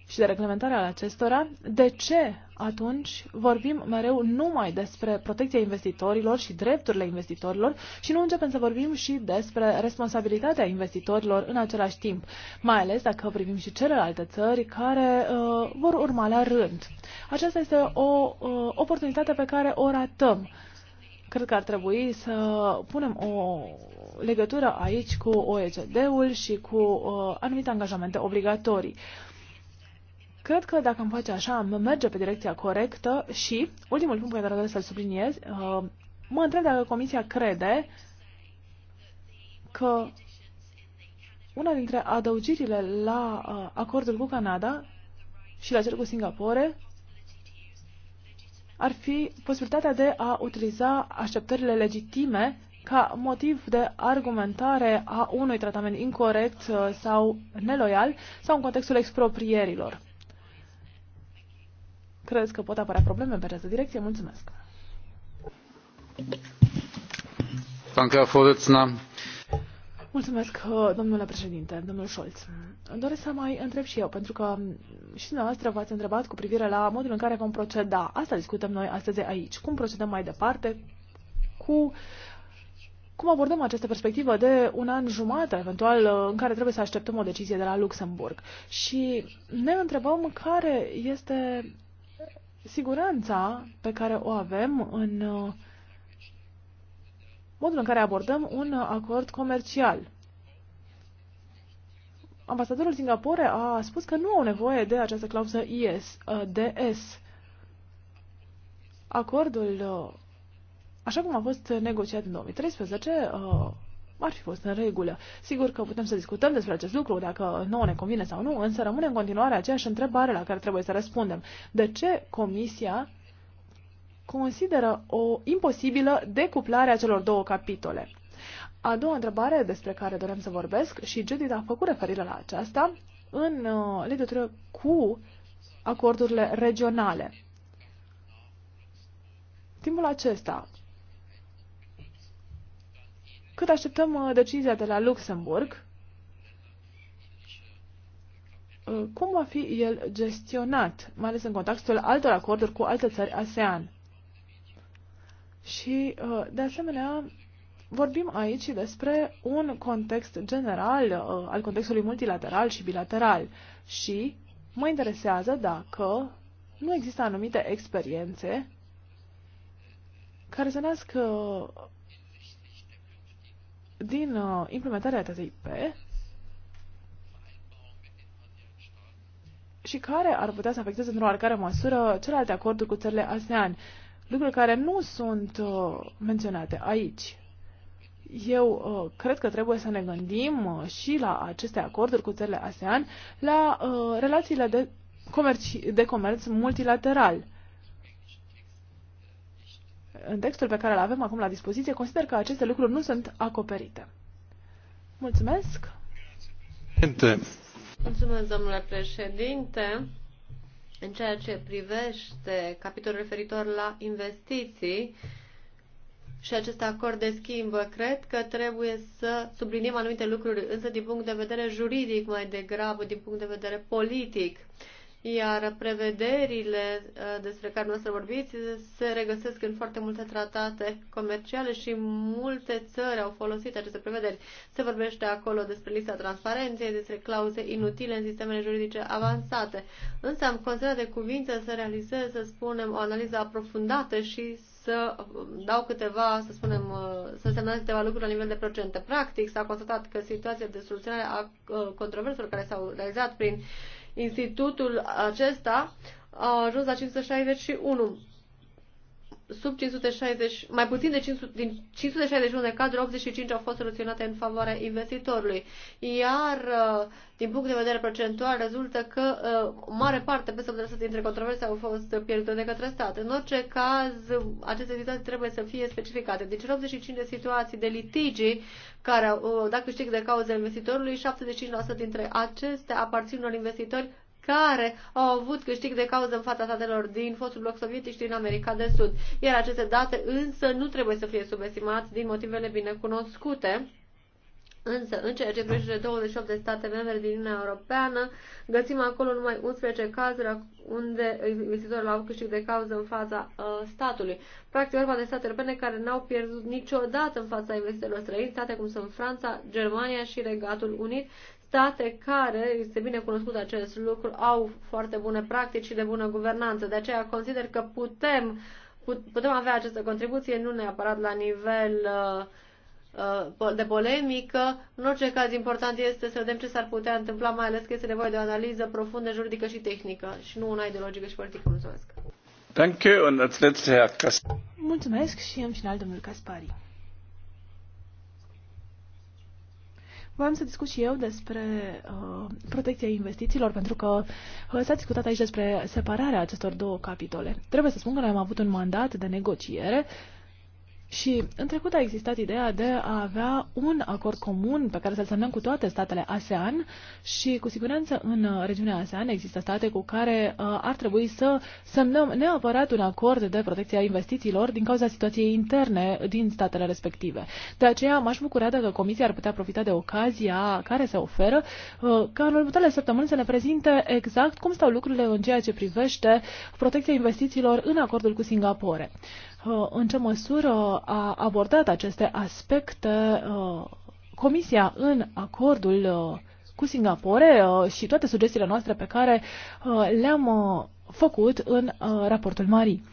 și de reglementarea acestora, de ce atunci vorbim mereu numai despre protecția investitorilor și drepturile investitorilor și nu începem să vorbim și despre responsabilitatea investitorilor în același timp, mai ales dacă privim și celelalte țări care uh, vor urma la rând. Aceasta este o uh, oportunitate pe care o ratăm. Cred că ar trebui să punem o legătură aici cu OECD-ul și cu uh, anumite angajamente obligatorii. Uh, Cred că dacă am face așa, am merge pe direcția corectă și, ultimul punct pe care trebuie să-l subliniez, uh, mă întreb dacă Comisia crede că una dintre adăugirile la uh, acordul cu Canada și la cel cu Singapore ar fi posibilitatea de a utiliza așteptările legitime ca motiv de argumentare a unui tratament incorrect uh, sau neloial sau în contextul exproprierilor. Cred că pot apărea probleme pe această direcție. Mulțumesc. Mulțumesc, uh, domnule președinte, domnul Scholz. Doresc să mai întreb și eu, pentru că și dumneavoastră v-ați întrebat cu privire la modul în care vom proceda. Asta discutăm noi astăzi aici. Cum procedăm mai departe cu cum abordăm această perspectivă de un an jumate, eventual, uh, în care trebuie să așteptăm o decizie de la Luxemburg? Și ne întrebăm care este siguranța pe care o avem în uh, modul în care abordăm un acord comercial. Ambasadorul Singapore a spus că nu au nevoie de această clauză IS, uh, DS. Acordul, uh, așa cum a fost negociat în 2013, ar fi fost în regulă. Sigur că putem să discutăm despre acest lucru, dacă nouă ne convine sau nu, însă rămâne în continuare aceeași întrebare la care trebuie să răspundem. De ce Comisia consideră o imposibilă decuplare a celor două capitole? A doua întrebare despre care doream să vorbesc și Judith a făcut referire la aceasta în uh, legătură cu acordurile regionale. Timpul acesta, cât așteptăm uh, decizia de la Luxemburg, uh, cum va fi el gestionat, mai ales în contextul altor acorduri cu alte țări ASEAN. Și, uh, de asemenea, vorbim aici despre un context general al contextului multilateral și bilateral și mă interesează dacă nu există anumite experiențe care să nască din uh, implementarea TTIP și care ar putea să afecteze într-o oarecare măsură celelalte acorduri cu țările ASEAN, lucruri care nu sunt uh, menționate aici. Eu uh, cred că trebuie să ne gândim uh, și la aceste acorduri cu țările ASEAN, la uh, relațiile de comerci, de comerț multilateral în textul pe care îl avem acum la dispoziție, consider că aceste lucruri nu sunt acoperite. Mulțumesc! Mulțumesc, domnule președinte! În ceea ce privește capitolul referitor la investiții și acest acord de schimb, cred că trebuie să subliniem anumite lucruri, însă din punct de vedere juridic mai degrabă, din punct de vedere politic. Uh, iar prevederile uh, despre care noastră vorbiți se regăsesc în foarte multe tratate comerciale și multe țări au folosit aceste prevederi. Se vorbește acolo despre lista transparenței, despre clauze inutile în sistemele juridice avansate. Însă am considerat de cuvință să realizez, să spunem, o analiză aprofundată și să um, dau câteva, să spunem, uh, să semnăm câteva lucruri la nivel de procente. Practic, s-a constatat că situația de soluționare a uh, controverselor care s-au realizat prin Institutul acesta a ajuns la 561 sub 560, mai puțin de 500, din 561 de cazuri, 85 au fost soluționate în favoarea investitorului. Iar, uh, din punct de vedere procentual, rezultă că o uh, mare parte, peste 80% dintre controverse au fost pierdute de către stat. În orice caz, aceste situații trebuie să fie specificate. Deci, 85 de situații de litigi care au uh, dat câștig de cauza investitorului, 75% dintre acestea aparțin unor investitori care au avut câștig de cauză în fața statelor din fostul bloc sovietic și din America de Sud. Iar aceste date însă nu trebuie să fie subestimați din motivele binecunoscute. Însă, în ceea ce privește 28 de state membre din Uniunea Europeană, găsim acolo numai 11 cazuri unde investitorii au câștig de cauză în fața uh, statului. Practic, vorba de state europene care n-au pierdut niciodată în fața investitorilor străini, state cum sunt Franța, Germania și Regatul Unit, state care, este bine cunoscut acest lucru, au foarte bune practici și de bună guvernanță. De aceea consider că putem, putem avea această contribuție, nu neapărat la nivel uh, uh, de polemică. În orice caz, important este să vedem ce s-ar putea întâmpla, mai ales că este nevoie de o analiză profundă, juridică și tehnică și nu una ideologică și politică. Mulțumesc! Danke und als letzter Herr Mulțumesc și am final domnul Caspari. Vreau să discut și eu despre uh, protecția investițiilor, pentru că uh, s-a discutat aici despre separarea acestor două capitole. Trebuie să spun că noi am avut un mandat de negociere uh, și în trecut a existat ideea de a avea un acord comun pe care să-l semnăm cu toate statele ASEAN și cu siguranță în uh, regiunea ASEAN există state cu care uh, ar trebui să semnăm neapărat un acord de protecție a investițiilor din cauza situației interne din statele respective. De aceea m-aș bucura dacă Comisia ar putea profita de ocazia care se oferă uh, ca în următoarele săptămâni să ne prezinte exact cum stau lucrurile în ceea ce privește protecția investițiilor în acordul cu Singapore. Uh, în ce măsură a abordat aceste aspecte uh, Comisia în acordul uh, cu Singapore și toate sugestiile noastre pe care le-am făcut în raportul Marii.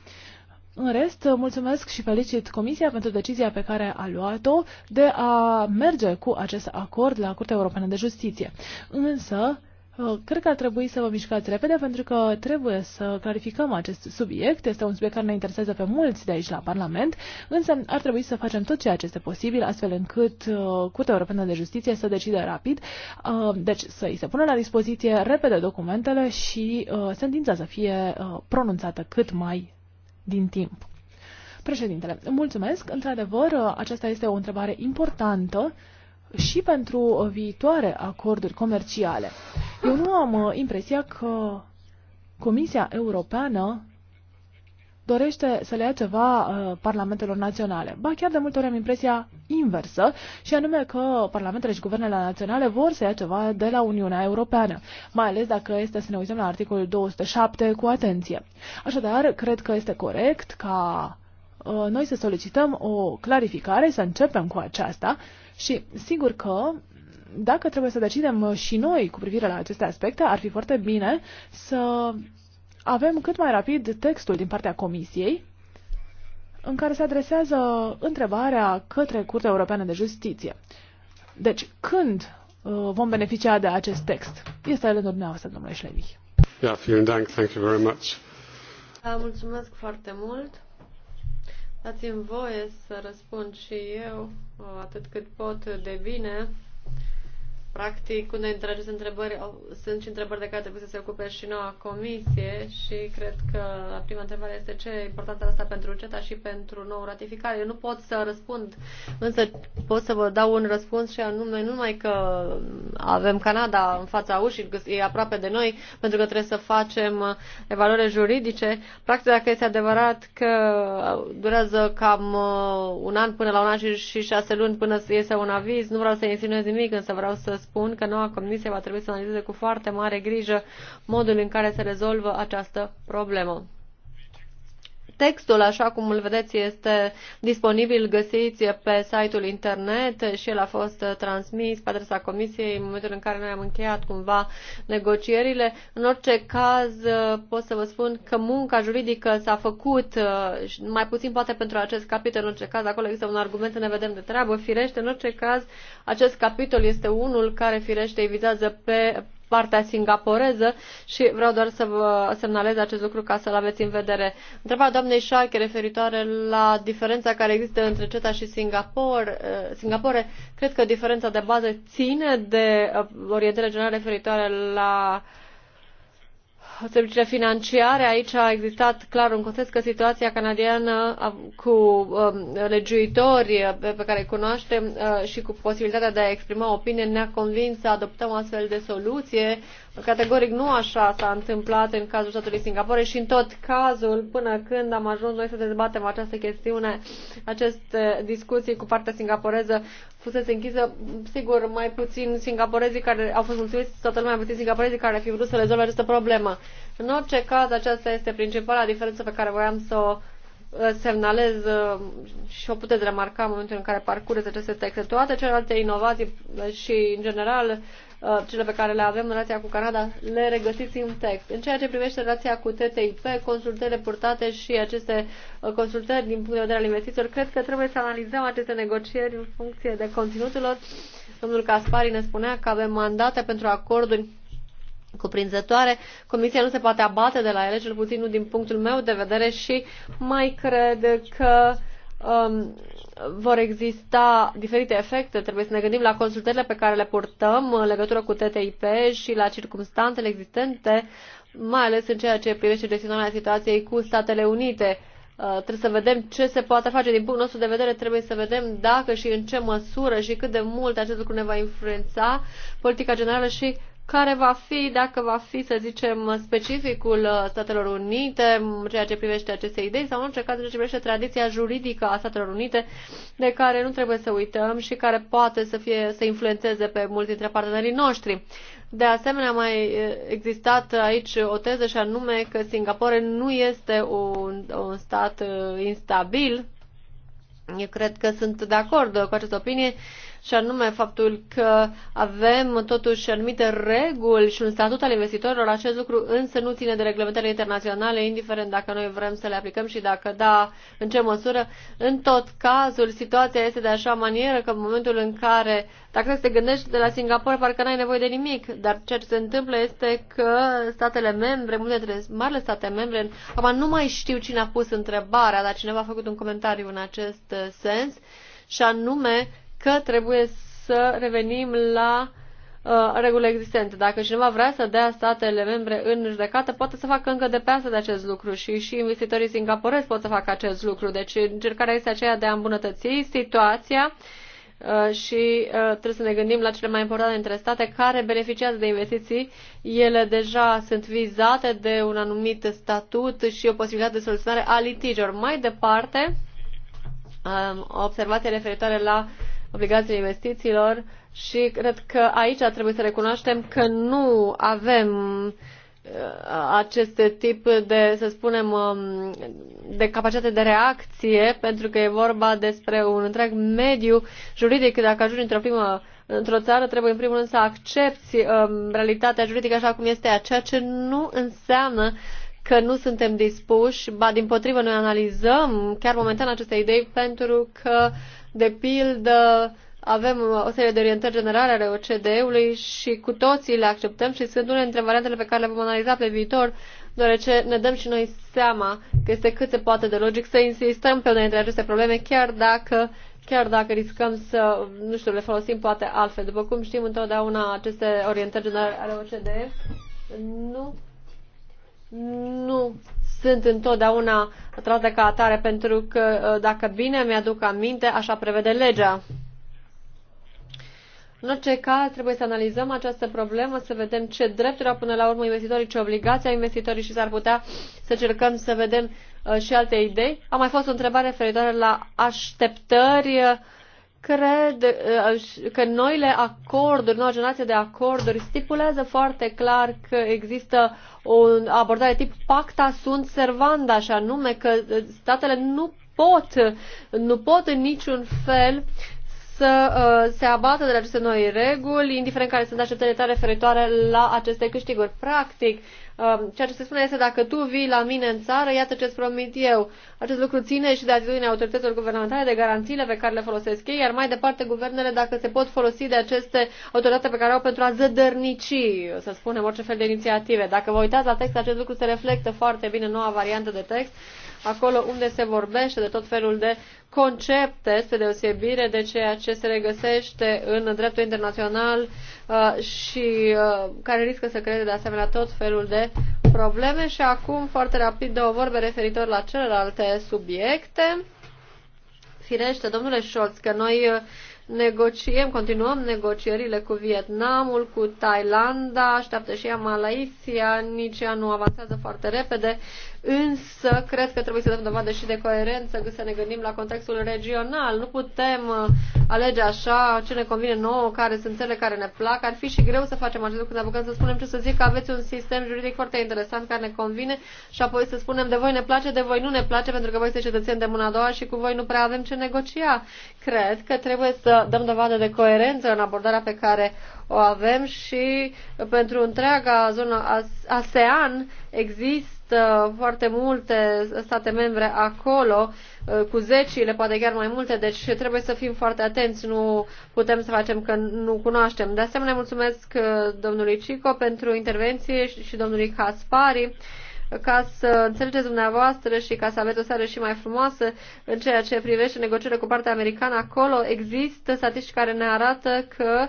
În rest, mulțumesc și felicit Comisia pentru decizia pe care a luat-o de a merge cu acest acord la Curtea Europeană de Justiție. Însă, Uh, cred că ar trebui să vă mișcați repede pentru că trebuie să clarificăm acest subiect. Este un subiect care ne interesează pe mulți de aici la Parlament, însă ar trebui să facem tot ceea ce este posibil astfel încât uh, Curtea Europeană de Justiție să decide rapid, uh, deci să îi se pună la dispoziție repede documentele și sentința să fie pronunțată cât mai din timp. Președintele, mulțumesc. Într-adevăr, aceasta este o întrebare importantă și pentru uh, viitoare acorduri comerciale. Eu nu am uh, impresia că Comisia Europeană dorește să le ia ceva uh, parlamentelor naționale. Ba chiar de multe ori am impresia inversă și anume că parlamentele și guvernele naționale vor să ia ceva de la Uniunea Europeană, mai ales dacă este să ne uităm la articolul 207 cu atenție. Așadar, cred că este corect ca noi să solicităm o clarificare, să începem cu aceasta și sigur că dacă trebuie să decidem și noi cu privire la aceste aspecte, ar fi foarte bine să avem cât mai rapid textul din partea Comisiei în care se adresează întrebarea către Curtea Europeană de Justiție. Deci, când uh, vom beneficia de acest text? Este ale dumneavoastră, domnule Șlevi. Yeah, Thank you very much. Mulțumesc foarte mult. Dați-mi voie să răspund și eu atât cât pot de bine Practic, unele dintre aceste întrebări sunt și întrebări de care trebuie să se ocupe și noua comisie și cred că la prima întrebare este ce e importantă asta pentru CETA și pentru nou ratificare. Eu nu pot să răspund, însă pot să vă dau un răspuns și anume nu numai că avem Canada în fața ușii, e aproape de noi, pentru că trebuie să facem evaluare juridice. Practic, dacă este adevărat că durează cam uh, un an până la un an și șase luni până să iese un aviz, nu vreau să insinuez nimic, însă vreau să spun că noua comisie va trebui să analizeze cu foarte mare grijă modul în care se rezolvă această problemă. Textul, așa cum îl vedeți, este disponibil, găsiți pe site-ul internet și el a fost transmis pe adresa Comisiei în momentul în care noi am încheiat cumva negocierile. În orice caz, pot să vă spun că munca juridică s-a făcut, mai puțin poate pentru acest capitol, în orice caz, acolo există un argument ne vedem de treabă, firește, în orice caz, acest capitol este unul care, firește, vizează pe partea singaporeză și vreau doar să vă semnalez acest lucru ca să-l aveți în vedere. Întreba doamnei Șache referitoare la diferența care există între CETA și Singapore, eh, Singapore cred că diferența de bază ține de eh, orientările generale referitoare la uh, serviciile financiare, aici a existat clar un consens că situația canadiană cu um, legiuitori uh, pe care îi cunoaștem uh, și cu posibilitatea de a exprima opinie ne-a convins să adoptăm astfel de soluție Categoric nu așa s-a întâmplat în cazul statului Singapore și în tot cazul, până când am ajuns noi să dezbatem această chestiune, aceste discuții cu partea singaporeză fusese închisă, sigur, mai puțin singaporezii care au fost mulțumiți, toată lumea, mai puțin singaporezii care ar fi vrut să rezolve această problemă. În orice caz, aceasta este principala diferență pe care voiam să o uh, semnalez uh, și o puteți remarca în momentul în care parcurgeți aceste texte. Toate celelalte inovații uh, și, în general, Uh, cele pe care le avem în relația cu Canada, le regăsiți în text. În ceea ce privește relația cu TTIP, consultările purtate și aceste uh, consultări din punct de vedere al investițiilor, cred că trebuie să analizăm aceste negocieri în funcție de conținutul lor. Domnul Caspari ne spunea că avem mandate pentru acorduri cuprinzătoare. Comisia nu se poate abate de la ele, cel puțin nu din punctul meu de vedere și mai cred că um, vor exista diferite efecte. Trebuie să ne gândim la consultările pe care le purtăm în legătură cu TTIP și la circumstanțele existente, mai ales în ceea ce privește gestionarea situației cu Statele Unite. Uh, trebuie să vedem ce se poate face. Din punctul nostru de vedere, trebuie să vedem dacă și în ce măsură și cât de mult acest lucru ne va influența politica generală și care va fi, dacă va fi, să zicem, specificul uh, Statelor Unite în ceea ce privește aceste idei sau în orice caz în ceea ce privește tradiția juridică a Statelor Unite de care nu trebuie să uităm și care poate să, fie, să influențeze pe mulți dintre partenerii noștri. De asemenea, a mai uh, existat aici o teză și anume că Singapore nu este un, un stat uh, instabil. Eu cred că sunt de acord cu această opinie și anume faptul că avem totuși anumite reguli și un statut al investitorilor, acest lucru însă nu ține de reglementările internaționale, indiferent dacă noi vrem să le aplicăm și dacă da, în ce măsură. În tot cazul, situația este de așa manieră că în momentul în care, dacă te gândești de la Singapore, parcă n-ai nevoie de nimic, dar ceea ce se întâmplă este că statele membre, multe dintre marile state membre, acum nu mai știu cine a pus întrebarea, dar cineva a făcut un comentariu în acest sens, și anume că trebuie să revenim la uh, regulile existente. Dacă cineva vrea să dea statele membre în judecată, poate să facă încă de pe asta de acest lucru și și investitorii singaporezi pot să facă acest lucru. Deci încercarea este aceea de a îmbunătăți situația uh, și uh, trebuie să ne gândim la cele mai importante dintre state care beneficiază de investiții. Ele deja sunt vizate de un anumit statut și o posibilitate de soluționare a litigiilor. Mai departe, um, observații referitoare la obligațiile investițiilor și cred că aici trebuie să recunoaștem că nu avem uh, acest tip de, să spunem, um, de capacitate de reacție, pentru că e vorba despre un întreg mediu juridic. Dacă ajungi într-o primă într-o țară trebuie în primul rând să accepti um, realitatea juridică așa cum este aceea, ceea ce nu înseamnă că nu suntem dispuși, ba din potrivă noi analizăm chiar momentan aceste idei pentru că uh, de pildă, avem o serie de orientări generale ale OCDE-ului și cu toții le acceptăm și sunt unele dintre variantele pe care le vom analiza pe viitor, deoarece ne dăm și noi seama că este cât se poate de logic să insistăm pe una dintre aceste probleme, chiar dacă chiar dacă riscăm să, nu știu, le folosim poate altfel. După cum știm, întotdeauna aceste orientări generale ale OCDE nu, nu sunt întotdeauna tratate ca atare, pentru că, uh, dacă bine mi-aduc aminte, așa prevede legea. În orice caz, trebuie să analizăm această problemă, să vedem ce drepturi au până la urmă investitorii, ce obligații au investitorii și s-ar putea să cercăm să vedem uh, și alte idei. A mai fost o întrebare referitoare la așteptări. Uh, cred uh, că noile acorduri, noua generație de acorduri stipulează foarte clar că există o abordare tip pacta sunt servanda, așa nume că uh, statele nu pot, nu pot în niciun fel să uh, se abată de la aceste noi reguli, indiferent care sunt așteptările tale referitoare la aceste câștiguri. Practic, Um, ceea ce se spune este dacă tu vii la mine în țară, iată ce-ți promit eu. Acest lucru ține și de atitudinea autorităților guvernamentale, de garanțiile pe care le folosesc ei, iar mai departe guvernele dacă se pot folosi de aceste autoritate pe care au pentru a zădărnici, să spunem, orice fel de inițiative. Dacă vă uitați la text, acest lucru se reflectă foarte bine în noua variantă de text, acolo unde se vorbește de tot felul de concepte, spre deosebire de ceea ce se regăsește în dreptul internațional Uh, și uh, care riscă să creeze de asemenea tot felul de probleme. Și acum, foarte rapid, două vorbe referitor la celelalte subiecte. Firește, domnule Scholz, că noi uh, negociem, continuăm negocierile cu Vietnamul, cu Thailanda, așteaptă și ea Malaysia, nici ea nu avansează foarte repede însă cred că trebuie să dăm dovadă și de coerență când să ne gândim la contextul regional. Nu putem uh, alege așa ce ne convine nouă, care sunt țările care ne plac. Ar fi și greu să facem acest lucru când apucăm să spunem ce să zic, că aveți un sistem juridic foarte interesant care ne convine și apoi să spunem de voi ne place, de voi nu ne place, pentru că voi sunteți cetățeni de mâna a doua și cu voi nu prea avem ce negocia. Cred că trebuie să dăm dovadă de coerență în abordarea pe care o avem și uh, pentru întreaga zonă ASEAN există Uh, foarte multe state membre acolo, uh, cu zecile, poate chiar mai multe, deci trebuie să fim foarte atenți, nu putem să facem că nu cunoaștem. De asemenea, mulțumesc uh, domnului Cico pentru intervenție și domnului Caspari ca să înțelegeți dumneavoastră și ca să aveți o seară și mai frumoasă în ceea ce privește negocierile cu partea americană. Acolo există statistici care ne arată că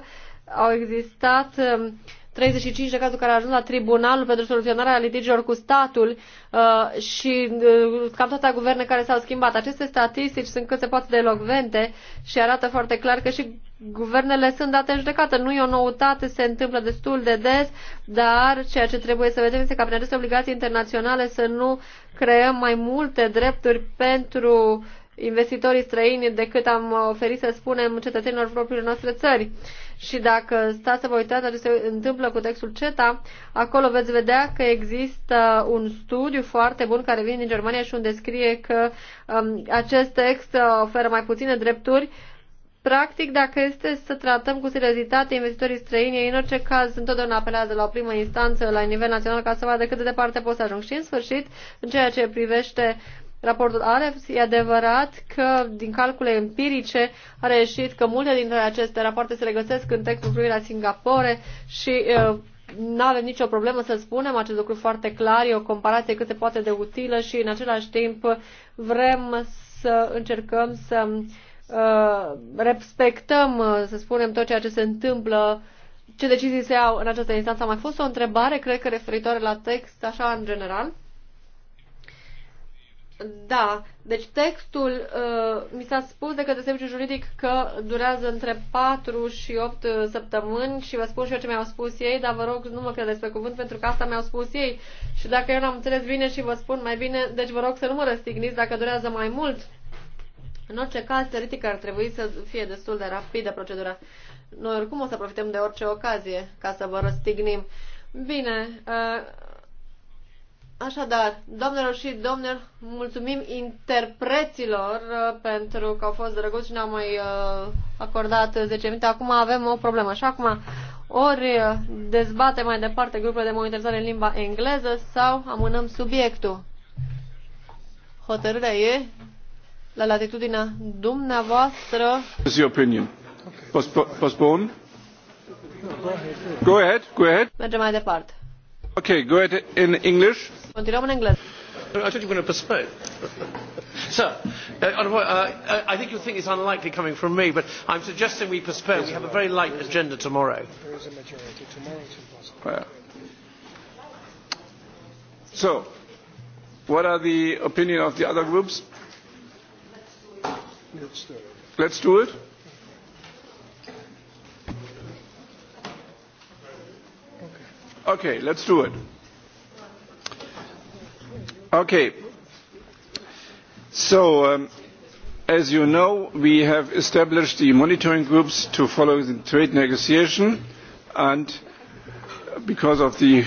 au existat uh, 35 de cazuri care au ajuns la Tribunalul pentru soluționarea litigiilor cu statul uh, și uh, cam toate guverne care s-au schimbat. Aceste statistici sunt cât se poate de elocvente și arată foarte clar că și guvernele sunt date în judecată. Nu e o noutate, se întâmplă destul de des, dar ceea ce trebuie să vedem este că prin aceste obligații internaționale să nu creăm mai multe drepturi pentru investitorii străini decât am oferit, să spunem, cetățenilor propriilor noastre țări. Și dacă stați să vă uitați ce se întâmplă cu textul CETA, acolo veți vedea că există un studiu foarte bun care vine din Germania și unde scrie că um, acest text uh, oferă mai puține drepturi Practic, dacă este să tratăm cu seriozitate investitorii străini, ei în orice caz întotdeauna apelează la o primă instanță la nivel național ca să vadă cât de departe pot să ajung. Și în sfârșit, în ceea ce privește raportul Aref, e adevărat că din calcule empirice a reieșit că multe dintre aceste rapoarte se regăsesc în textul privind la Singapore și nu avem nicio problemă să spunem acest lucru foarte clar, e o comparație cât se poate de utilă și în același timp vrem să încercăm să uh, respectăm, să spunem, tot ceea ce se întâmplă ce decizii se iau în această instanță? A mai fost o întrebare, cred că referitoare la text, așa în general? Da, deci textul, uh, mi s-a spus de către serviciul juridic că durează între 4 și 8 uh, săptămâni și vă spun și eu ce mi-au spus ei, dar vă rog nu mă credeți pe cuvânt pentru că asta mi-au spus ei și dacă eu n-am înțeles bine și vă spun mai bine, deci vă rog să nu mă răstigniți dacă durează mai mult. În orice caz, teoretic ar trebui să fie destul de rapidă procedura. Noi oricum o să profităm de orice ocazie ca să vă răstignim. Bine, uh, Așadar, doamnelor și domnilor, mulțumim interpreților uh, pentru că au fost drăguți și ne-au mai uh, acordat 10 uh, minute. Acum avem o problemă. Așa acum ori dezbate mai departe grupul de monitorizare în limba engleză sau amânăm subiectul. Hotărârea e la latitudinea dumneavoastră. What's your opinion? Postpone? Go ahead, go ahead. Mergem mai departe. Okay, go ahead in English. Continuăm în engleză. I thought you were going to postpone. so, uh, uh I think you think it's unlikely coming from me, but I'm suggesting we postpone. We have a very light agenda tomorrow. There is a majority. Tomorrow it's impossible. Well. So, what are the opinion of the other groups? Let's do it. Let's do it. Okay, let's do it. Um, as you know, we have established the monitoring groups to follow the trade negotiation, and because of the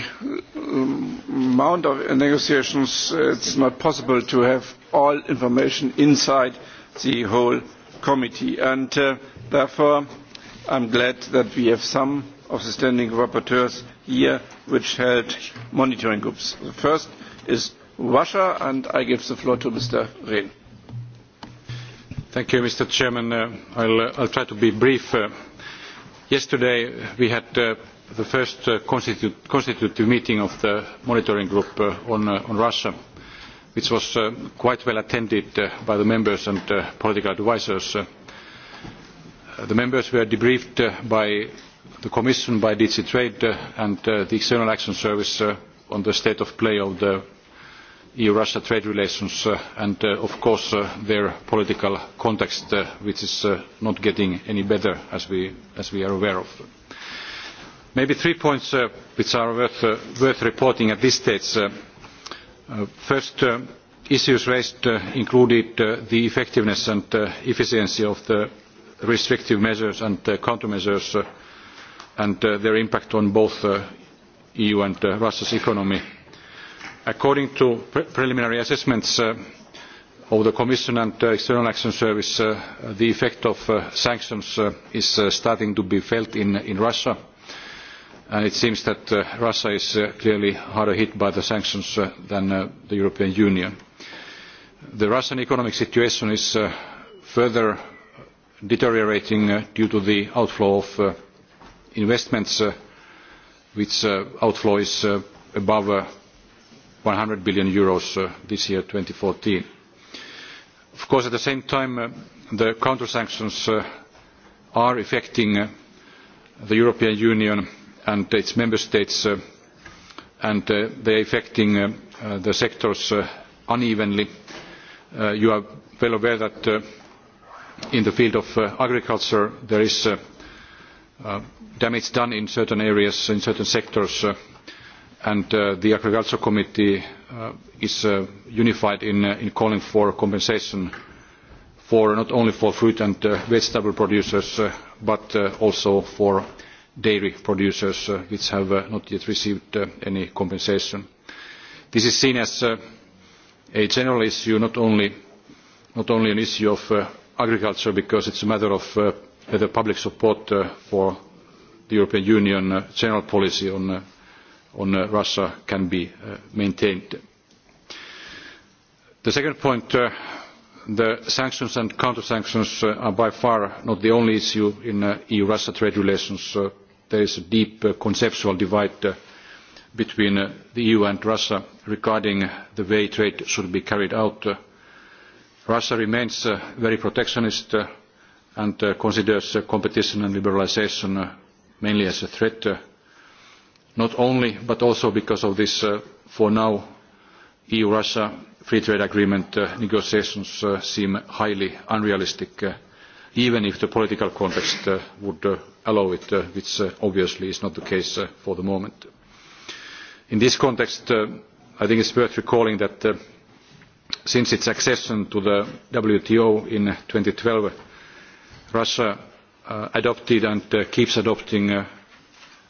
um, amount of negotiations, it's not possible to have all information inside the whole committee. And uh, therefore, I'm glad that we have some of the standing rapporteurs here which held monitoring groups. The first is Russia, and I give the floor to Mr. Rehn. Thank you, Mr. Chairman. Uh, uh, I'll, try to be brief. Uh, yesterday we had the first constitutive meeting of the monitoring group on, Russia, which was quite well attended by the members and political advisers. the members were debriefed by the Commission, by DG Trade and the External Action Service on the state of play of the EU-Russia trade relations uh, and uh, of course uh, their political context which is not getting any better as we, are aware of. Maybe three points which are worth, worth, reporting at this stage. first, issues raised included the effectiveness and efficiency of the restrictive measures and countermeasures and their impact on both the EU and Russia's economy according to pre preliminary assessments uh, of the commission and the uh, external action service uh, the effect of uh, sanctions uh, is uh, starting to be felt in, in russia and it seems that russia is clearly harder hit by the sanctions than the european union. the russian economic situation is further deteriorating due to the outflow of investments which outflow is above 100 billion euros uh, this year 2014 of course at the same time uh, the counter sanctions uh, are affecting the European Union and its member states and they are affecting the sectors unevenly you are well aware that in the field of agriculture there is damage done in certain areas in certain sectors and uh, the agriculture committee uh, is uh, unified in, uh, in, calling for compensation for not only for fruit and uh, vegetable producers uh, but also for dairy producers which have not yet received any compensation. This is seen as a general issue, not only, not only an issue of agriculture because it's a matter of the public support for the European Union general policy on on uh, Russia can be uh, maintained. The second point, uh, the sanctions and counter-sanctions uh, are by far not the only issue in uh, EU-Russia trade relations. Uh, there is a deep uh, conceptual divide uh, between uh, the EU and Russia regarding the way trade should be carried out. Uh, Russia remains uh, very protectionist uh, and uh, considers uh, competition and liberalisation uh, mainly as a threat uh, not only but also because of this uh, for now eu russia free trade agreement uh, negotiations uh, seem highly unrealistic uh, even if the political context uh, would uh, allow it which obviously is not the case for the moment. in this context i think it is worth recalling that since its accession to the wto in two thousand and twelve russia adopted and keeps adopting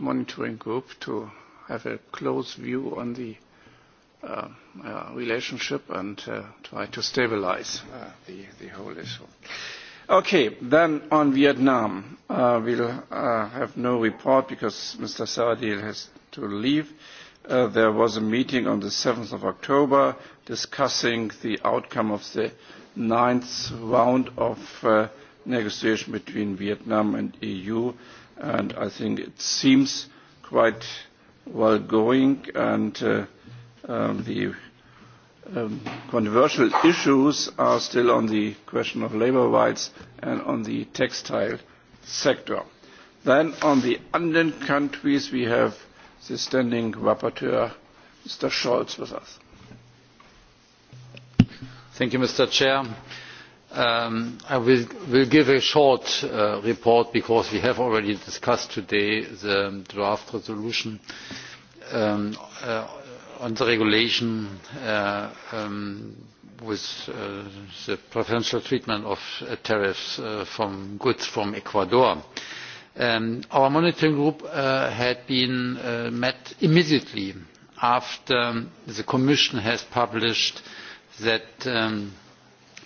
monitoring group to have a close view on the uh, uh, relationship and uh, try to stabilize uh, the, the whole issue. Okay, then on Vietnam, uh, we'll uh, have no report because Mr. Saradil has to leave. Uh, there was a meeting on the 7th of October discussing the outcome of the ninth round of uh, negotiation between Vietnam and EU and I think it seems quite well going and uh, um, the um, controversial issues are still on the question of labour rights and on the textile sector. Then on the Andean countries we have the standing rapporteur Mr. Scholz with us. Thank you, Mr. Chair Um, i will, give a short uh, report because we have already discussed today the draft resolution um, uh, on the regulation uh, um, with the preferential treatment of tariffs from goods from ecuador. our monitoring group had been met immediately after the commission had published that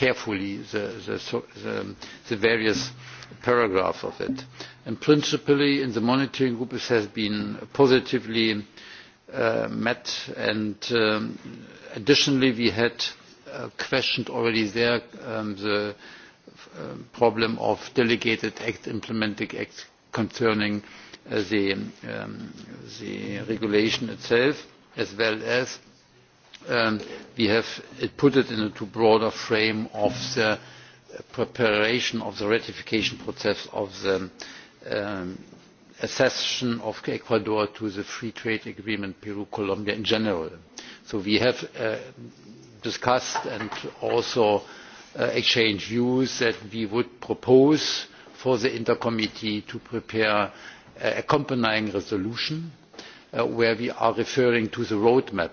carefully the, the, the, the various paragraphs of it. And principally in the monitoring group it has been positively uh, met and um, additionally we had uh, questioned already there um, the uh, problem of delegated act, implementing act concerning uh, the, um, the regulation itself as well as Um, we have put it in a too broader frame of the preparation of the ratification process of the um, accession of Ecuador to the free trade agreement Peru-Colombia in general. So we have uh, discussed and also uh, exchanged views that we would propose for the intercommittee to prepare accompanying resolution uh, where we are referring to the roadmap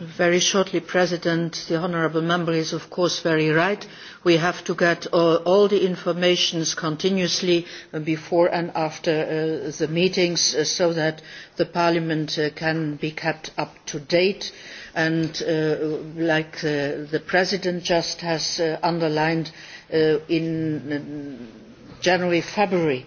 very shortly president the honourable member is of course very right we have to get all, all the information continuously before and after uh, the meetings uh, so that the parliament uh, can be kept up to date and uh, like uh, the president just has underlined in january february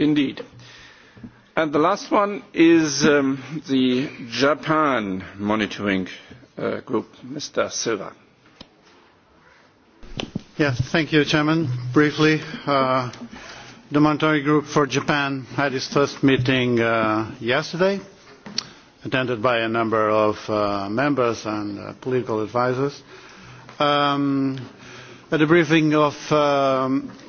indeed. And the last one is um, the Japan monitoring uh, group, Mr. Silva. Yeah, thank you, Chairman. Briefly, uh, the monitoring group for Japan had its first meeting uh, yesterday, attended by a number of uh, members and uh, political advisers. Um, at the briefing of um,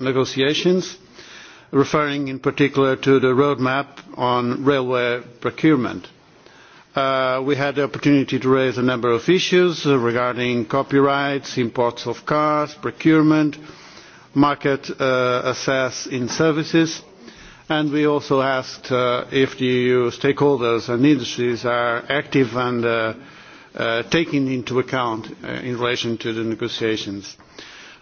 negotiations, referring in particular to the roadmap on railway procurement. Uh, we had the opportunity to raise a number of issues regarding copyrights, imports of cars, procurement, market uh, access in services, and we also asked uh, if the EU stakeholders and industries are active and uh, uh, taken into account uh, in relation to the negotiations.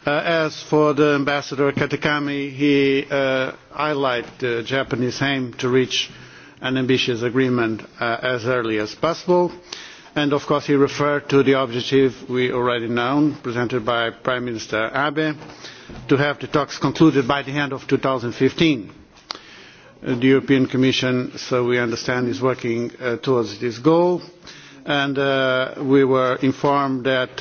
Uh, as for the ambassador katakami he highlighted uh, the uh, japanese aim to reach an ambitious agreement as early as possible and of course he referred to the objective we already know presented by prime minister abe to have the talks concluded by the end of. two thousand and fifteen the european commission so we understand is working towards this goal and we were informed that